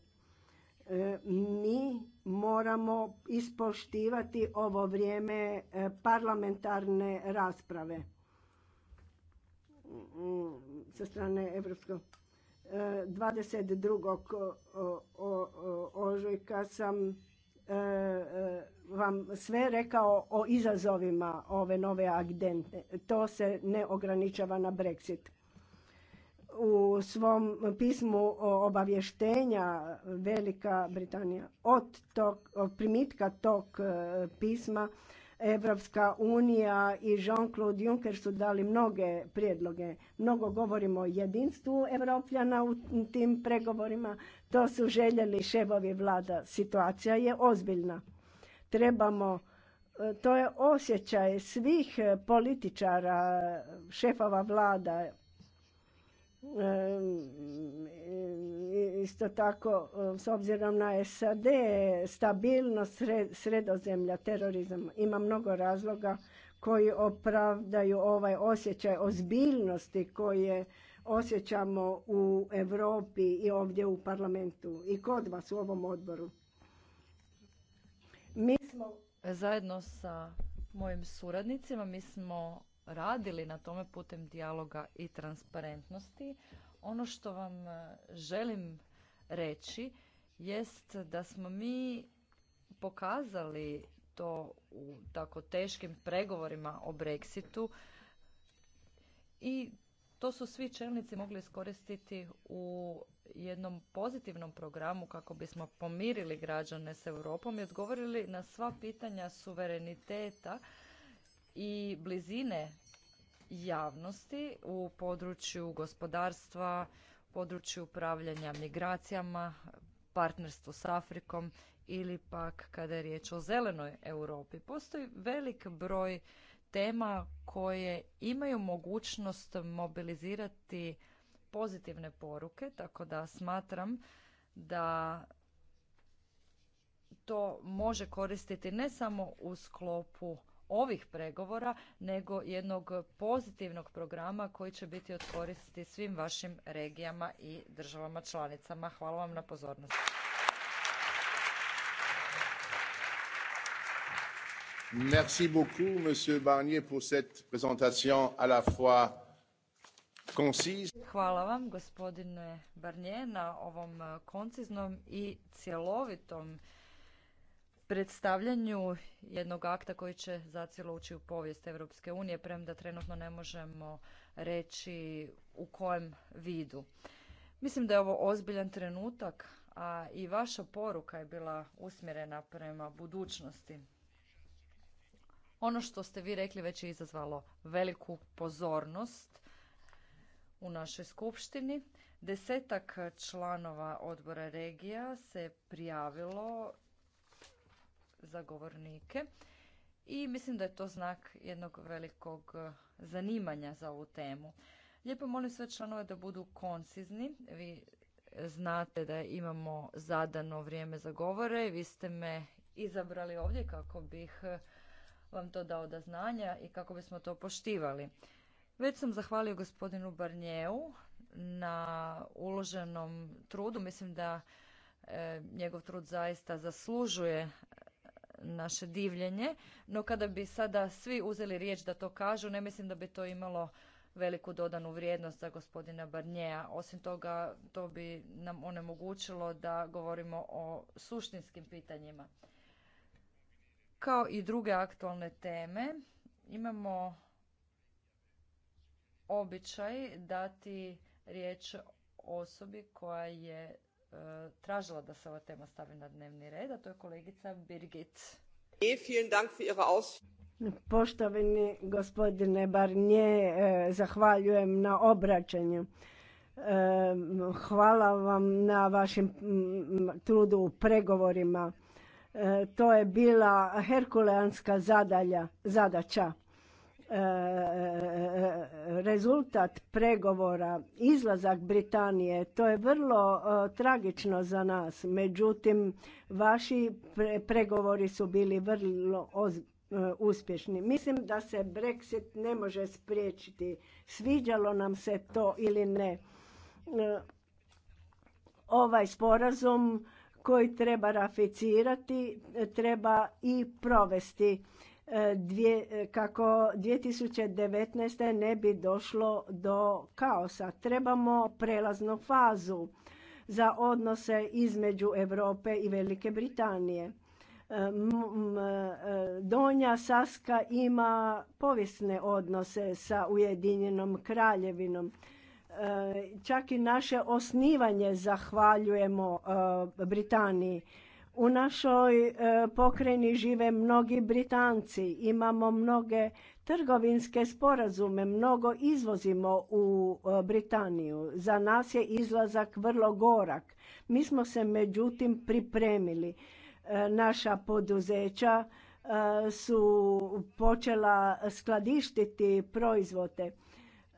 E, mi moramo ispoštivati ovo vrijeme e, parlamentarne rasprave mm, sa strane Evropskog e, 22. ožujka sam e, e, vam sve rekao o izazovima ove nove agende. To se ne ograničava na Brexit. U svom pismu obavještenja Velika Britanija od tog, primitka tog pisma Evropska unija i Jean-Claude Juncker su dali mnoge prijedloge. Mnogo govorimo o jedinstvu Evropljana u tim pregovorima. To su željeli ševovi vlada. Situacija je ozbiljna. Trebamo, to je osjećaj svih političara, šefova vlada, Isto tako, um, s obzirom na SAD, stabilnost sredozemlja, terorizam, ima mnogo razloga koji opravdaju ovaj osjećaj ozbiljnosti koje osjećamo u Europi i ovdje u parlamentu i kod vas u ovom odboru. Mi smo zajedno sa mojim suradnicima mi smo radili na tome putem dijaloga i transparentnosti. Ono što vam e, želim reći jest da smo mi pokazali to u tako teškim pregovorima o Brexitu i to su svi čelnici mogli iskoristiti u jednom pozitivnom programu kako bismo pomirili građane s Europom i odgovorili na sva pitanja suvereniteta i blizine javnosti u području gospodarstva, području upravljanja migracijama, partnerstvu s Afrikom ili pak kada je riječ o zelenoj Europi. Postoji velik broj tema koje imaju mogućnost mobilizirati pozitivne poruke, tako da smatram da to može koristiti ne samo u sklopu ovih pregovora, nego jednog pozitivnog programa koji će biti od svim vašim regijama i državama članicama. Hvala vam na pozornosti. Merci beaucoup, Monsieur pour cette présentation à la fois Hvala vam, gospodine Barnier, na ovom konciznom i cjelovitom predstavljanju jednog akta koji će zacijelo ući u povijest Europske unije, premda trenutno ne možemo reći u kojem vidu. Mislim da je ovo ozbiljan trenutak, a i vaša poruka je bila usmjerena prema budućnosti. Ono što ste vi rekli već je izazvalo veliku pozornost u našoj skupštini. Desetak članova odbora regija se prijavilo zagovornike i mislim da je to znak jednog velikog eh, zanimanja za ovu temu. Lijepo molim sve članove da budu koncizni. Vi znate da imamo zadano vrijeme za govore. Vi ste me izabrali ovdje kako bih eh, vam to dao da znanja i kako bismo to poštivali. Već sam zahvalio gospodinu Barnjeu na uloženom trudu. Mislim da eh, njegov trud zaista zaslužuje naše divljenje, no kada bi sada svi uzeli riječ da to kažu, ne mislim da bi to imalo veliku dodanu vrijednost za gospodina Barnjeja. Osim toga, to bi nam onemogućilo da govorimo o suštinskim pitanjima. Kao i druge aktualne teme, imamo običaj dati riječ osobi koja je E, tražila da se ova tema stavi na dnevni red, a to je kolegica Birgit. E, Poštovani gospodine Barnje, zahvaljujem na obraćanju. E, hvala vam na vašem trudu u pregovorima. To je bila herkuleanska zadalja, zadaća. E, e, e, rezultat pregovora, izlazak Britanije, to je vrlo tragično za nas. Međutim, vaši pregovori su bili vrlo uspješni. Mislim da se Brexit ne može spriječiti. Sviđalo nam se to ili ne. Ovaj sporazum koji treba raficirati, treba i provesti E, dvije, e, kako 2019. ne bi došlo do kaosa. Trebamo prelaznu fazu za odnose između Europe i Velike Britanije. E, Donja Saska ima povijesne odnose sa Ujedinjenom kraljevinom. Čak i naše osnivanje zahvaljujemo Britaniji u našoj e, pokrajini žive mnogi Britanci, imamo mnoge trgovinske sporazume, mnogo izvozimo u e, Britaniju. Za nas je izlazak vrlo gorak. Mi smo se međutim pripremili. E, naša poduzeća su počela skladištiti proizvode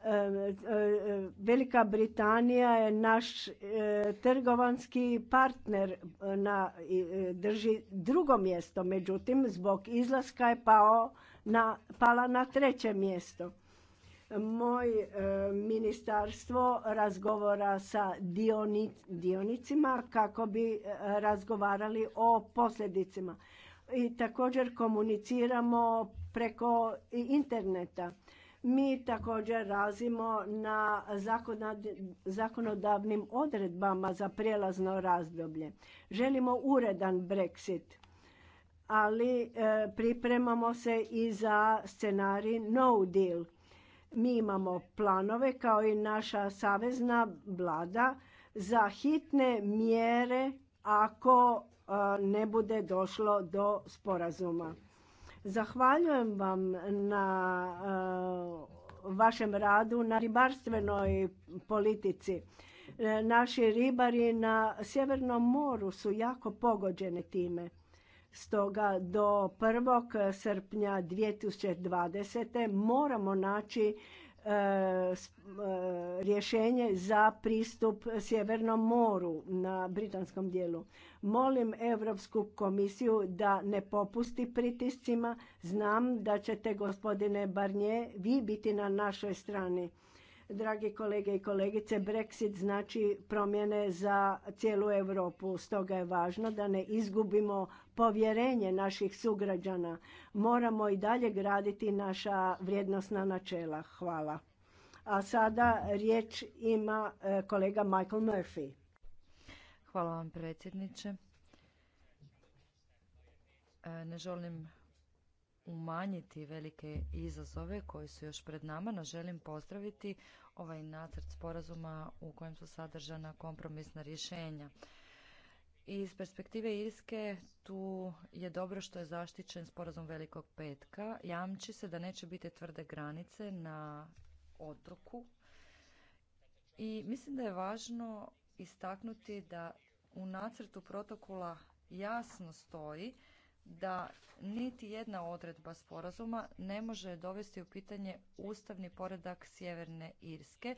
E, e, Velika Britanija je naš e, trgovanski partner na drži drugo mjesto, međutim zbog izlaska je pao na, pala na treće mjesto. Moj ministarstvo razgovara sa dionicima kako bi razgovarali o posljedicima. I također komuniciramo preko interneta mi također razimo na zakonodavnim odredbama za prijelazno razdoblje. Želimo uredan Brexit, ali e, pripremamo se i za scenarij no deal. Mi imamo planove kao i naša savezna vlada za hitne mjere ako e, ne bude došlo do sporazuma. Zahvaljujem vam na eh, vašem radu na ribarstvenoj politici. Eh, naši ribari na Sjevernom moru su jako pogođeni time. Stoga do 1. srpnja 2020. moramo naći E, e, rješenje za pristup Sjevernom moru na britanskom dijelu. Molim Europsku komisiju da ne popusti pritiscima. Znam da ćete, gospodine Barnje, vi biti na našoj strani. Dragi kolege i kolegice, Brexit znači promjene za cijelu Europu, stoga je važno da ne izgubimo povjerenje naših sugrađana. Moramo i dalje graditi naša vrijednostna načela. Hvala. A sada riječ ima e, kolega Michael Murphy. Hvala vam predsjedniče. E, ne želim umanjiti velike izazove koji su još pred nama, no želim pozdraviti ovaj nacrt sporazuma u kojem su sadržana kompromisna rješenja. Iz perspektive Irske tu je dobro što je zaštićen sporazum Velikog petka. Jamči se da neće biti tvrde granice na otoku. I mislim da je važno istaknuti da u nacrtu protokola jasno stoji da niti jedna odredba sporazuma ne može dovesti u pitanje ustavni poredak Sjeverne Irske,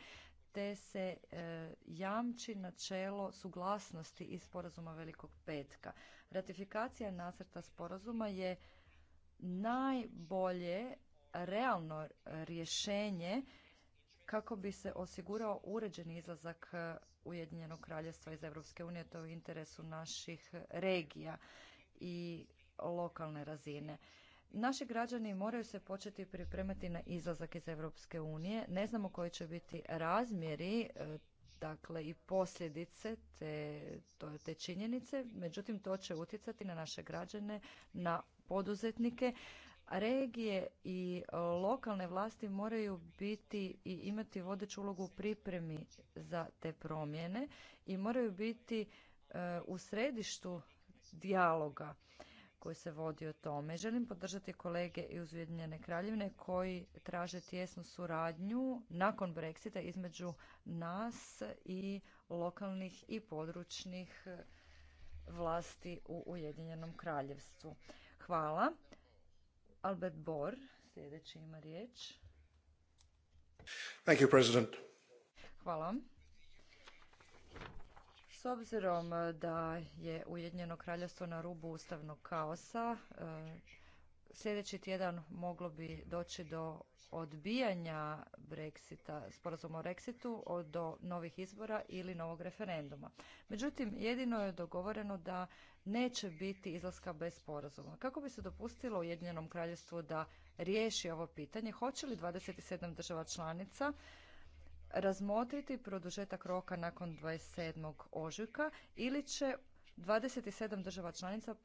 te se e, jamči načelo suglasnosti iz sporazuma Velikog petka. Ratifikacija nacrta sporazuma je najbolje realno rješenje kako bi se osigurao uređen izlazak Ujedinjenog kraljevstva iz Europske unije, to je u interesu naših regija. I lokalne razine. Naši građani moraju se početi pripremati na izlazak iz Europske unije. Ne znamo koji će biti razmjeri e, dakle i posljedice te, to, te činjenice, međutim to će utjecati na naše građane, na poduzetnike. Regije i e, lokalne vlasti moraju biti i imati vodeću ulogu u pripremi za te promjene i moraju biti e, u središtu dijaloga koji se vodi o tome. Želim podržati kolege iz Ujedinjene kraljevine koji traže tjesnu suradnju nakon Brexita između nas i lokalnih i područnih vlasti u Ujedinjenom kraljevstvu. Hvala. Albert Bor, sljedeći ima riječ. Hvala vam. S obzirom e, da je Ujedinjeno kraljevstvo na rubu ustavnog kaosa, e, sljedeći tjedan moglo bi doći do odbijanja Brexita, sporazuma o Brexitu, do novih izbora ili novog referenduma. Međutim, jedino je dogovoreno da neće biti izlaska bez sporazuma. Kako bi se dopustilo Ujedinjenom kraljevstvu da riješi ovo pitanje, hoće li 27 država članica razmotriti produžetak roka nakon 27. ožujka ili će 27 država članica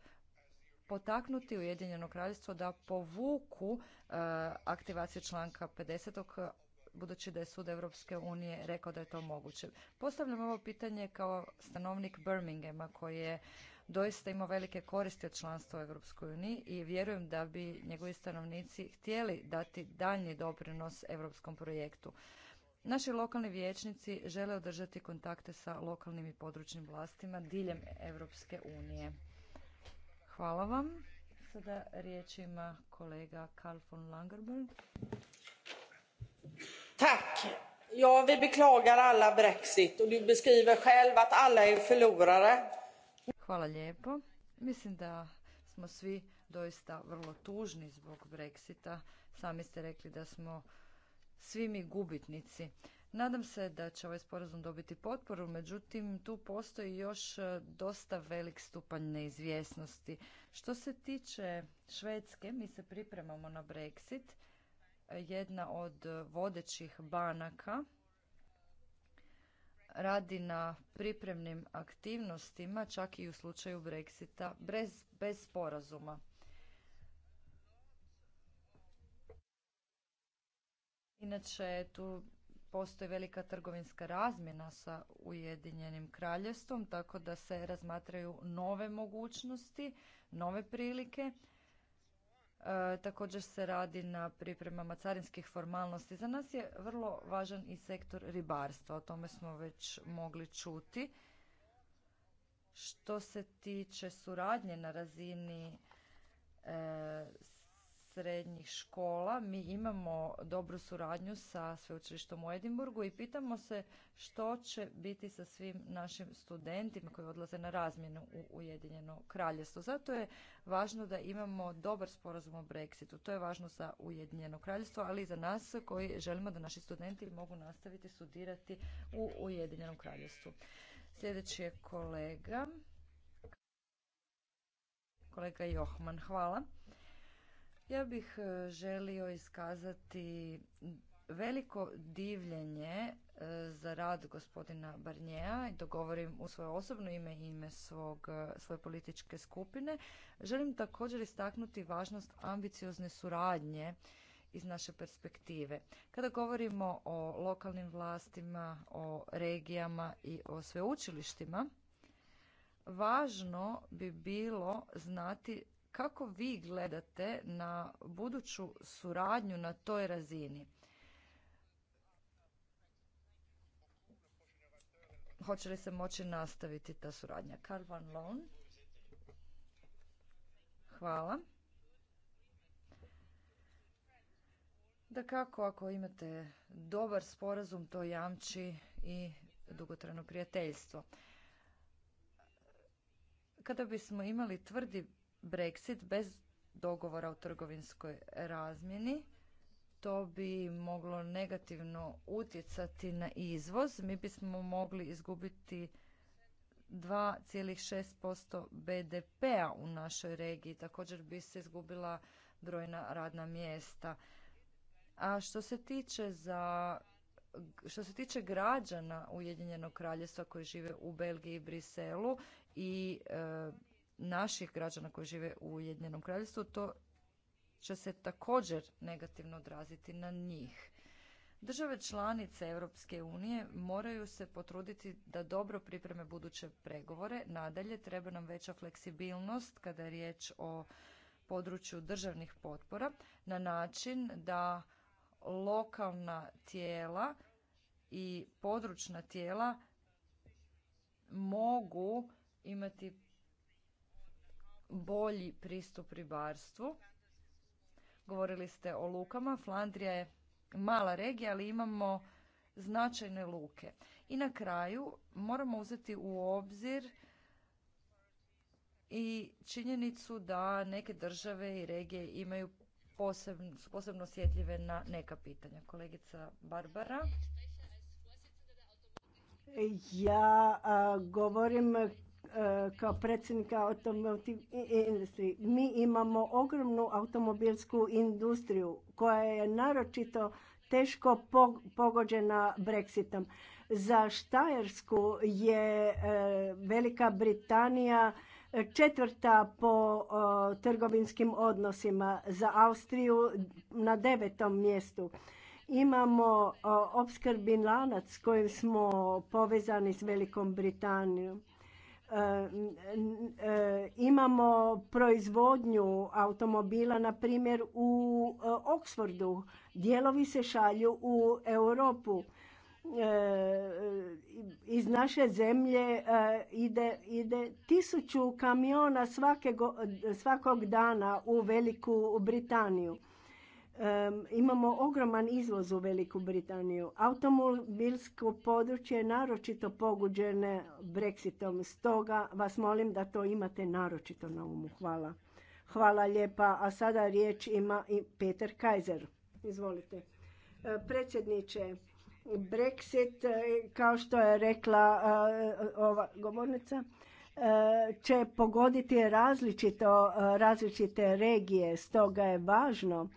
potaknuti Ujedinjeno kraljevstvo da povuku e, aktivaciju članka 50. budući da je sud Europske unije rekao da je to moguće. Postavljam ovo pitanje kao stanovnik Birminghama koji je doista imao velike koristi od članstva u Europskoj uniji i vjerujem da bi njegovi stanovnici htjeli dati daljnji doprinos europskom projektu. Naši lokalni vijećnici žele održati kontakte sa lokalnim i područnim vlastima diljem Europske unije. Hvala vam. Sada riječ ima kolega Karl von Langerberg. Tak. Ja, vi beklagar alla Brexit och du beskriver själv att alla är förlorare. Hvala lijepo. Mislim da smo svi doista vrlo tužni zbog Brexita. Sami ste rekli da smo svi mi gubitnici. Nadam se da će ovaj sporazum dobiti potporu, međutim tu postoji još e, dosta velik stupanj neizvjesnosti. Što se tiče Švedske, mi se pripremamo na Brexit. Jedna od vodećih banaka radi na pripremnim aktivnostima, čak i u slučaju Brexita, bez, bez sporazuma. Inače, tu postoji velika trgovinska razmjena sa Ujedinjenim kraljevstvom, tako da se razmatraju nove mogućnosti, nove prilike. E, također se radi na pripremama carinskih formalnosti. Za nas je vrlo važan i sektor ribarstva, o tome smo već mogli čuti. Što se tiče suradnje na razini e, srednjih škola. Mi imamo dobru suradnju sa sveučilištom u Edimburgu i pitamo se što će biti sa svim našim studentima koji odlaze na razmjenu u Ujedinjeno kraljestvo. Zato je važno da imamo dobar sporazum o Brexitu. To je važno za Ujedinjeno kraljestvo, ali i za nas koji želimo da naši studenti mogu nastaviti studirati u Ujedinjenom kraljestvu. Sljedeći je kolega. Kolega Johman, hvala. Ja bih e, želio iskazati veliko divljenje e, za rad gospodina Barnjeja i to govorim u svoje osobno ime i ime svog, e, svoje političke skupine. Želim također istaknuti važnost ambiciozne suradnje iz naše perspektive. Kada govorimo o lokalnim vlastima, o regijama i o sveučilištima, važno bi bilo znati kako vi gledate na buduću suradnju na toj razini? Hoće li se moći nastaviti ta suradnja? Karl van Loon. Hvala. Da kako, ako imate dobar sporazum, to jamči i dugotrajno prijateljstvo. Kada bismo imali tvrdi Brexit bez dogovora o trgovinskoj razmjeni. To bi moglo negativno utjecati na izvoz. Mi bismo mogli izgubiti 2,6% BDP-a u našoj regiji. Također bi se izgubila brojna radna mjesta. A što se tiče za što se tiče građana Ujedinjenog kraljevstva koji žive u Belgiji i Briselu i e, naših građana koji žive u Ujedinjenom kraljevstvu, to će se također negativno odraziti na njih. Države članice Europske unije moraju se potruditi da dobro pripreme buduće pregovore. Nadalje, treba nam veća fleksibilnost kada je riječ o području državnih potpora na način da lokalna tijela i područna tijela mogu imati bolji pristup ribarstvu. Govorili ste o lukama. Flandrija je mala regija, ali imamo značajne luke. I na kraju moramo uzeti u obzir i činjenicu da neke države i regije imaju posebno, posebno osjetljive na neka pitanja. Kolegica Barbara. Ja a, govorim Eh, kao predsjednika automotive industry. Mi imamo ogromnu automobilsku industriju koja je naročito teško pogođena Brexitom. Za Štajersku je eh, Velika Britanija eh, četvrta po trgovinskim odnosima, za Austriju na devetom mjestu. Imamo opskrbin lanac kojim smo povezani s Velikom Britanijom E, e, imamo proizvodnju automobila na primjer u e, Oxfordu dijelovi se šalju u Europu iz naše zemlje ide, ide tisuću kamiona svakog dana u Veliku Britaniju imamo ogroman izvoz u Veliku Britaniju. Automobilsko područje je naročito poguđene Brexitom. Stoga vas molim da to imate naročito na umu. Hvala. Hvala lijepa. A sada riječ ima i Peter Kaiser. Izvolite. E, predsjedniče, Brexit, e, kao što je rekla e, ova govornica, će pogoditi različito, različite regije. Stoga je važno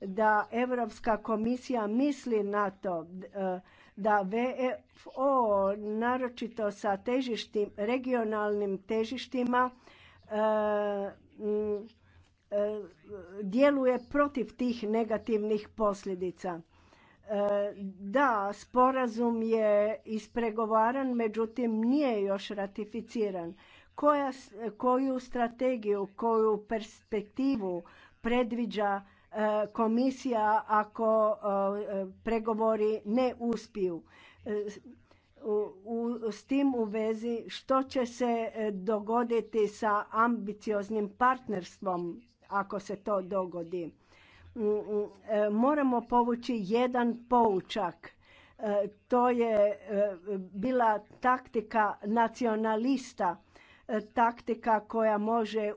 da Europska komisija misli na to e, da VFO naročito sa težištim, regionalnim težištima e, e, djeluje protiv tih negativnih posljedica. Da, sporazum je ispregovaran, međutim nije još ratificiran. Koja, koju strategiju, koju perspektivu predviđa komisija ako e, pregovori ne uspiju. E, u, s tim u vezi što će se e, dogoditi sa ambicioznim partnerstvom ako se to dogodi. Mm, mm, moramo povući jedan poučak. To je bila taktika nacionalista E, taktika koja može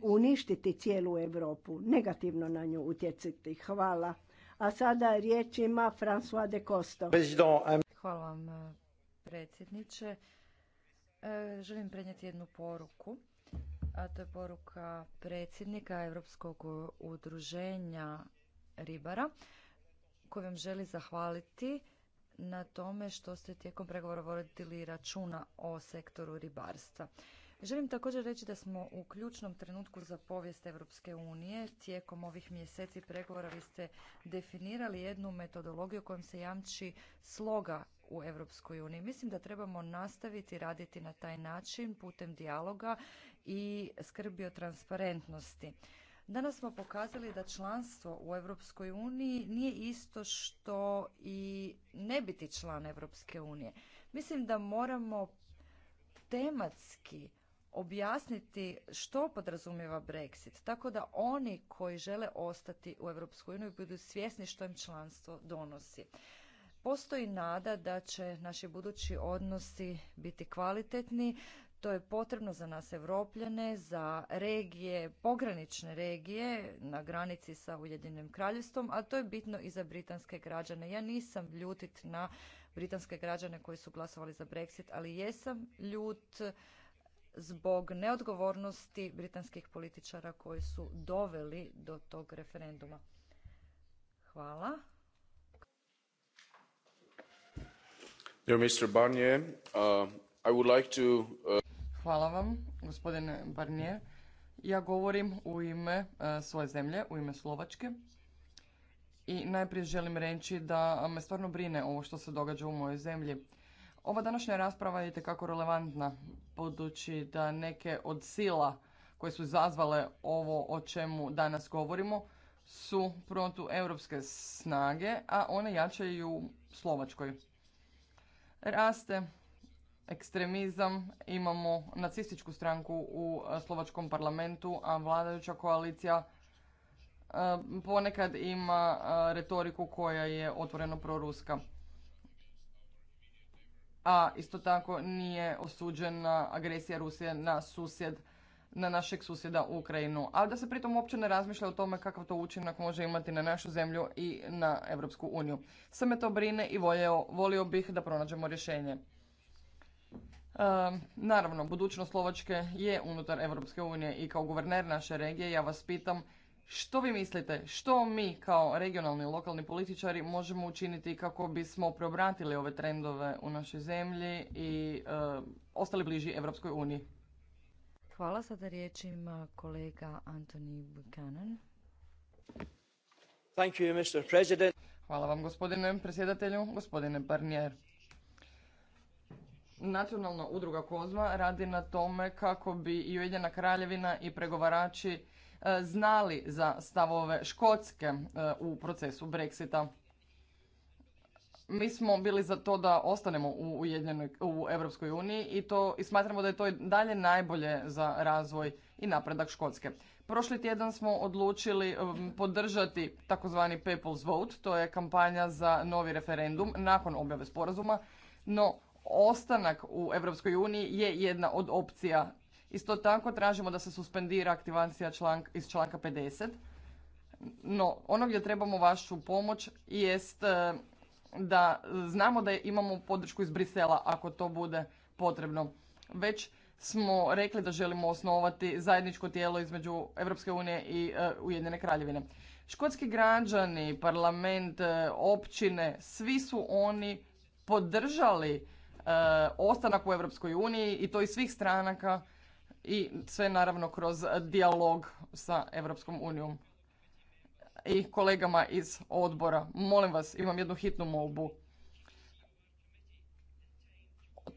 uništiti cijelu Europu, negativno na nju utjecati. Hvala. A sada riječ ima François de Costo. Hvala vam e, predsjedniče. E, želim prenijeti jednu poruku, a to je poruka predsjednika Europskog udruženja ribara koji vam želi zahvaliti na tome što ste tijekom pregovora vodili računa o sektoru ribarstva. Želim također reći da smo u ključnom trenutku za povijest Europske unije. Tijekom ovih mjeseci pregovora vi ste definirali jednu metodologiju kojom se jamči sloga u Europskoj uniji. Mislim da trebamo nastaviti raditi na taj način putem dijaloga i skrbi o transparentnosti. Danas smo pokazali da članstvo u Europskoj uniji nije isto što i ne biti član Europske unije. Mislim da moramo tematski objasniti što podrazumijeva Brexit, tako da oni koji žele ostati u Europskoj uniji budu svjesni što im članstvo donosi. Postoji nada da će naši budući odnosi biti kvalitetni, to je potrebno za nas Evropljane, za regije, pogranične regije na granici sa Ujedinjenim kraljevstvom, a to je bitno i za britanske građane. Ja nisam ljutit na britanske građane koji su glasovali za Brexit, ali jesam ljut zbog neodgovornosti britanskih političara koji su doveli do tog referenduma. Hvala. Mr. Barnier, uh, I would like to, uh, Hvala vam, gospodine Barnier. Ja govorim u ime uh, svoje zemlje, u ime Slovačke. I najprije želim reći da me stvarno brine ovo što se događa u mojoj zemlji. Ova današnja rasprava je itekako relevantna, budući da neke od sila koje su izazvale ovo o čemu danas govorimo su protueuropske snage, a one jačaju u Slovačkoj. Raste ekstremizam, imamo nacističku stranku u e, slovačkom parlamentu, a vladajuća koalicija e, ponekad ima e, retoriku koja je otvoreno proruska a isto tako nije osuđena agresija Rusije na susjed na našeg susjeda Ukrajinu, ali da se pritom uopće ne razmišlja o tome kakav to učinak može imati na našu zemlju i na Europsku uniju. Sve me to brine i volio, volio bih da pronađemo rješenje. naravno, budućnost Slovačke je unutar Europske unije i kao guverner naše regije ja vas pitam što vi mislite? Što mi kao regionalni lokalni političari možemo učiniti kako bismo preobratili ove trendove u našoj zemlji i e, ostali bliži Europskoj uniji? Hvala. Sada riječ kolega Antoni Buchanan. Thank you, Mr. President. Hvala vam gospodine predsjedatelju, gospodine Barnier. Nacionalna udruga Kozma radi na tome kako bi i Ujedinjena kraljevina i pregovarači znali za stavove Škotske e, u procesu Brexita. Mi smo bili za to da ostanemo u, EU u Europskoj uniji i, to, i smatramo da je to i dalje najbolje za razvoj i napredak Škotske. Prošli tjedan smo odlučili podržati takozvani People's Vote, to je kampanja za novi referendum nakon objave sporazuma, no ostanak u Europskoj uniji je jedna od opcija Isto tako tražimo da se suspendira aktivacija iz članka 50. No, ono gdje trebamo vašu pomoć jest e, da znamo da imamo podršku iz Brisela ako to bude potrebno. Već smo rekli da želimo osnovati zajedničko tijelo između Europske unije i e, Ujedinjene kraljevine. Škotski građani, parlament, e, općine, svi su oni podržali ostanak u Europskoj uniji i to iz svih stranaka i sve naravno kroz dijalog sa Europskom unijom i kolegama iz odbora. Molim vas, imam jednu hitnu molbu.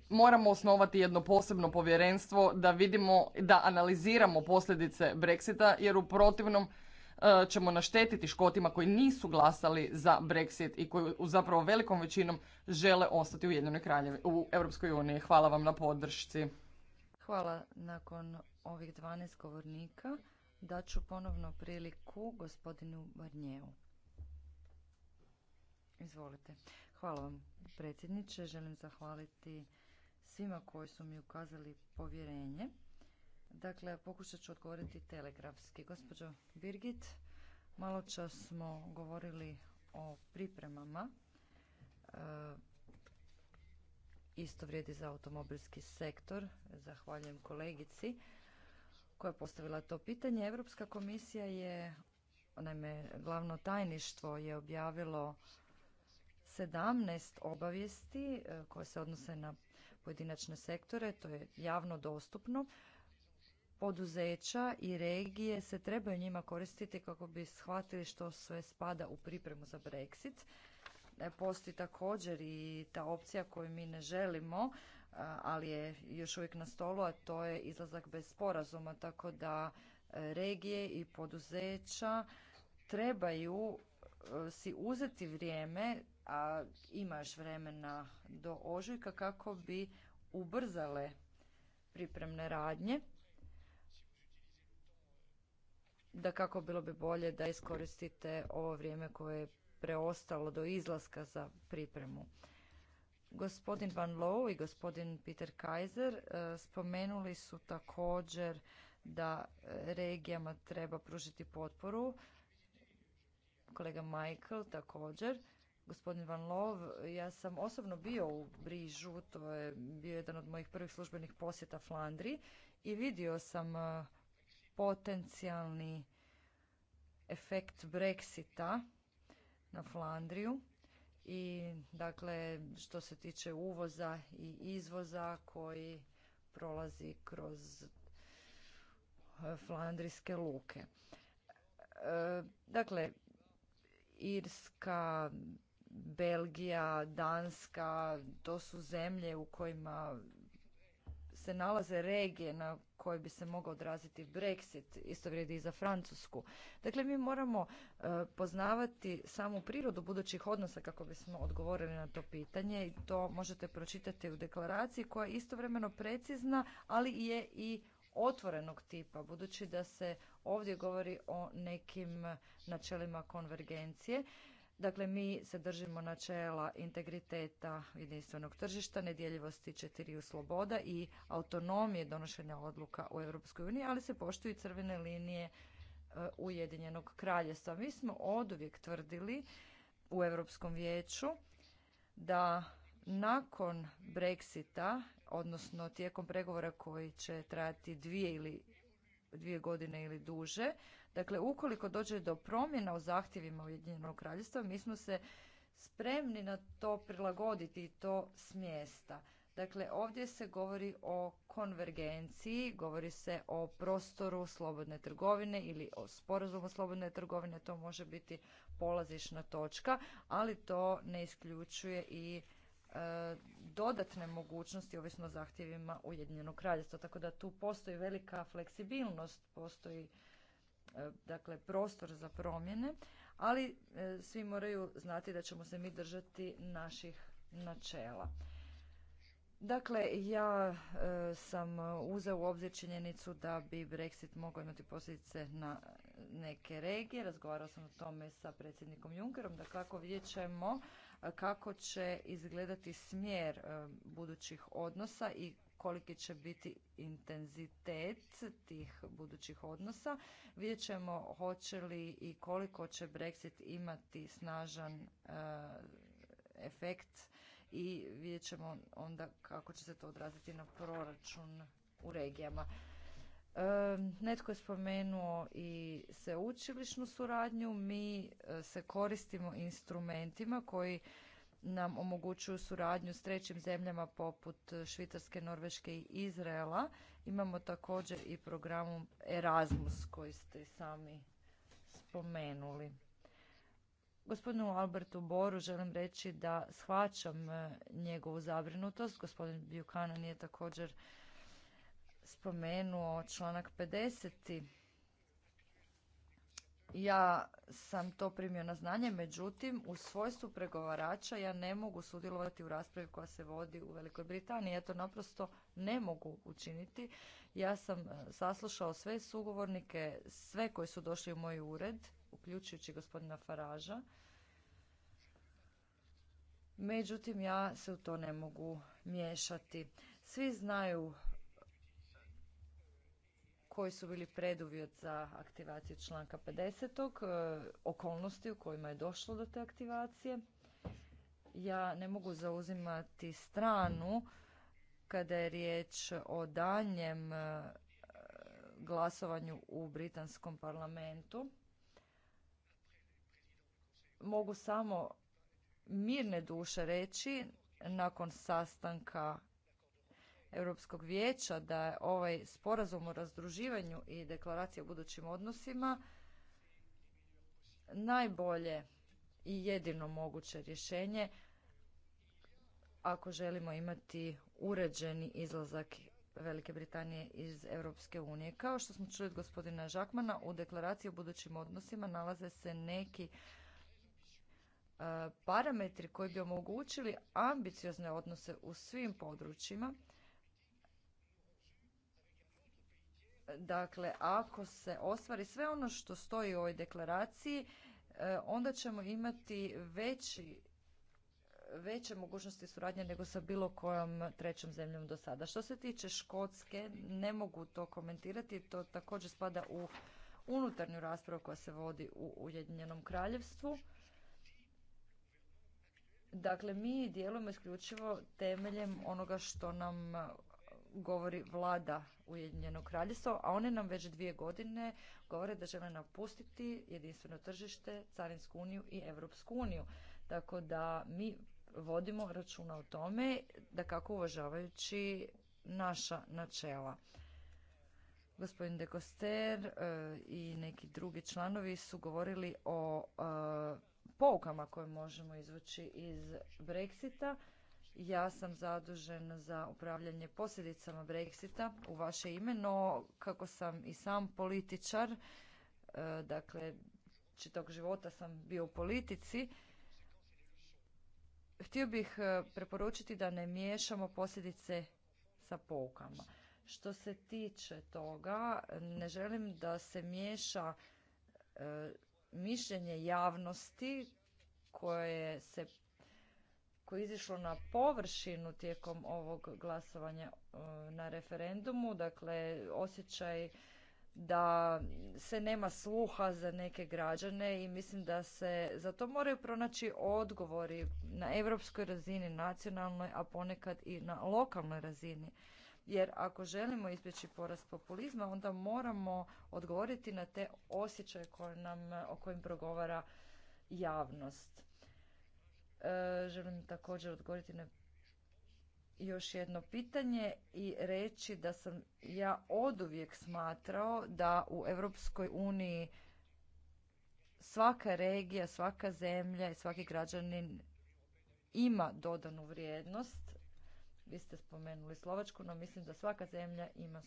Moramo osnovati jedno posebno povjerenstvo da vidimo, da analiziramo posljedice Brexita jer u protivnom e, ćemo naštetiti škotima koji nisu glasali za Brexit i koji zapravo velikom većinom žele ostati u Jedinoj kraljevi u Europskoj uniji. Hvala vam na podršci. Hvala. Nakon ovih 12 govornika ću ponovno priliku gospodinu Barnjevu. Izvolite. Hvala vam predsjedniče. Želim zahvaliti svima koji su mi ukazali povjerenje. Dakle, pokušat ću odgovoriti telegrafski. Gospođo Birgit, malo čas smo govorili o pripremama e, isto vrijedi za automobilski sektor. Zahvaljujem kolegici koja je postavila to pitanje. Europska komisija je, naime, glavno tajništvo je objavilo 17 obavijesti e, koje se odnose na pojedinačne sektore, to je javno dostupno. Poduzeća i regije se trebaju njima koristiti kako bi shvatili što sve spada u pripremu za Brexit. E, postoji također i ta opcija koju mi ne želimo, ali je još uvijek na stolu, a to je izlazak bez sporazuma, tako da e, regije i poduzeća trebaju e, si uzeti vrijeme, a imaš vremena do ožujka kako bi ubrzale pripremne radnje. Da kako bilo bi bolje da iskoristite ovo vrijeme koje preostalo do izlaska za pripremu. Gospodin Van Loo i gospodin Peter Kaiser e, spomenuli su također da e, regijama treba pružiti potporu. Kolega Michael također. Gospodin Van Lov, ja sam osobno bio u Brižu, to je bio jedan od mojih prvih službenih posjeta Flandri i vidio sam e, potencijalni efekt Brexita na Flandriju i dakle što se tiče uvoza i izvoza koji prolazi kroz e, flandrijske luke. E, dakle, Irska, Belgija, Danska, to su zemlje u kojima se nalaze regije na koji bi se mogao odraziti Brexit, isto vrijedi i za Francusku. Dakle, mi moramo e, poznavati samu prirodu budućih odnosa kako bismo odgovorili na to pitanje i to možete pročitati u deklaraciji koja je istovremeno precizna, ali je i otvorenog tipa, budući da se ovdje govori o nekim načelima konvergencije. Dakle, mi se držimo načela integriteta jedinstvenog tržišta, nedjeljivosti četiriju sloboda i autonomije donošenja odluka u EU, ali se poštuju crvene linije e, Ujedinjenog kraljestva. Mi smo oduvijek tvrdili u Europskom vijeću da nakon Brexita, odnosno tijekom pregovora koji će trajati dvije dvije godine ili duže, Dakle, ukoliko dođe do promjena u zahtjevima Ujedinjenog kraljestva, mi smo se spremni na to prilagoditi i to s mjesta. Dakle, ovdje se govori o konvergenciji, govori se o prostoru slobodne trgovine ili o sporazumu slobodne trgovine, to može biti polazišna točka, ali to ne isključuje i e, dodatne mogućnosti ovisno o zahtjevima Ujedinjenog kraljestva. Tako da tu postoji velika fleksibilnost, postoji E, dakle prostor za promjene, ali e, svi moraju znati da ćemo se mi držati naših načela. Dakle, ja e, sam uzeo u obzir činjenicu da bi Brexit mogao imati posljedice na neke regije. Razgovarao sam o tome sa predsjednikom Junckerom. da dakle, kako vidjet ćemo kako će izgledati smjer budućih odnosa i koliki će biti intenzitet tih budućih odnosa. Vidjet ćemo hoće li i koliko će Brexit imati snažan e, efekt i vidjet ćemo onda kako će se to odraziti na proračun u regijama. E, netko je spomenuo i sveučilišnu suradnju. Mi e, se koristimo instrumentima koji nam omogućuju suradnju s trećim zemljama poput Švicarske, Norveške i Izraela. Imamo također i program Erasmus koji ste sami spomenuli. Gospodinu Albertu Boru želim reći da shvaćam e, njegovu zabrinutost. Gospodin Bjukanan je također spomenuo članak 50. Ja sam to primio na znanje, međutim u svojstvu pregovarača ja ne mogu sudjelovati u raspravi koja se vodi u Velikoj Britaniji. Ja to naprosto ne mogu učiniti. Ja sam e, saslušao sve sugovornike, sve koji su došli u moj ured, uključujući gospodina Faraža. Međutim, ja se u to ne mogu miješati. Svi znaju koji su bili preduvjet za aktivaciju članka 50. E, okolnosti u kojima je došlo do te aktivacije. Ja ne mogu zauzimati stranu kada je riječ o daljem e, glasovanju u britanskom parlamentu. Mogu samo mirne duše reći nakon sastanka Europskog vijeća da je ovaj sporazum o razdruživanju i deklaracija o budućim odnosima najbolje i jedino moguće rješenje ako želimo imati uređeni izlazak Velike Britanije iz Europske unije. Kao što smo čuli od gospodina Žakmana, u deklaraciji o budućim odnosima nalaze se neki e, parametri koji bi omogućili ambiciozne odnose u svim područjima Dakle, ako se ostvari sve ono što stoji u ovoj deklaraciji, e, onda ćemo imati veći veće mogućnosti suradnje nego sa bilo kojom trećom zemljom do sada. Što se tiče Škotske, ne mogu to komentirati, to također spada u unutarnju raspravu koja se vodi u Ujedinjenom kraljevstvu. Dakle, mi djelujemo isključivo temeljem onoga što nam govori vlada Ujedinjenog kraljestva, a one nam već dvije godine govore da žele napustiti jedinstveno tržište, Carinsku uniju i Europsku uniju. Tako da mi vodimo računa o tome da kako uvažavajući naša načela. Gospodin de Koster e, i neki drugi članovi su govorili o e, poukama koje možemo izvući iz Brexita ja sam zadužen za upravljanje posljedicama Brexita u vaše ime, no kako sam i sam političar, e, dakle čitog života sam bio u politici, htio bih e, preporučiti da ne miješamo posljedice sa poukama. Što se tiče toga, ne želim da se miješa e, mišljenje javnosti koje se izišlo na površinu tijekom ovog glasovanja e, na referendumu. Dakle, osjećaj da se nema sluha za neke građane i mislim da se za to moraju pronaći odgovori na europskoj razini, nacionalnoj, a ponekad i na lokalnoj razini. Jer ako želimo izbjeći porast populizma, onda moramo odgovoriti na te osjećaje nam, o kojim progovara javnost. E, želim također odgovoriti na još jedno pitanje i reći da sam ja oduvijek smatrao da u Europskoj uniji svaka regija, svaka zemlja i svaki građanin ima dodanu vrijednost. Vi ste spomenuli Slovačku, no mislim da svaka zemlja ima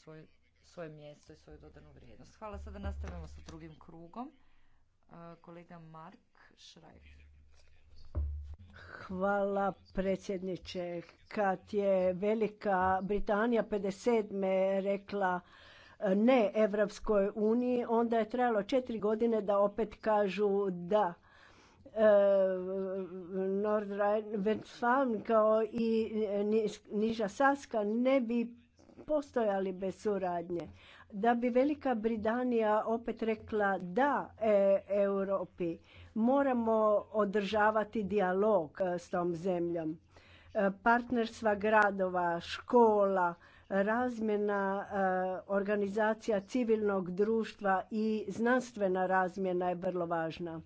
svoje mjesto i svoju dodanu vrijednost. Hvala, sada nastavljamo sa drugim krugom. E, kolega Mark Schreiber. Hvala predsjedniče. Kad je Velika Britanija 57. rekla e, ne Evropskoj uniji, onda je trajalo četiri godine da opet kažu da. E, nordrhein westfalen kao i Niža Saska ne bi postojali bez suradnje. Da bi Velika Britanija opet rekla da e, Europi, Moramo održavati dijalog e, s tom zemljom. E, partnerstva gradova, škola, razmjena e, organizacija civilnog društva i znanstvena razmjena je vrlo važna.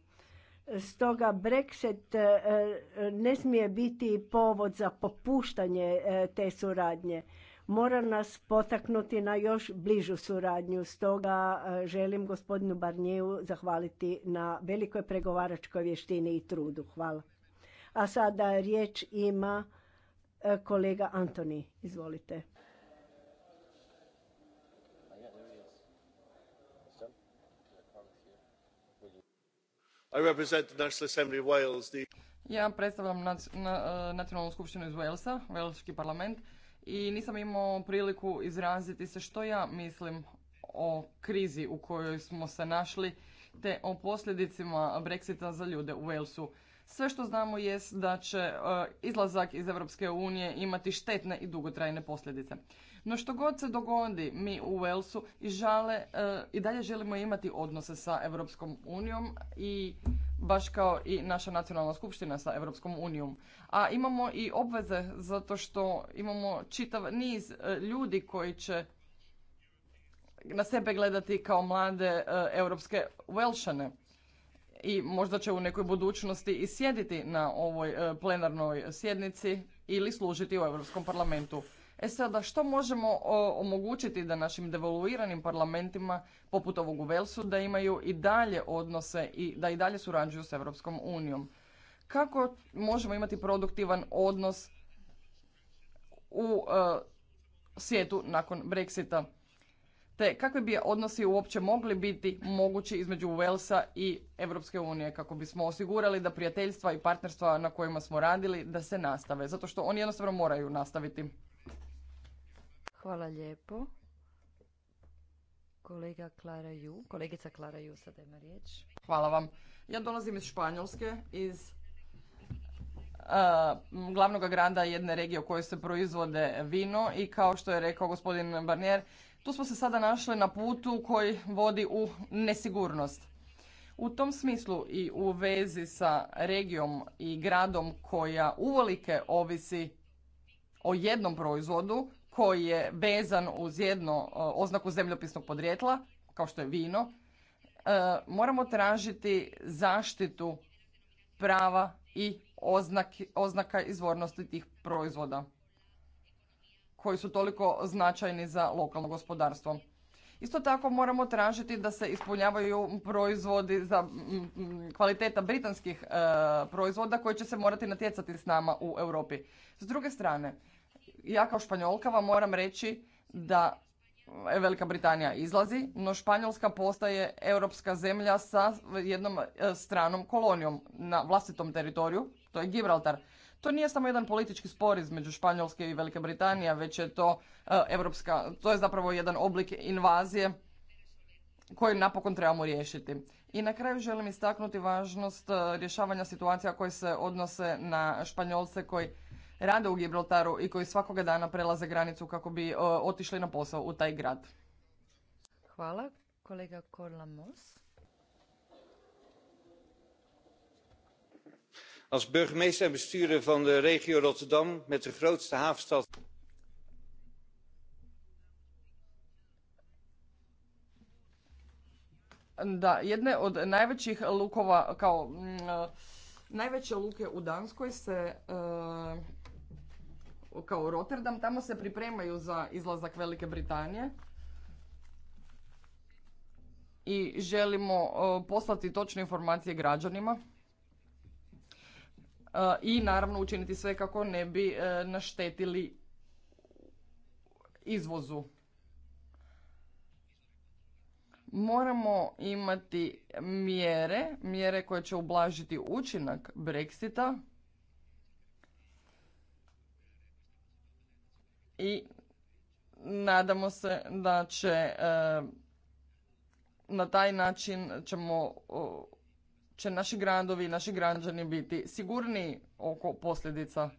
Stoga Brexit ne smije biti povod za popuštanje te suradnje mora nas potaknuti na još bližu suradnju. Stoga e, želim gospodinu Barnijevu zahvaliti na velikoj pregovaračkoj vještini i trudu. Hvala. A sada riječ ima e, kolega Antoni. Izvolite. Ja predstavljam e, nacionalnu skupštinu iz Walesa, velški parlament i nisam imao priliku izraziti se što ja mislim o krizi u kojoj smo se našli te o posljedicima Brexita za ljude u Walesu. Sve što znamo jest da će e, izlazak iz Europske unije imati štetne i dugotrajne posljedice. No što god se dogodi, mi u Walesu i, žale, eh, i dalje želimo imati odnose sa Europskom unijom i baš kao i naša nacionalna skupština sa Europskom unijom. A imamo i obveze zato što imamo čitav niz eh, ljudi koji će na sebe gledati kao mlade europske eh, Welshane i možda će u nekoj budućnosti i sjediti na ovoj plenarnoj sjednici ili služiti u Europskom parlamentu. E sada, što možemo omogućiti da našim devoluiranim parlamentima, poput ovog u Velsu, da imaju i dalje odnose i da i dalje surađuju s Europskom unijom? Kako možemo imati produktivan odnos u e, svijetu nakon Brexita? Te kakvi bi odnosi uopće mogli biti mogući između Velsa i Europske unije kako bismo osigurali da prijateljstva i partnerstva na kojima smo radili da se nastave, zato što oni jednostavno moraju nastaviti. Hvala lijepo. Kolega Klara Ju, kolegica Klara Ju sada ima riječ. Hvala vam. Ja dolazim iz Španjolske, iz uh, eh, glavnog grada jedne regije u kojoj se proizvode vino i kao što je rekao gospodin Barnier, tu smo se sada našli na putu koji vodi u nesigurnost. U tom smislu i u vezi sa regijom i gradom koja uvolike ovisi o jednom proizvodu, koji je vezan uz jedno e, oznaku zemljopisnog podrijetla, kao što je vino, e, moramo tražiti zaštitu prava i oznaka izvornosti tih proizvoda koji su toliko značajni za lokalno gospodarstvo. Isto tako moramo tražiti da se ispunjavaju proizvodi za kvaliteta britanskih e, proizvoda koji će se morati natjecati s nama u Europi. S druge strane, ja kao Španjolka vam moram reći da e, Velika Britanija izlazi, no Španjolska postaje europska zemlja sa jednom e, stranom kolonijom na vlastitom teritoriju, to je Gibraltar. To nije samo jedan politički spor između Španjolske i Velike Britanije, već je to e, europska, to je zapravo jedan oblik invazije koji napokon trebamo riješiti. I na kraju želim istaknuti važnost rješavanja situacija koje se odnose na Španjolce koji rade u Gibraltaru i koji svakoga dana prelaze granicu kako bi e, otišli na posao u taj grad. Hvala. Kolega Korla Mos. Als burgemeester en bestuurder van de regio Rotterdam met de grootste havenstad da jedne od najvećih lukova kao mm, e, najveće luke u Danskoj se e, kao Rotterdam, tamo se pripremaju za izlazak Velike Britanije i želimo e, poslati točne informacije građanima e, i naravno učiniti sve kako ne bi e, naštetili izvozu. Moramo imati mjere, mjere koje će ublažiti učinak Brexita i nadamo se da će e, na taj način ćemo će naši gradovi i naši građani biti sigurniji oko posljedica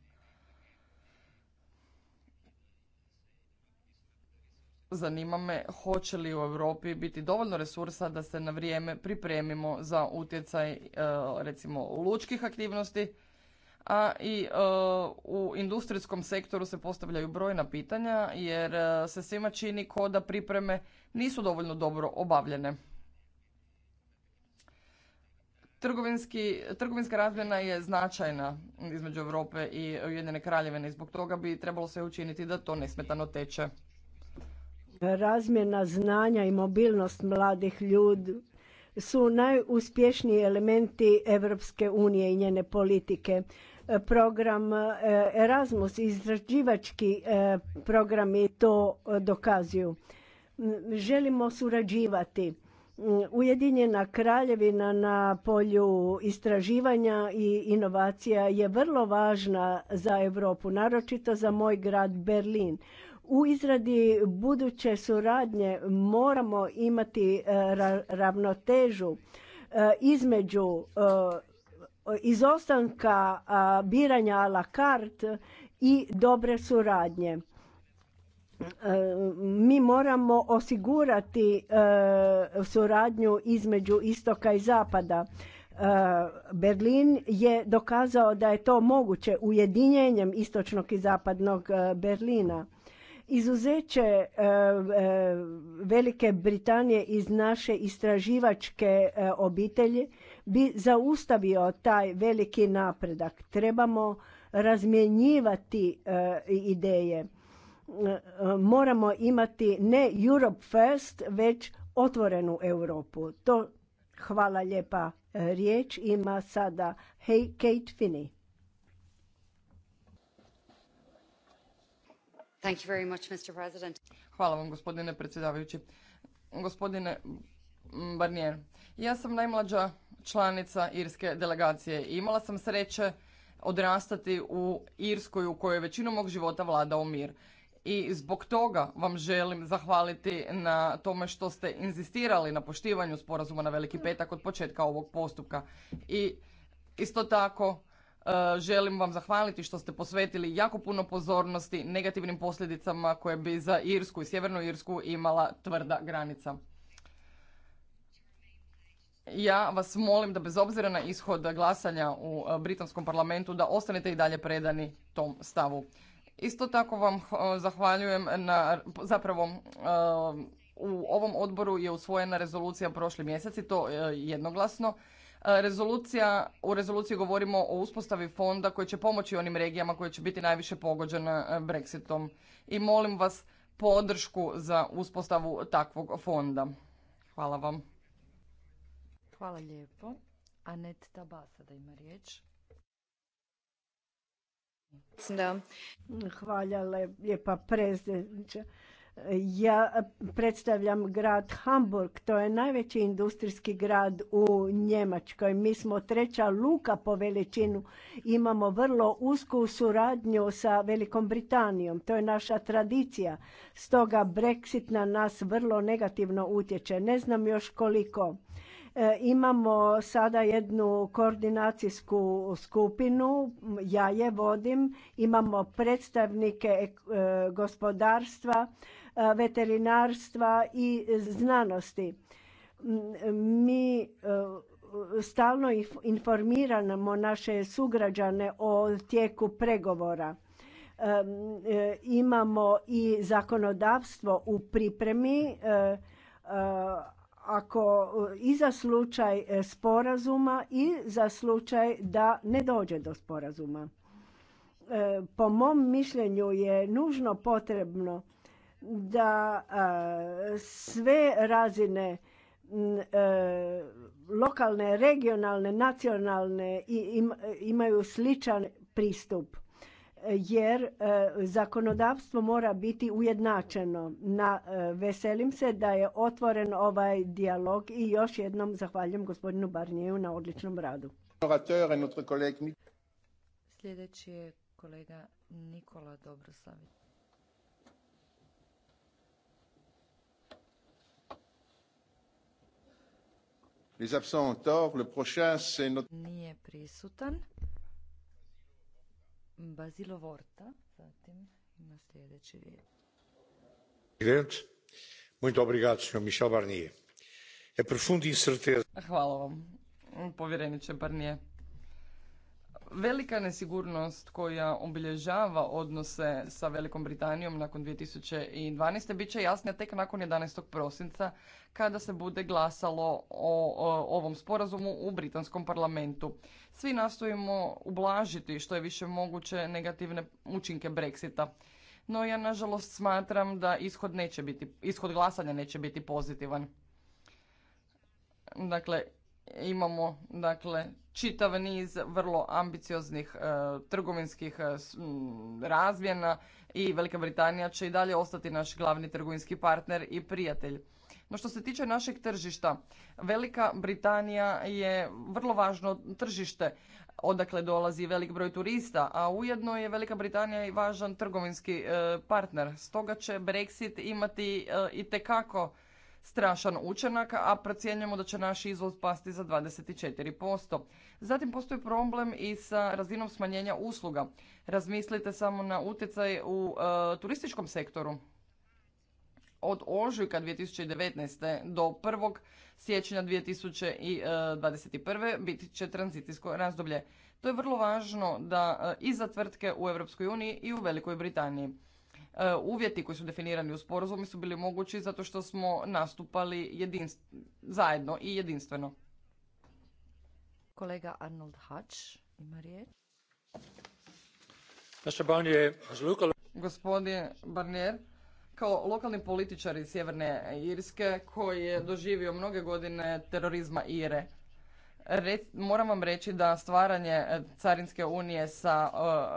Zanima me hoće li u Europi biti dovoljno resursa da se na vrijeme pripremimo za utjecaj e, recimo lučkih aktivnosti a i e, u industrijskom sektoru se postavljaju brojna pitanja jer e, se svima čini ko da pripreme nisu dovoljno dobro obavljene. Trgovinski, trgovinska razmjena je značajna između Europe i Ujedinjene kraljevine i zbog toga bi trebalo sve učiniti da to nesmetano teče. Razmjena znanja i mobilnost mladih ljudi su najuspješniji elementi Europske unije i njene politike program e, Erasmus, izrađivački e, programi to e, dokazuju. Želimo surađivati. Ujedinjena kraljevina na polju istraživanja i inovacija je vrlo važna za Europu, naročito za moj grad Berlin. U izradi buduće suradnje moramo imati ravnotežu između izostanka biranja a la carte i dobre suradnje. E, mi moramo osigurati e, suradnju između istoka i zapada. E, Berlin je dokazao da je to moguće ujedinjenjem istočnog i zapadnog Berlina. Izuzeće Velike Britanije iz naše istraživačke obitelji bi zaustavio taj veliki napredak. Trebamo razmjenjivati e, ideje. E, moramo imati ne Europe first, već otvorenu Europu. To hvala lijepa. E, riječ ima sada hey, Kate Finney. Thank you very much, Mr. President. Hvala vam, gospodine predsjedavajući. Gospodine Barnier, ja sam najmlađa članica irske delegacije imala sam sreće odrastati u Irskoj u kojoj je većinu mog života vladao mir. I zbog toga vam želim zahvaliti na tome što ste inzistirali na poštivanju sporazuma na Veliki petak od početka ovog postupka. I isto tako e, želim vam zahvaliti što ste posvetili jako puno pozornosti negativnim posljedicama koje bi za Irsku i Sjevernu Irsku imala tvrda granica ja vas molim da bez obzira na ishod glasanja u e, britanskom parlamentu da ostanete i dalje predani tom stavu. Isto tako vam zahvaljujem na zapravo e, u ovom odboru je usvojena rezolucija prošli mjesec i to e, jednoglasno. Rezolucija, u rezoluciji govorimo o uspostavi fonda koji će pomoći onim regijama koje će biti najviše pogođene Brexitom. I molim vas podršku za uspostavu takvog fonda. Hvala vam. Hvala lijepo. Anet Tabasa da ima riječ. Da. Hvala lijepa predsjedniče. Ja predstavljam grad Hamburg, to je najveći industrijski grad u Njemačkoj. Mi smo treća luka po veličinu, imamo vrlo usku suradnju sa Velikom Britanijom, to je naša tradicija. Stoga Brexit na nas vrlo negativno utječe, ne znam još koliko. E, imamo sada jednu koordinacijsku skupinu, ja je vodim, imamo predstavnike e, gospodarstva, e, veterinarstva i znanosti. Mi stalno informiramo naše sugrađane o tijeku pregovora. Imamo i zakonodavstvo u pripremi, ako e, i za slučaj e, sporazuma i za slučaj da ne dođe do sporazuma. E, po mom mišljenju je nužno potrebno da sve razine lokalne, regionalne, nacionalne imaju sličan pristup jer e, zakonodavstvo mora biti ujednačeno. Na, e, veselim se da je otvoren ovaj dijalog i još jednom zahvaljujem gospodinu Barnijevu na odličnom radu. Sljedeći je kolega Nikola Dobroslavić. Nije prisutan. Bazilo Vorta, zatim ima sljedeći riječ. Muito obrigado, senhor Michel Barnier. É profunda e incerteza. Hvala vam, povjereniče Barnier. Velika nesigurnost koja obilježava odnose sa Velikom Britanijom nakon 2012. bit će jasnija tek nakon 11. prosinca kada se bude glasalo o ovom sporazumu u Britanskom parlamentu. Svi nastojimo ublažiti što je više moguće negativne učinke Brexita. No ja nažalost smatram da ishod, neće biti, ishod glasanja neće biti pozitivan. Dakle, imamo dakle, čitav niz vrlo ambicioznih e, trgovinskih e, razmjena i Velika Britanija će i dalje ostati naš glavni trgovinski partner i prijatelj. No što se tiče našeg tržišta, Velika Britanija je vrlo važno tržište odakle dolazi velik broj turista, a ujedno je Velika Britanija i važan trgovinski e, partner. Stoga će Brexit imati i tekako strašan učenak, a procjenjujemo da će naš izvoz pasti za 24%. Zatim postoji problem i sa razinom smanjenja usluga. Razmislite samo na utjecaj u e, turističkom sektoru. Od ožujka 2019. do 1. siječnja 2021. biti će tranzicijsko razdoblje. To je vrlo važno da e, i za tvrtke u EU i u Velikoj Britaniji. E, uvjeti koji su definirani u sporazumu su bili mogući zato što smo nastupali zajedno i jedinstveno. Kolega Arnold Hač ima riječ. Gospodine Barnier, kao lokalni političar iz Sjeverne Irske koji je doživio mnoge godine terorizma Ire, moram vam reći da stvaranje e, carinske unije sa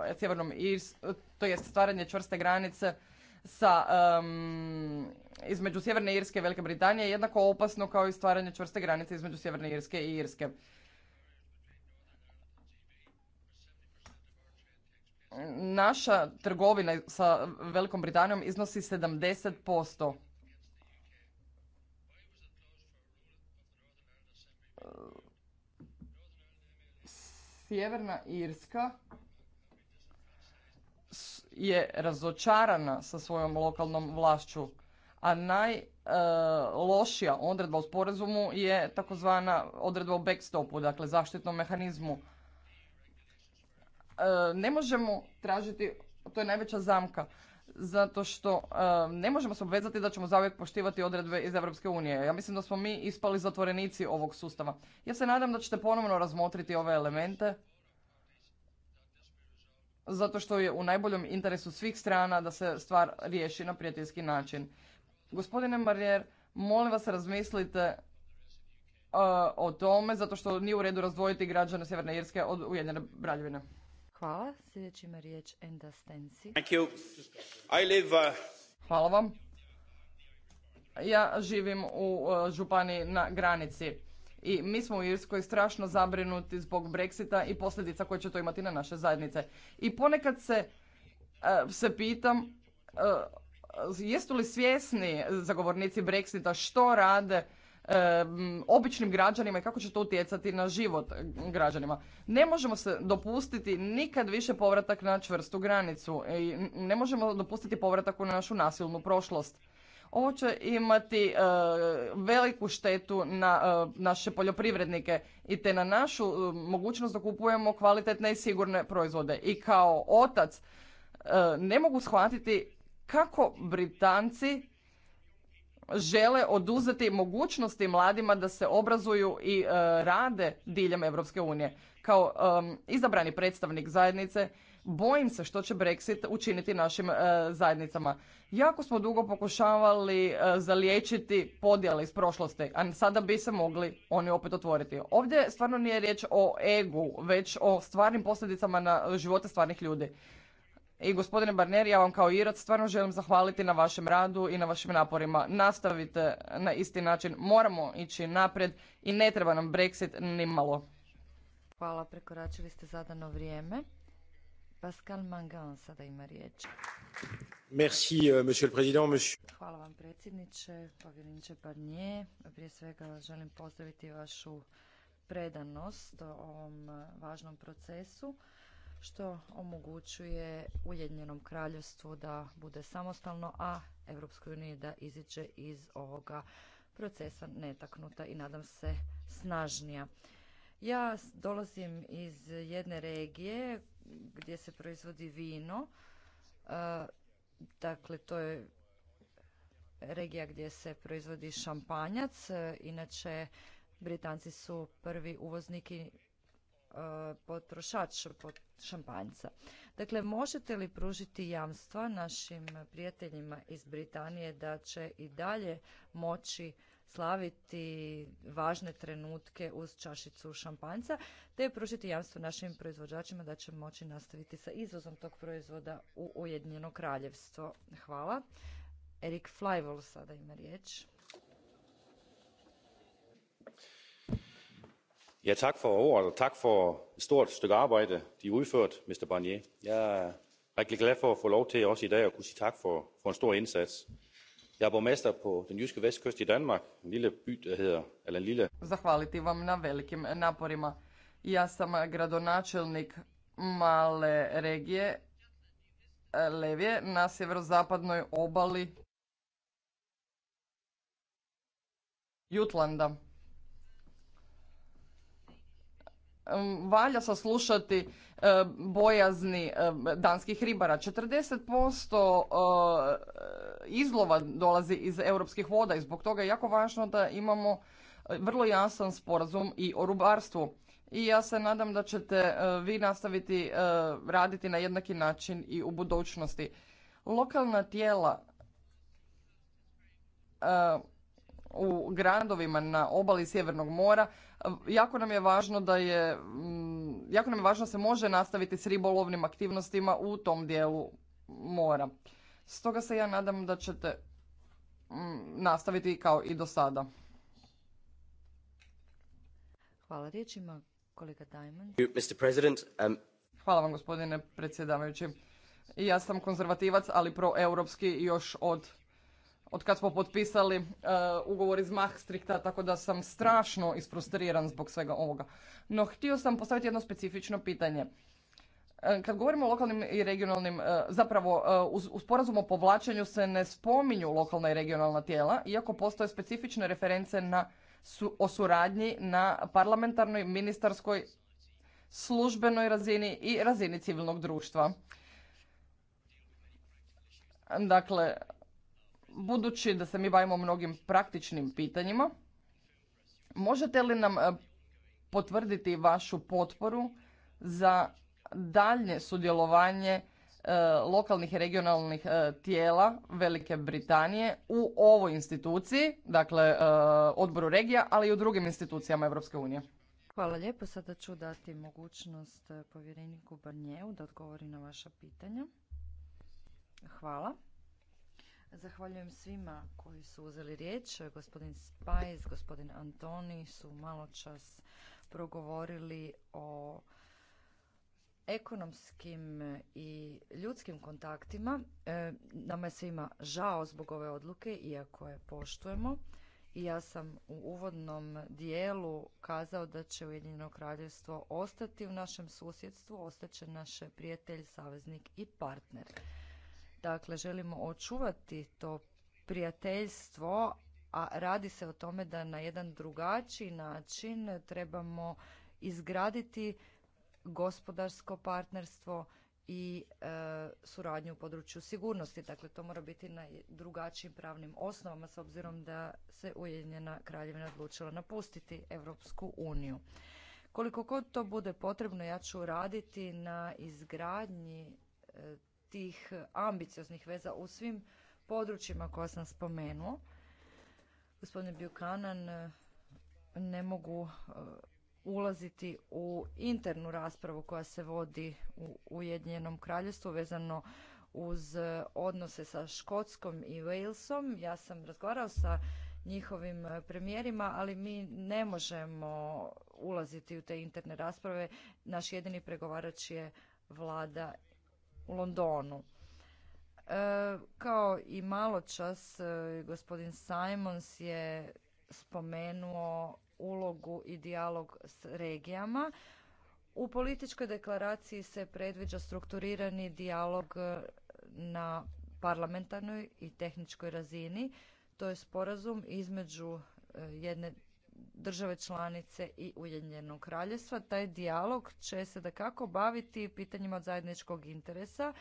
e, sjevernom Irs, to jest stvaranje čvrste granice sa između sjeverne Irske i Velike Britanije je jednako opasno kao i stvaranje čvrste granice između sjeverne Irske i Irske. Naša trgovina sa Velikom Britanijom iznosi 70% Sjeverna Irska je razočarana sa svojom lokalnom vlašću, a najlošija e, odredba u sporazumu je takozvana odredba o backstopu, dakle zaštitnom mehanizmu. E, ne možemo tražiti, to je najveća zamka, zato što ne možemo se obvezati da ćemo zauvijek poštivati odredbe iz Europske unije. Ja mislim da smo mi ispali zatvorenici ovog sustava. Ja se nadam da ćete ponovno razmotriti ove elemente, zato što je u najboljom interesu svih strana da se stvar riješi na prijateljski način. Gospodine Marijer, molim vas razmislite uh, o tome, zato što nije u redu razdvojiti građane Sjeverne Irske od Ujedinjene Braljevine. Uh, Hvala. vam. Ja živim u uh, Županiji na granici i mi smo u Irskoj strašno zabrinuti zbog Brexita i posljedica koje će to imati na naše zajednice. I ponekad se, uh, se pitam jesu li svjesni zagovornici Brexita što rade običnim građanima i kako će to utjecati na život građanima. Ne možemo se dopustiti nikad više povratak na čvrstu granicu i ne možemo dopustiti povratak u našu nasilnu prošlost. Ovo će imati eh, veliku štetu na eh, naše poljoprivrednike i te na našu eh, mogućnost da kupujemo kvalitetne i sigurne proizvode. I kao otac ne mogu shvatiti kako Britanci žele oduzeti mogućnosti mladima da se obrazuju i e, rade diljem Europske unije. Kao izabrani predstavnik zajednice bojim se što će Brexit učiniti našim e, zajednicama. Jako smo dugo pokušavali e, zaliječiti podjele iz prošlosti, a sada bi se mogli oni opet otvoriti. Ovdje stvarno nije riječ o egu, već o stvarnim posljedicama na živote stvarnih ljudi. I gospodine Barner, ja vam kao Irac stvarno želim zahvaliti na vašem radu i na vašim naporima. Nastavite na isti način. Moramo ići napred i ne treba nam Brexit ni malo. Hvala, prekoračili ste zadano vrijeme. Pascal Mangan sada ima riječ. Merci, euh, monsieur le président, monsieur... Hvala vam predsjedniče, povjereniče Barnier. Prije svega želim pozdraviti vašu predanost ovom važnom procesu što omogućuje Ujedinjenom kraljevstvu da bude samostalno, a Europskoj uniji da iziđe iz ovoga procesa netaknuta i nadam se snažnija. Ja dolazim iz jedne regije gdje se proizvodi vino. E, dakle, to je regija gdje se proizvodi šampanjac. E, inače, Britanci su prvi uvoznik E, potrošač šampanjca. Dakle, možete li pružiti jamstva našim prijateljima iz Britanije da će i dalje moći slaviti važne trenutke uz čašicu šampanjca, te pružiti jamstvo našim proizvođačima da će moći nastaviti sa izvozom tog proizvoda u Ujedinjeno kraljevstvo. Hvala. Erik Flajvol sada ima riječ. tak for ordet og tak for et stort stykke arbejde de har udført Mr. barnier jeg er rigtig glad for at få lov til også i dag at kunne sige tak for for en stor indsats. jeg er borgmester på den jyske vestkyst i danmark en lille by der hedder eller en lille... zahvaliti vam na velikim naporima ja sam eh, gradonačelnik male regije eh, levije na severozapadnoj obali jutlanda valja saslušati e, bojazni e, danskih ribara. 40% e, izlova dolazi iz europskih voda i zbog toga je jako važno da imamo vrlo jasan sporazum i o rubarstvu. I ja se nadam da ćete vi nastaviti raditi na jednaki način i u budućnosti. Lokalna tijela u gradovima na obali Sjevernog mora, jako nam je važno da je, mm, jako nam je važno se može nastaviti s ribolovnim aktivnostima u tom dijelu mora. Stoga se ja nadam da ćete mm, nastaviti kao i do sada. Hvala riječima kolega Diamond. Um, Hvala vam gospodine predsjedavajući. Ja sam konzervativac, ali proeuropski još od od kad smo potpisali uh, ugovor iz Maastrichta, tako da sam strašno isfrustriran zbog svega ovoga. No, htio sam postaviti jedno specifično pitanje. E, kad govorimo o lokalnim i regionalnim, e, zapravo u sporazumu o povlačenju se ne spominju lokalna i regionalna tijela, iako postoje specifične reference na, o suradnji na parlamentarnoj, ministarskoj, službenoj razini i razini civilnog društva. Dakle, budući da se mi bavimo mnogim praktičnim pitanjima, možete li nam e, potvrditi vašu potporu za daljnje sudjelovanje e, lokalnih i regionalnih e, tijela Velike Britanije u ovoj instituciji, dakle odboru regija, ali i u drugim institucijama Europske unije. Hvala lijepo. Sada ću dati mogućnost povjereniku barnjeu da odgovori na vaša pitanja. Hvala. Zahvaljujem svima koji su uzeli riječ. Gospodin Spajs, gospodin Antoni su malo čas progovorili o ekonomskim i ljudskim kontaktima. E, nama je svima žao zbog ove odluke, iako je poštujemo. I ja sam u uvodnom dijelu kazao da će Ujedinjeno kraljevstvo ostati u našem susjedstvu, ostaće naš prijatelj, saveznik i partner. Dakle, želimo očuvati to prijateljstvo, a radi se o tome da na jedan drugačiji način trebamo izgraditi gospodarsko partnerstvo i e, suradnju u području sigurnosti. Dakle, to mora biti na drugačijim pravnim osnovama s obzirom da se Ujedinjena kraljevina odlučila napustiti Europsku uniju. Koliko god to bude potrebno, ja ću raditi na izgradnji e, tih ambicioznih veza u svim područjima koja sam spomenuo. Gospodine Biukanan ne mogu e, ulaziti u internu raspravu koja se vodi u Ujedinjenom kraljevstvu vezano uz e, odnose sa Škotskom i Walesom. Ja sam razgovarao sa njihovim e, premijerima, ali mi ne možemo ulaziti u te interne rasprave. Naš jedini pregovarač je vlada u Londonu. E, kao i malo čas e, gospodin Simons je spomenuo ulogu i dijalog s regijama. U političkoj deklaraciji se predviđa strukturirani dijalog e, na parlamentarnoj i tehničkoj razini. To je sporazum između jedne države članice i Ujedinjenog Kraljevstva. Taj dijalog će se da kako baviti pitanjima od zajedničkog interesa,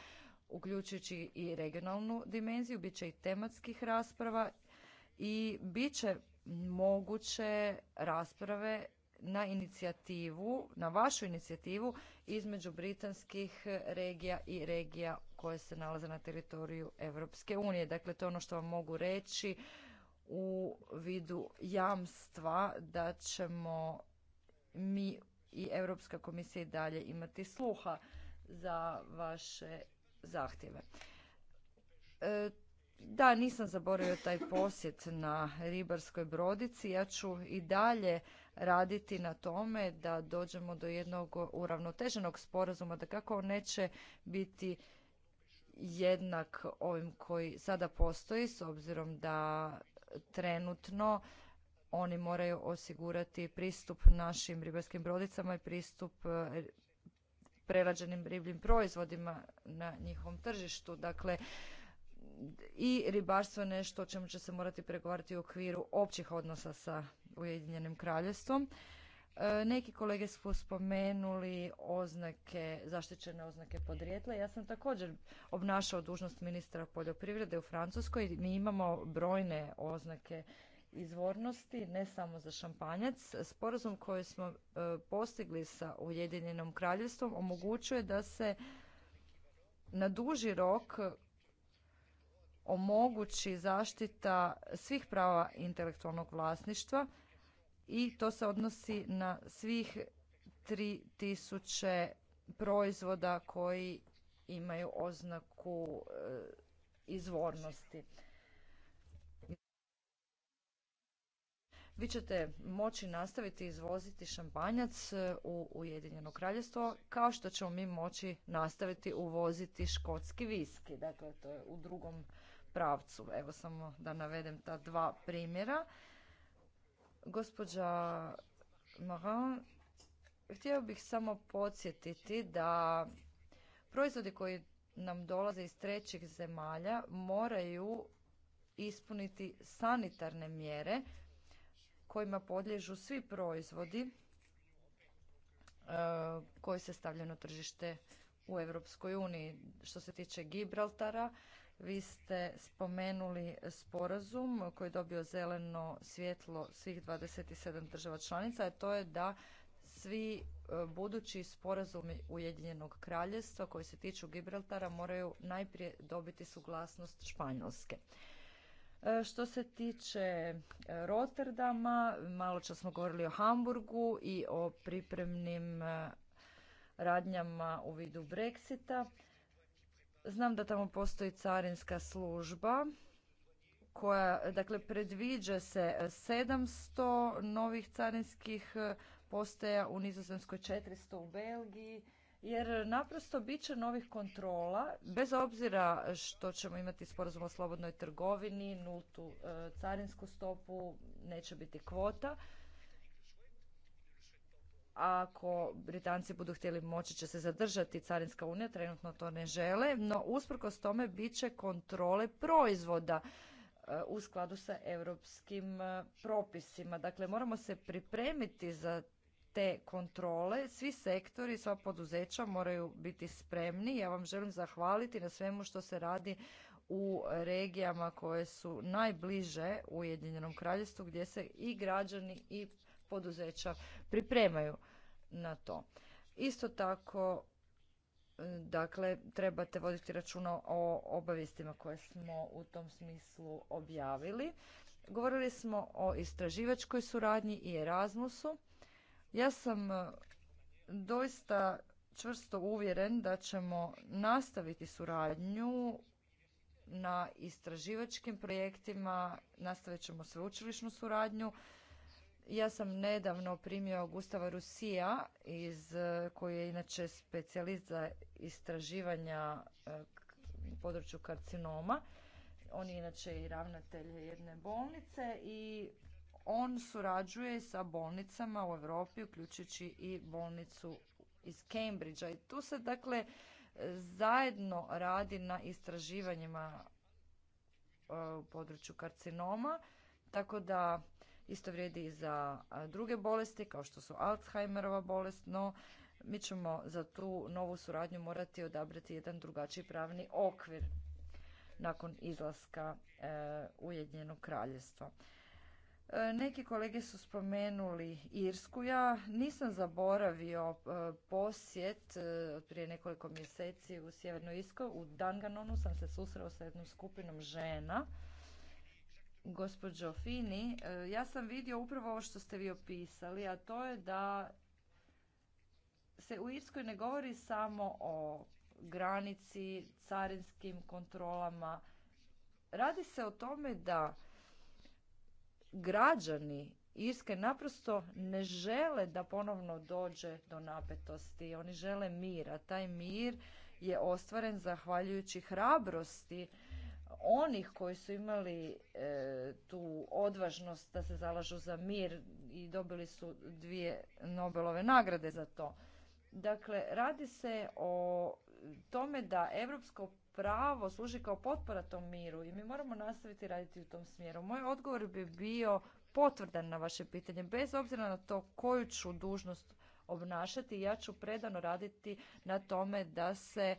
uključujući i regionalnu dimenziju, bit će i tematskih rasprava i bit će moguće rasprave na inicijativu, na vašu inicijativu između britanskih regija i regija koje se nalaze na teritoriju Europske unije. Dakle, to je ono što vam mogu reći u vidu jamstva da ćemo mi i Europska komisija i dalje imati sluha za vaše zahtjeve. E, da, nisam zaboravio taj posjet na ribarskoj brodici. Ja ću i dalje raditi na tome da dođemo do jednog uravnoteženog sporazuma, da kako on neće biti jednak ovim koji sada postoji, s obzirom da trenutno oni moraju osigurati pristup našim ribarskim brodicama i pristup e, prerađenim ribljim proizvodima na njihovom tržištu. Dakle, i ribarstvo je nešto o čemu će se morati pregovarati u okviru općih odnosa sa Ujedinjenim kraljevstvom. E, neki kolege su spomenuli oznake, zaštićene oznake podrijetla. Ja sam također obnašao dužnost ministra poljoprivrede u Francuskoj. Mi imamo brojne oznake izvornosti, ne samo za šampanjac. Sporazum koji smo e, postigli sa Ujedinjenom kraljevstvom omogućuje da se na duži rok omogući zaštita svih prava intelektualnog vlasništva i to se odnosi na svih 3000 proizvoda koji imaju oznaku e, izvornosti. Vi ćete moći nastaviti izvoziti šampanjac e, u Ujedinjeno kraljestvo, kao što ćemo mi moći nastaviti uvoziti škotski viski. Dakle, to je u drugom pravcu. Evo samo da navedem ta dva primjera. Gospođa Maran, htio bih samo podsjetiti da proizvodi koji nam dolaze iz trećih zemalja moraju ispuniti sanitarne mjere kojima podliježu svi proizvodi e, koji se stavljaju na tržište u Europskoj uniji. Što se tiče Gibraltara, vi ste spomenuli sporazum koji je dobio zeleno svjetlo svih 27 država članica, a to je da svi e, budući sporazumi Ujedinjenog kraljevstva koji se tiču Gibraltara moraju najprije dobiti suglasnost Španjolske. E, što se tiče e, Rotterdama, malo čas smo govorili o Hamburgu i o pripremnim radnjama u vidu Brexita. Znam da tamo postoji carinska služba koja, dakle, predviđa se 700 novih carinskih e, postaja u Nizozemskoj 400 u Belgiji, jer naprosto bit će novih kontrola, bez obzira što ćemo imati sporazum o slobodnoj trgovini, nultu e, carinsku stopu, neće biti kvota ako Britanci budu htjeli moći će se zadržati Carinska unija, trenutno to ne žele, no usprkos tome bit će kontrole proizvoda e, u skladu sa europskim e, propisima. Dakle, moramo se pripremiti za te kontrole. Svi sektori, sva poduzeća moraju biti spremni. Ja vam želim zahvaliti na svemu što se radi u regijama koje su najbliže Ujedinjenom kraljestvu gdje se i građani i poduzeća pripremaju na to. Isto tako, e, dakle, trebate voditi računa o obavijestima koje smo u tom smislu objavili. Govorili smo o istraživačkoj suradnji i Erasmusu. Ja sam e, doista čvrsto uvjeren da ćemo nastaviti suradnju na istraživačkim projektima, nastavit ćemo sveučilišnu suradnju ja sam nedavno primio Gustava Rusija, iz, koji je inače specijalist za istraživanja u e, području karcinoma. On je inače i ravnatelj jedne bolnice i on surađuje sa bolnicama u Europi, uključujući i bolnicu iz Cambridgea. I tu se dakle zajedno radi na istraživanjima e, u području karcinoma, tako da Isto vrijedi i za druge bolesti kao što su Alzheimerova bolest, no mi ćemo za tu novu suradnju morati odabrati jedan drugačiji pravni okvir nakon izlaska e, Ujedinjenog kraljevstva. E, neki kolege su spomenuli Irsku. Ja nisam zaboravio e, posjet od prije nekoliko mjeseci u Sjevernoj Irskoj. U Danganonu sam se susreo sa jednom skupinom žena Gospođo Fini, e, ja sam vidio upravo ovo što ste vi opisali, a to je da se u Irskoj ne govori samo o granici, carinskim kontrolama. Radi se o tome da građani Irske naprosto ne žele da ponovno dođe do napetosti. Oni žele mira. Taj mir je ostvaren zahvaljujući hrabrosti onih koji su imali e, tu odvažnost da se zalažu za mir i dobili su dvije Nobelove nagrade za to. Dakle, radi se o tome da europsko pravo služi kao potpora tom miru i mi moramo nastaviti raditi u tom smjeru. Moj odgovor bi bio potvrdan na vaše pitanje, bez obzira na to koju ću dužnost obnašati, ja ću predano raditi na tome da se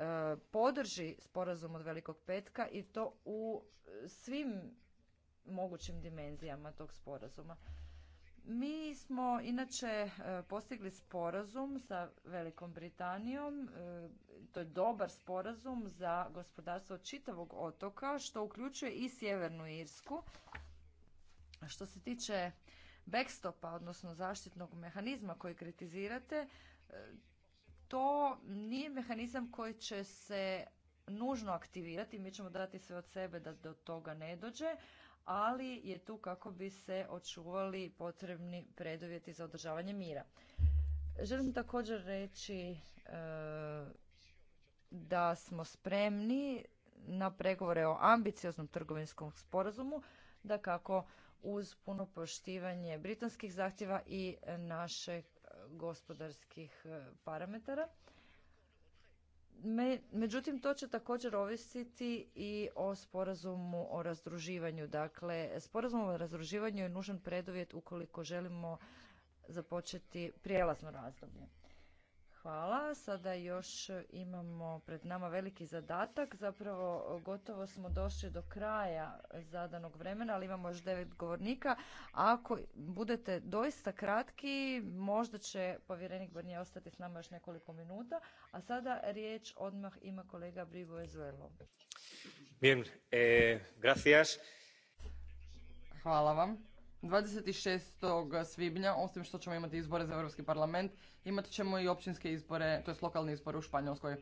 E, podrži sporazum od Velikog petka i to u svim mogućim dimenzijama tog sporazuma. Mi smo inače e, postigli sporazum sa Velikom Britanijom, e, to je dobar sporazum za gospodarstvo čitavog otoka što uključuje i Sjevernu Irsku. Što se tiče backstopa, odnosno zaštitnog mehanizma koji kritizirate, to nije mehanizam koji će se nužno aktivirati, mi ćemo dati sve od sebe da do toga ne dođe, ali je tu kako bi se očuvali potrebni preduvjeti za održavanje mira. Želim također reći e, da smo spremni na pregovore o ambicioznom trgovinskom sporazumu, da kako uz puno poštivanje britanskih zahtjeva i našeg gospodarskih e, parametara. Međutim, to će također ovisiti i o sporazumu o razdruživanju. Dakle, sporazum o razdruživanju je nužan preduvjet ukoliko želimo započeti prijelazno razdoblje. Hvala. Sada još imamo pred nama veliki zadatak. Zapravo gotovo smo došli do kraja zadanog vremena, ali imamo još devet govornika. Ako budete doista kratki, možda će povjerenik Barnije ostati s nama još nekoliko minuta. A sada riječ odmah ima kolega Brigo Ezuelo. Bien, eh, gracias. Hvala vam. 26. svibnja, osim što ćemo imati izbore za Europski parlament, imat ćemo i općinske izbore, to je lokalne izbore u Španjolskoj.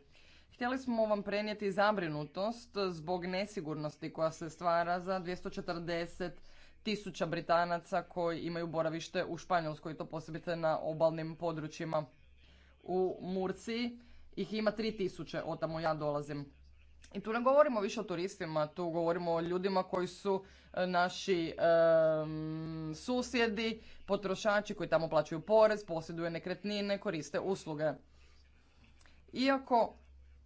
Htjeli smo vam prenijeti zabrinutost zbog nesigurnosti koja se stvara za 240 tisuća Britanaca koji imaju boravište u Španjolskoj, to posebice na obalnim područjima. U Murciji ih ima 3000, tamo ja dolazim. I tu ne govorimo više o turistima, tu govorimo o ljudima koji su e, naši susjedi, potrošači koji tamo plaćaju porez, posjeduju nekretnine, koriste usluge. Iako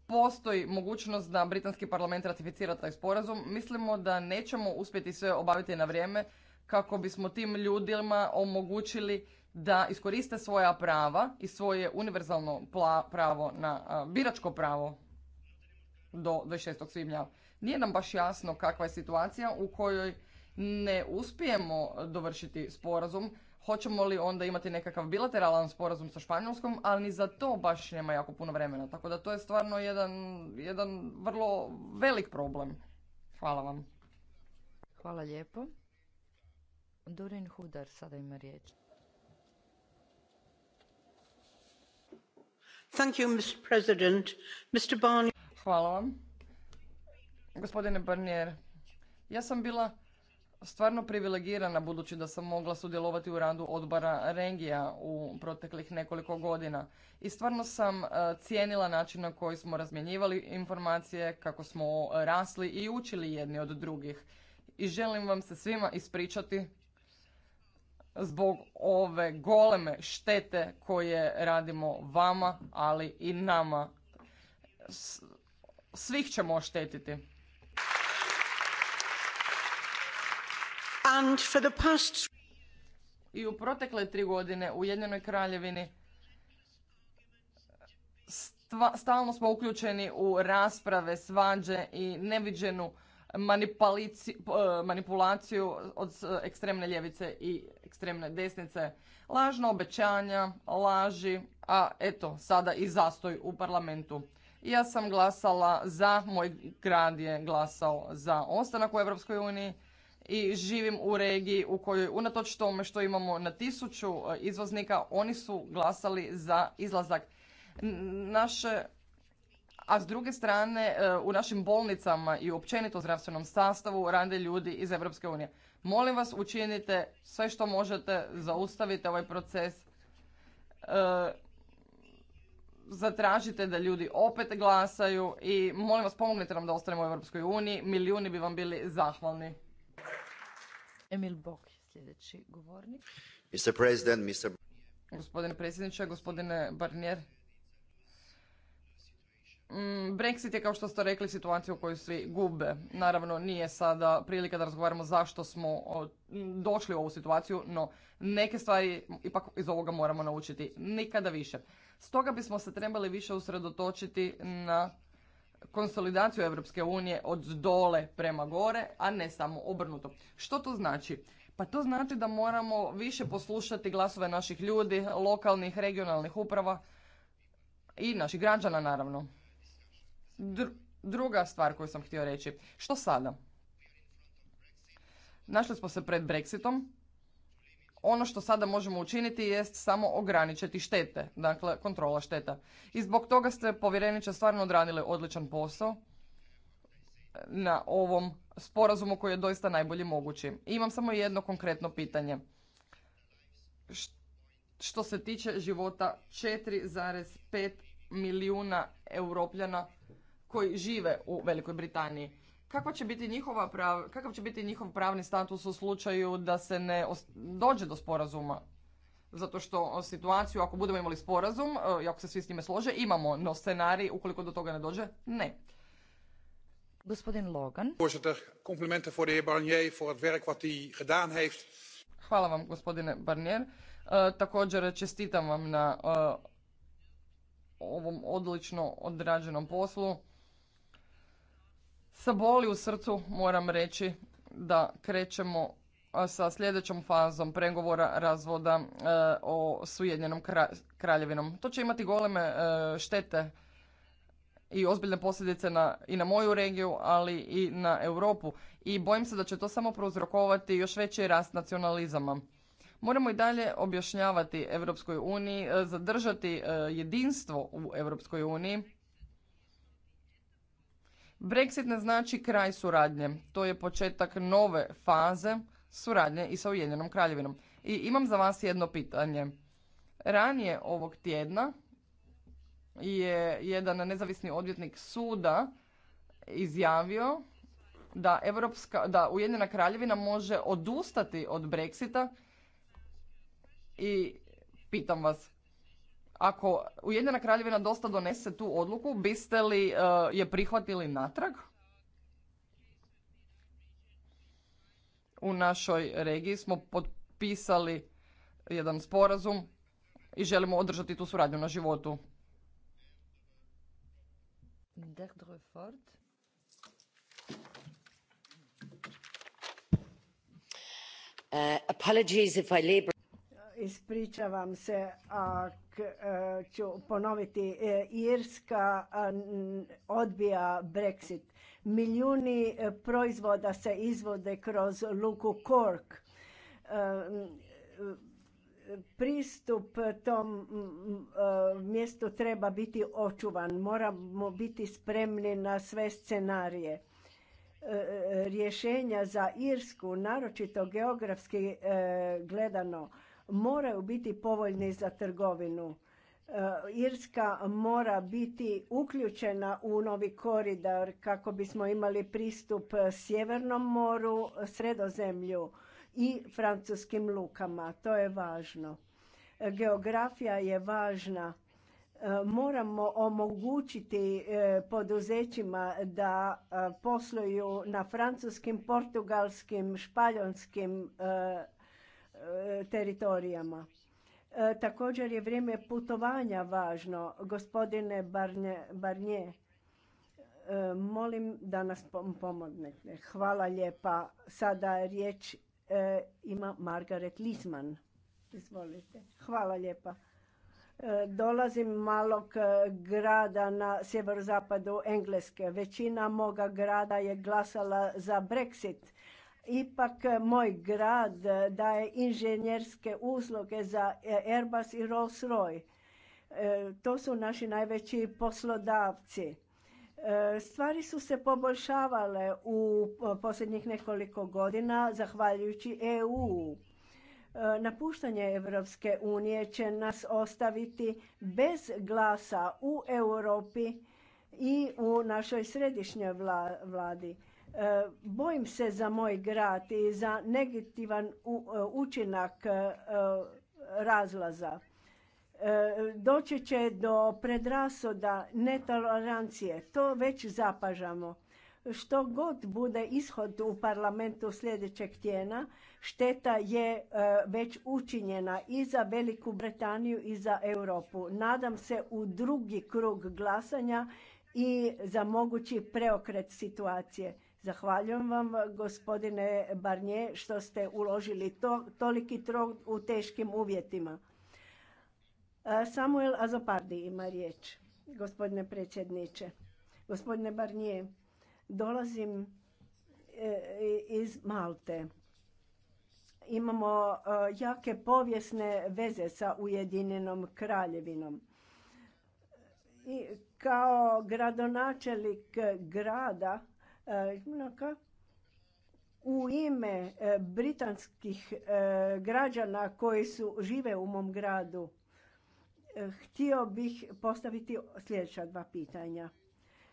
postoji mogućnost da britanski parlament ratificira taj sporazum, mislimo da nećemo uspjeti sve obaviti na vrijeme kako bismo tim ljudima omogućili da iskoriste svoja prava i svoje univerzalno pravo na biračko pravo do 26. svibnja. Nije nam baš jasno kakva je situacija u kojoj ne uspijemo dovršiti sporazum. Hoćemo li onda imati nekakav bilateralan sporazum sa Španjolskom, ali ni za to baš nema jako puno vremena. Tako da to je stvarno jedan, jedan vrlo velik problem. Hvala vam. Hvala lijepo. Durin Hudar sada ima riječ. Thank you, Mr. President. Mr. Hvala vam. Gospodine Barnier, ja sam bila stvarno privilegirana budući da sam mogla sudjelovati u radu odbora Rengija u proteklih nekoliko godina. I stvarno sam e, cijenila način na koji smo razmjenjivali informacije, kako smo rasli i učili jedni od drugih. I želim vam se svima ispričati zbog ove goleme štete koje radimo vama, ali i nama svih ćemo oštetiti. And I u protekle tri godine u Jednjenoj kraljevini stalno smo uključeni u rasprave, svađe i neviđenu e, manipulaciju od ekstremne ljevice i ekstremne desnice. Lažna obećanja, laži, a eto, sada i zastoj u parlamentu. Ja sam glasala za, moj grad je glasao za ostanak u Europskoj uniji i živim u regiji u kojoj unatoč tome što imamo na tisuću e, izvoznika, oni su glasali za izlazak. Naše a s druge strane e, u našim bolnicama i općenito zdravstvenom sastavu rade ljudi iz Europske unije. Molim vas učinite sve što možete, zaustavite ovaj proces e, zatražite da ljudi opet glasaju i molim vas pomognite nam da ostanemo u Europskoj uniji, milijuni bi vam bili zahvalni. Emil Bok sljedeći govornik. Mr. President, Mr. Gospodine predsjedniče, gospodine Barnier. Mm, Brexit je, kao što ste rekli, situacija u kojoj svi gube. Naravno, nije sada prilika da razgovaramo zašto smo došli u ovu situaciju, no neke stvari ipak iz ovoga moramo naučiti. Nikada više. Stoga bismo se trebali više usredotočiti na konsolidaciju Europske unije od dole prema gore, a ne samo obrnuto. Što to znači? Pa to znači da moramo više poslušati glasove naših ljudi, lokalnih, regionalnih uprava i naših građana naravno. druga stvar koju sam htio reći. Što sada? Našli smo se pred Brexitom ono što sada možemo učiniti jest samo ograničiti štete, dakle kontrola šteta. I zbog toga ste povjereniče stvarno odradili odličan posao na ovom sporazumu koji je doista najbolji mogući. Imam samo jedno konkretno pitanje. Što se tiče života 4,5 milijuna europljana koji žive u Velikoj Britaniji kakva će biti njihova prav, kakav će biti njihov pravni status u slučaju da se ne dođe do sporazuma? Zato što situaciju, ako budemo imali sporazum, e, i ako se svi s njime slože, imamo, no scenarij, ukoliko do toga ne dođe, ne. Gospodin Logan. Hvala vam, gospodine Barnier. E, također čestitam vam na e, ovom odlično odrađenom poslu sa boli u srcu moram reći da krećemo sa sljedećom fazom pregovora razvoda e, o sujednjenom kraljevinom. To će imati goleme e, štete i ozbiljne posljedice na, i na moju regiju, ali i na Europu. I bojim se da će to samo prouzrokovati još veći rast nacionalizama. Moramo i dalje objašnjavati Europskoj uniji, e, zadržati e, jedinstvo u Europskoj uniji Brexit ne znači kraj suradnje, to je početak nove faze suradnje i sa Ujedinjenom kraljevinom. I imam za vas jedno pitanje. Ranije ovog tjedna je jedan nezavisni odvjetnik suda izjavio da, Evropska, da Ujedinjena kraljevina može odustati od Brexita i pitam vas, ako Ujedinjena kraljevina dosta donese tu odluku, biste li e, je prihvatili natrag? U našoj regiji smo potpisali jedan sporazum i želimo održati tu suradnju na životu. Uh, apologies if I Ispričavam se, a e, ću ponoviti, e, Irska odbija Brexit. Milijuni e, proizvoda se izvode kroz luku Cork. Pristup tom mjestu treba biti očuvan. Moramo biti spremni na sve scenarije rješenja za Irsku, naročito geografski gledano, moraju biti povoljni za trgovinu. E, Irska mora biti uključena u novi koridor kako bismo imali pristup Sjevernom moru, Sredozemlju i francuskim lukama. To je važno. E, geografija je važna. E, moramo omogućiti poduzećima da posluju na francuskim, portugalskim, španjolskim E, teritorijama. E, također je vrijeme putovanja važno. Gospodine Barnje, e, molim da nas pomognete. Hvala lijepa. Sada riječ ima Margaret Lisman. Izvolite. Hvala lijepa. Dolazim malog grada na sjeverozapadu Engleske. Većina moga grada je glasala za Brexit Ipak eh, moj grad eh, daje inženjerske usluge za eh, Airbus i Rolls-Royce. To su naši najveći poslodavci. Stvari su se poboljšavale u posljednjih nekoliko godina zahvaljujući EU. Napuštanje Europske unije će nas ostaviti bez glasa u Europi i u našoj središnjoj vladi. E, bojim se za moj grad i za negativan e, učinak e, razlaza. Doći će do predrasoda, netolerancije. To već zapažamo. Što god bude ishod u parlamentu sljedećeg tjedna, šteta je već učinjena i za Veliku Britaniju i za Europu. Nadam se u drugi krug glasanja i za mogući preokret situacije. Zahvaljujem vam, gospodine Barnje, što ste uložili toliki trog u teškim uvjetima. E, Samuel Azopardi ima riječ, gospodine predsjedniče. Gospodine Barnje, dolazim e, iz Malte. Imamo e, jake povijesne veze sa Ujedinjenom kraljevinom. kao gradonačelik grada E, u ime e, britanskih e, građana koji su žive u mom gradu htio bih postaviti sljedeća dva pitanja.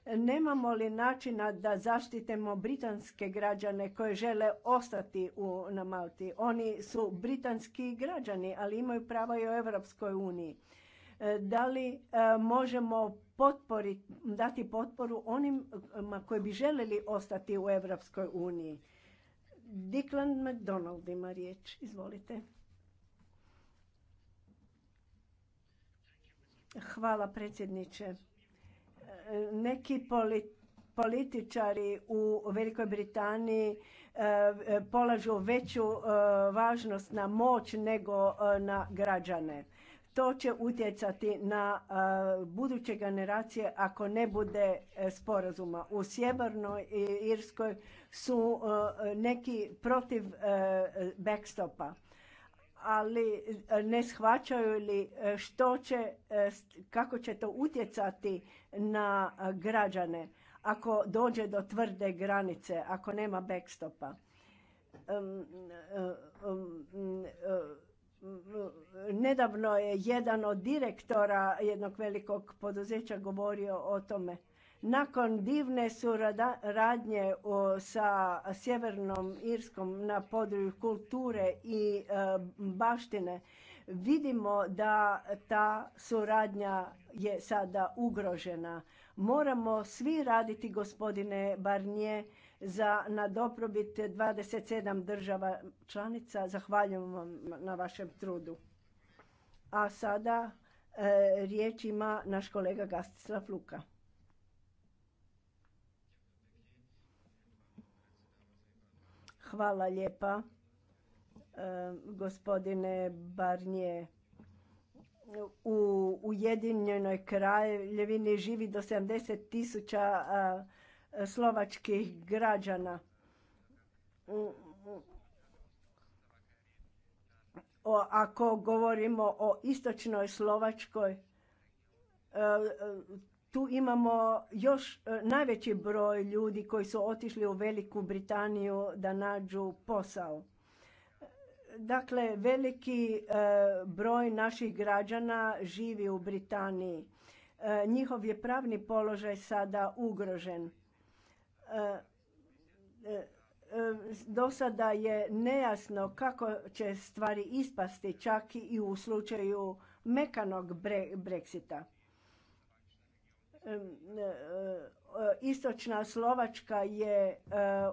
Nemamo li načina da zaštitimo britanske građane koji žele ostati u, na Malti? Oni su britanski građani, ali imaju pravo i u Europskoj uniji. E, da li e, možemo dati potporu onima koji bi želeli ostati u Evropskoj uniji? Dickland McDonald ima riječ. Izvolite. Hvala predsjedniče. E, neki političari u Velikoj Britaniji polažu veću važnost na moć nego na građane to će utjecati na e, buduće generacije ako ne bude e, sporazuma. U Sjevernoj Irskoj su e, neki protiv backstopa, ali ne shvaćaju li što će, kako će to utjecati na građane ako dođe do tvrde granice, ako nema backstopa. Nedavno je jedan od direktora jednog velikog poduzeća govorio o tome. Nakon divne suradnje sa Sjevernom Irskom na području kulture i e, baštine, vidimo da ta suradnja je sada ugrožena. Moramo svi raditi, gospodine Barnije, za, na dobrobit 27 država članica. Zahvaljujem vam na vašem trudu. A sada e, riječ ima naš kolega Gastislav Luka. Hvala lijepa e, gospodine Barnije. U Ujedinjenoj kraljevini živi do 70 tisuća slovačkih građana. ako govorimo o istočnoj Slovačkoj, e, tu imamo još e, najveći broj ljudi koji su otišli u Veliku Britaniju da nađu posao. Dakle, veliki e, broj naših građana živi u Britaniji. Njihov je pravni položaj sada ugrožen do sada je nejasno kako će stvari ispasti čak i u slučaju mekanog Brexita. E, e, istočna Slovačka je e,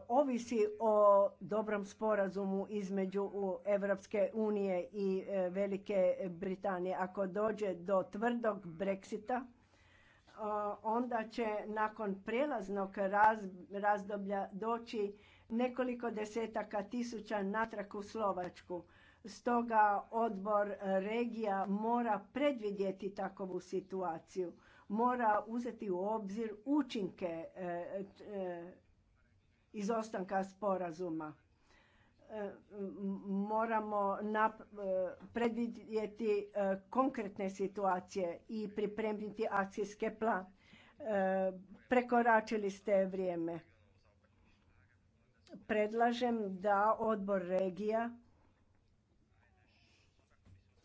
ovisi o dobrom sporazumu između Evropske unije i Velike Britanije. Ako dođe do tvrdog Brexita, onda će nakon prelaznog razdoblja doći nekoliko desetaka tisuća natrag u Slovačku. Stoga odbor e, regija mora predvidjeti takovu situaciju, mora uzeti u obzir učinke e, e, izostanka sporazuma. E, moramo e, predvidjeti e, konkretne situacije i pripremiti akcijske plan. Prekoračili ste vrijeme. Predlažem da odbor regija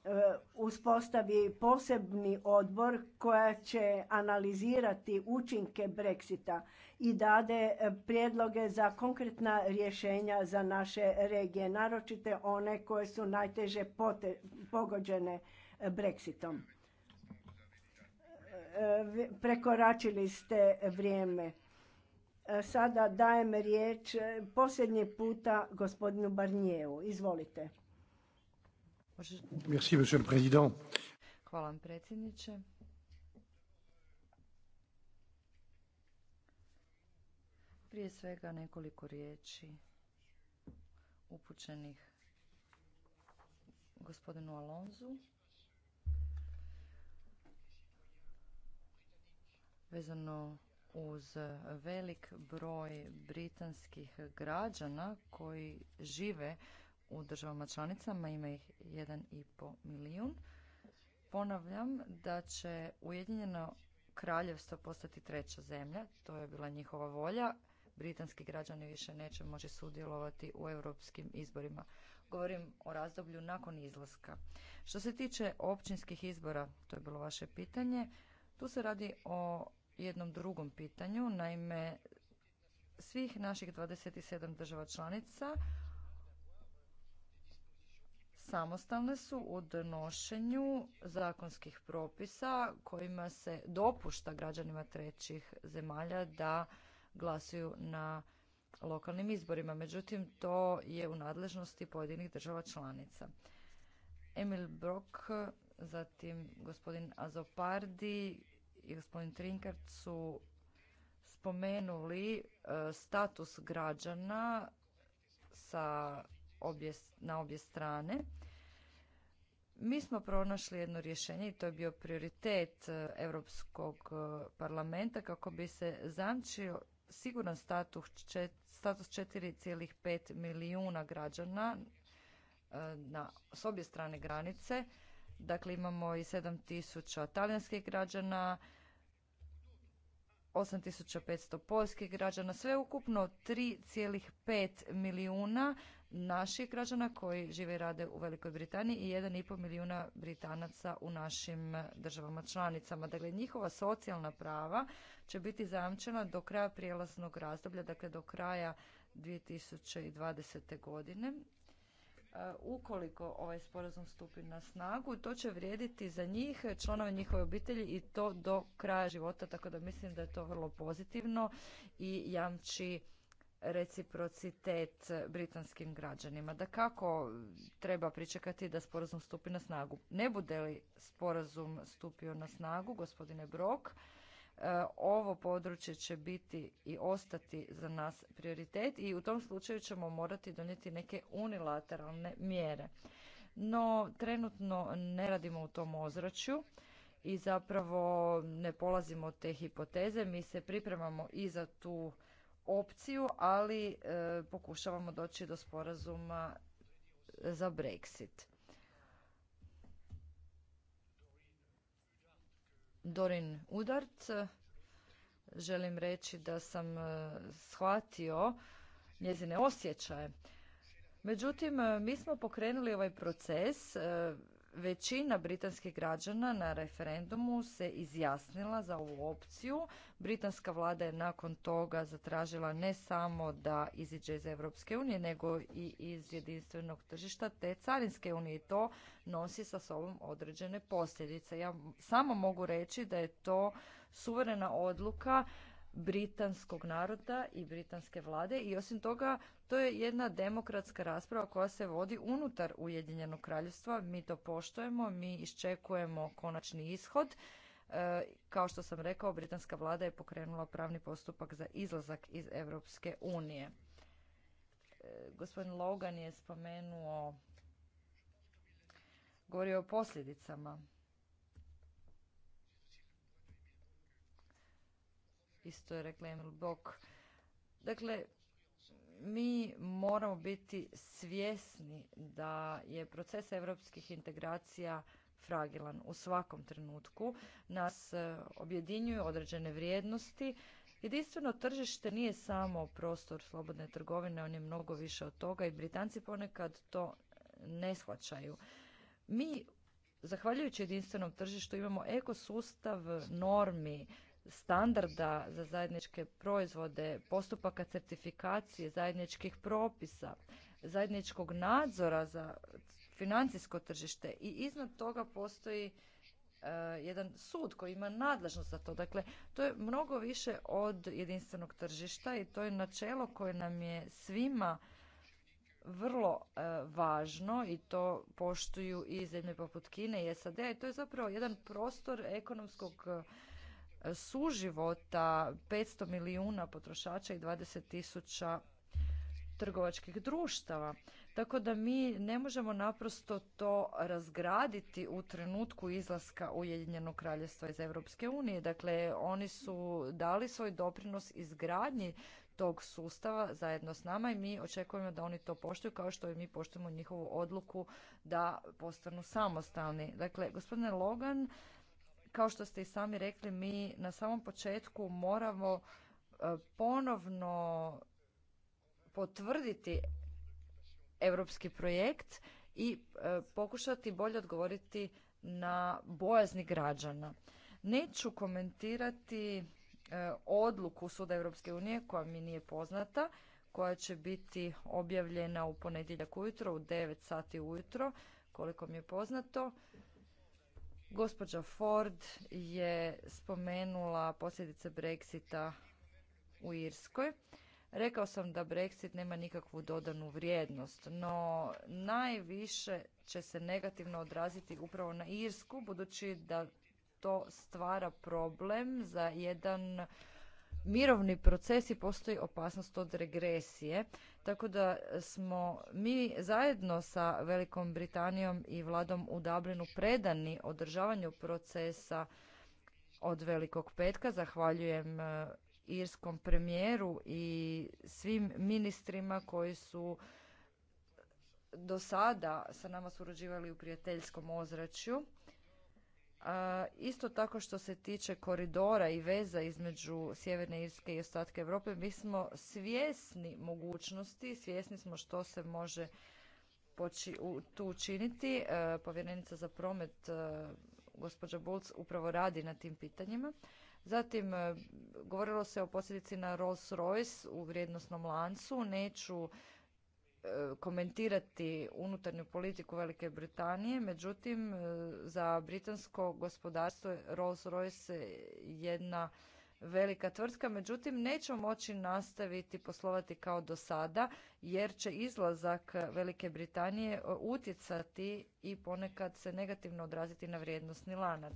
E, uspostavi posebni odbor koja će analizirati učinke Brexita i dade e, prijedloge za konkretna rješenja za naše regije, naročite one koje su najteže pogođene e, Brexitom. Prekoračili ste vrijeme. Sada dajem riječ posljednji puta gospodinu Barnijevu. Izvolite. Hvala vam predsjedniče. Prije svega nekoliko riječi upućenih gospodinu Alonzu. Vezano uz velik broj britanskih građana koji žive u državama članicama, ima ih 1,5 milijun. Ponavljam da će Ujedinjeno kraljevstvo postati treća zemlja, to je bila njihova volja. Britanski građani više neće moći sudjelovati u europskim izborima. Govorim o razdoblju nakon izlaska. Što se tiče općinskih izbora, to je bilo vaše pitanje, tu se radi o jednom drugom pitanju, naime svih naših 27 država članica samostalne su u donošenju zakonskih propisa kojima se dopušta građanima trećih zemalja da glasuju na lokalnim izborima. Međutim, to je u nadležnosti pojedinih država članica. Emil Brok, zatim gospodin Azopardi i gospodin Trinkard su spomenuli e, status građana sa obje, na obje strane mi smo pronašli jedno rješenje i to je bio prioritet e, Europskog e, parlamenta kako bi se zamčio siguran status 4,5 milijuna građana e, na, s obje strane granice. Dakle, imamo i 7000 talijanskih građana, 8500 poljskih građana, sve ukupno 3,5 milijuna naših građana koji žive i rade u Velikoj Britaniji i 1,5 milijuna Britanaca u našim državama članicama. Dakle, njihova socijalna prava će biti zajamčena do kraja prijelaznog razdoblja, dakle do kraja 2020. godine. Uh, ukoliko ovaj sporazum stupi na snagu, to će vrijediti za njih, članove njihove obitelji i to do kraja života, tako da mislim da je to vrlo pozitivno i jamči reciprocitet britanskim građanima. Da kako treba pričekati da sporazum stupi na snagu. Ne bude li sporazum stupio na snagu, gospodine Brok, e, ovo područje će biti i ostati za nas prioritet i u tom slučaju ćemo morati donijeti neke unilateralne mjere. No, trenutno ne radimo u tom ozračju i zapravo ne polazimo od te hipoteze. Mi se pripremamo i za tu opciju, ali e, pokušavamo doći do sporazuma za Brexit. Dorin Udart, želim reći da sam e, shvatio njezine osjećaje. Međutim, e, mi smo pokrenuli ovaj proces većina britanskih građana na referendumu se izjasnila za ovu opciju. Britanska vlada je nakon toga zatražila ne samo da iziđe iz Europske unije, nego i iz jedinstvenog tržišta te carinske unije. I to nosi sa sobom određene posljedice. Ja samo mogu reći da je to suverena odluka britanskog naroda i britanske vlade i osim toga to je jedna demokratska rasprava koja se vodi unutar Ujedinjenog kraljevstva. Mi to poštujemo, mi iščekujemo konačni ishod. E, kao što sam rekao, britanska vlada je pokrenula pravni postupak za izlazak iz Europske unije. E, gospodin Logan je spomenuo, govorio o posljedicama isto je rekla Emil Bok. Dakle, mi moramo biti svjesni da je proces europskih integracija fragilan u svakom trenutku. Nas e, objedinjuju određene vrijednosti. Jedinstveno tržište nije samo prostor slobodne trgovine, on je mnogo više od toga i Britanci ponekad to ne shvaćaju. Mi, zahvaljujući jedinstvenom tržištu, imamo ekosustav normi standarda za zajedničke proizvode, postupaka certifikacije zajedničkih propisa, zajedničkog nadzora za financijsko tržište i iznad toga postoji e, jedan sud koji ima nadležnost za to. Dakle, to je mnogo više od jedinstvenog tržišta i to je načelo koje nam je svima vrlo e, važno i to poštuju i zemlje poput Kine i SAD. I to je zapravo jedan prostor ekonomskog suživota 500 milijuna potrošača i 20 tisuća trgovačkih društava. Tako da mi ne možemo naprosto to razgraditi u trenutku izlaska Ujedinjenog kraljevstva iz Europske unije. Dakle, oni su dali svoj doprinos izgradnji tog sustava zajedno s nama i mi očekujemo da oni to poštuju kao što i mi poštujemo njihovu odluku da postanu samostalni. Dakle, gospodine Logan, kao što ste i sami rekli, mi na samom početku moramo e, ponovno potvrditi europski projekt i e, pokušati bolje odgovoriti na bojazni građana. Neću komentirati e, odluku Suda Europske unije koja mi nije poznata, koja će biti objavljena u ponedjeljak ujutro u 9 sati ujutro, koliko mi je poznato. Gospođa Ford je spomenula posljedice Brexita u Irskoj. Rekao sam da Brexit nema nikakvu dodanu vrijednost, no najviše će se negativno odraziti upravo na Irsku, budući da to stvara problem za jedan mirovni procesi postoji opasnost od regresije, tako da smo mi zajedno sa Velikom Britanijom i vladom u Dublinu predani održavanju procesa od Velikog petka. Zahvaljujem e, irskom premijeru i svim ministrima koji su do sada sa nama surađivali u prijateljskom ozračju isto tako što se tiče koridora i veza između Sjeverne Irske i ostatka Europe, mi smo svjesni mogućnosti, svjesni smo što se može poči, u, tu učiniti. E, povjerenica za promet, e, gospođa Bulc, upravo radi na tim pitanjima. Zatim, e, govorilo se o posljedici na Rolls Royce u vrijednostnom lancu. Neću E, komentirati unutarnju politiku Velike Britanije, međutim e, za britansko gospodarstvo Rolls-Royce jedna velika tvrtka, međutim nećemo moći nastaviti poslovati kao do sada jer će izlazak Velike Britanije e, utjecati i ponekad se negativno odraziti na vrijednosni lanac.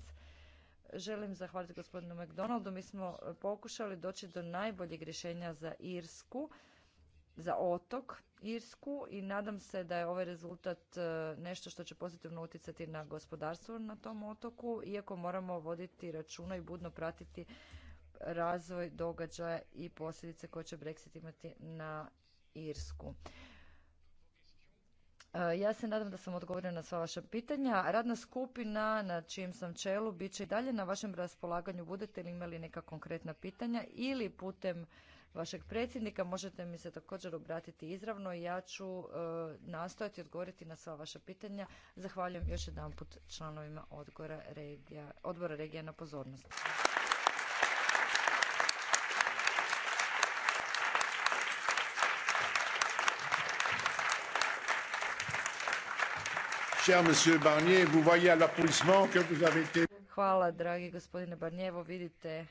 Želim zahvaliti gospodinu McDonaldu. Mi smo pokušali doći do najboljeg rješenja za Irsku za otok Irsku i nadam se da je ovaj rezultat e, nešto što će pozitivno utjecati na gospodarstvo na tom otoku, iako moramo voditi računa i budno pratiti razvoj događaja i posljedice koje će Brexit imati na Irsku. E, ja se nadam da sam odgovorila na sva vaša pitanja. Radna skupina na čijem sam čelu bit će i dalje na vašem raspolaganju. Budete li imali neka konkretna pitanja ili putem vašeg predsjednika. Možete mi se također obratiti izravno i ja ću e, nastojati odgovoriti na sva vaša pitanja. Zahvaljujem još put članovima odbora regija, na pozornost Cher monsieur Barnier, vous voyez à l'applaudissement que vous avez Hvala, dragi gospodine Barnjevo. Vidite e,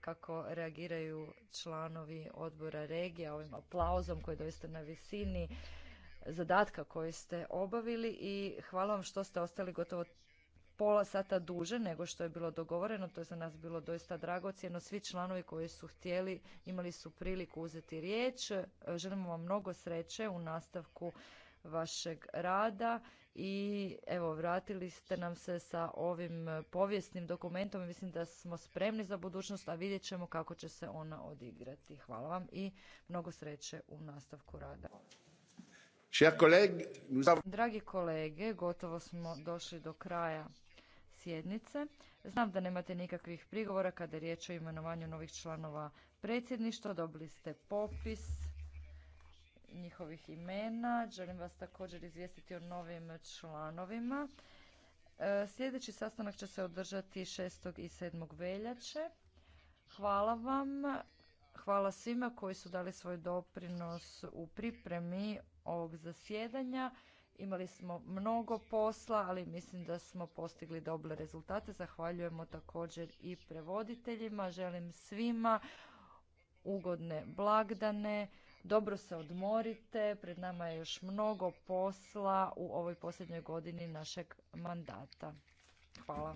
kako reagiraju članovi odbora regija ovim aplauzom koji je doista na visini zadatka koji ste obavili i hvala vam što ste ostali gotovo pola sata duže nego što je bilo dogovoreno. To je za nas bilo doista dragocjeno. Svi članovi koji su htjeli imali su priliku uzeti riječ. E, želimo vam mnogo sreće u nastavku vašeg rada i evo vratili ste nam se sa ovim povijesnim dokumentom i mislim da smo spremni za budućnost, a vidjet ćemo kako će se ona odigrati. Hvala vam i mnogo sreće u nastavku rada. Dragi kolege, gotovo smo došli do kraja sjednice. Znam da nemate nikakvih prigovora kada je riječ o imenovanju novih članova predsjedništva. Dobili ste popis njihovih imena. Želim vas također izvijestiti o novim članovima. E, sljedeći sastanak će se održati 6. i 7. veljače. Hvala vam. Hvala svima koji su dali svoj doprinos u pripremi ovog zasjedanja. Imali smo mnogo posla, ali mislim da smo postigli dobre rezultate. Zahvaljujemo također i prevoditeljima. Želim svima ugodne blagdane dobro se odmorite, pred nama je još mnogo posla u ovoj posljednjoj godini našeg mandata. Hvala.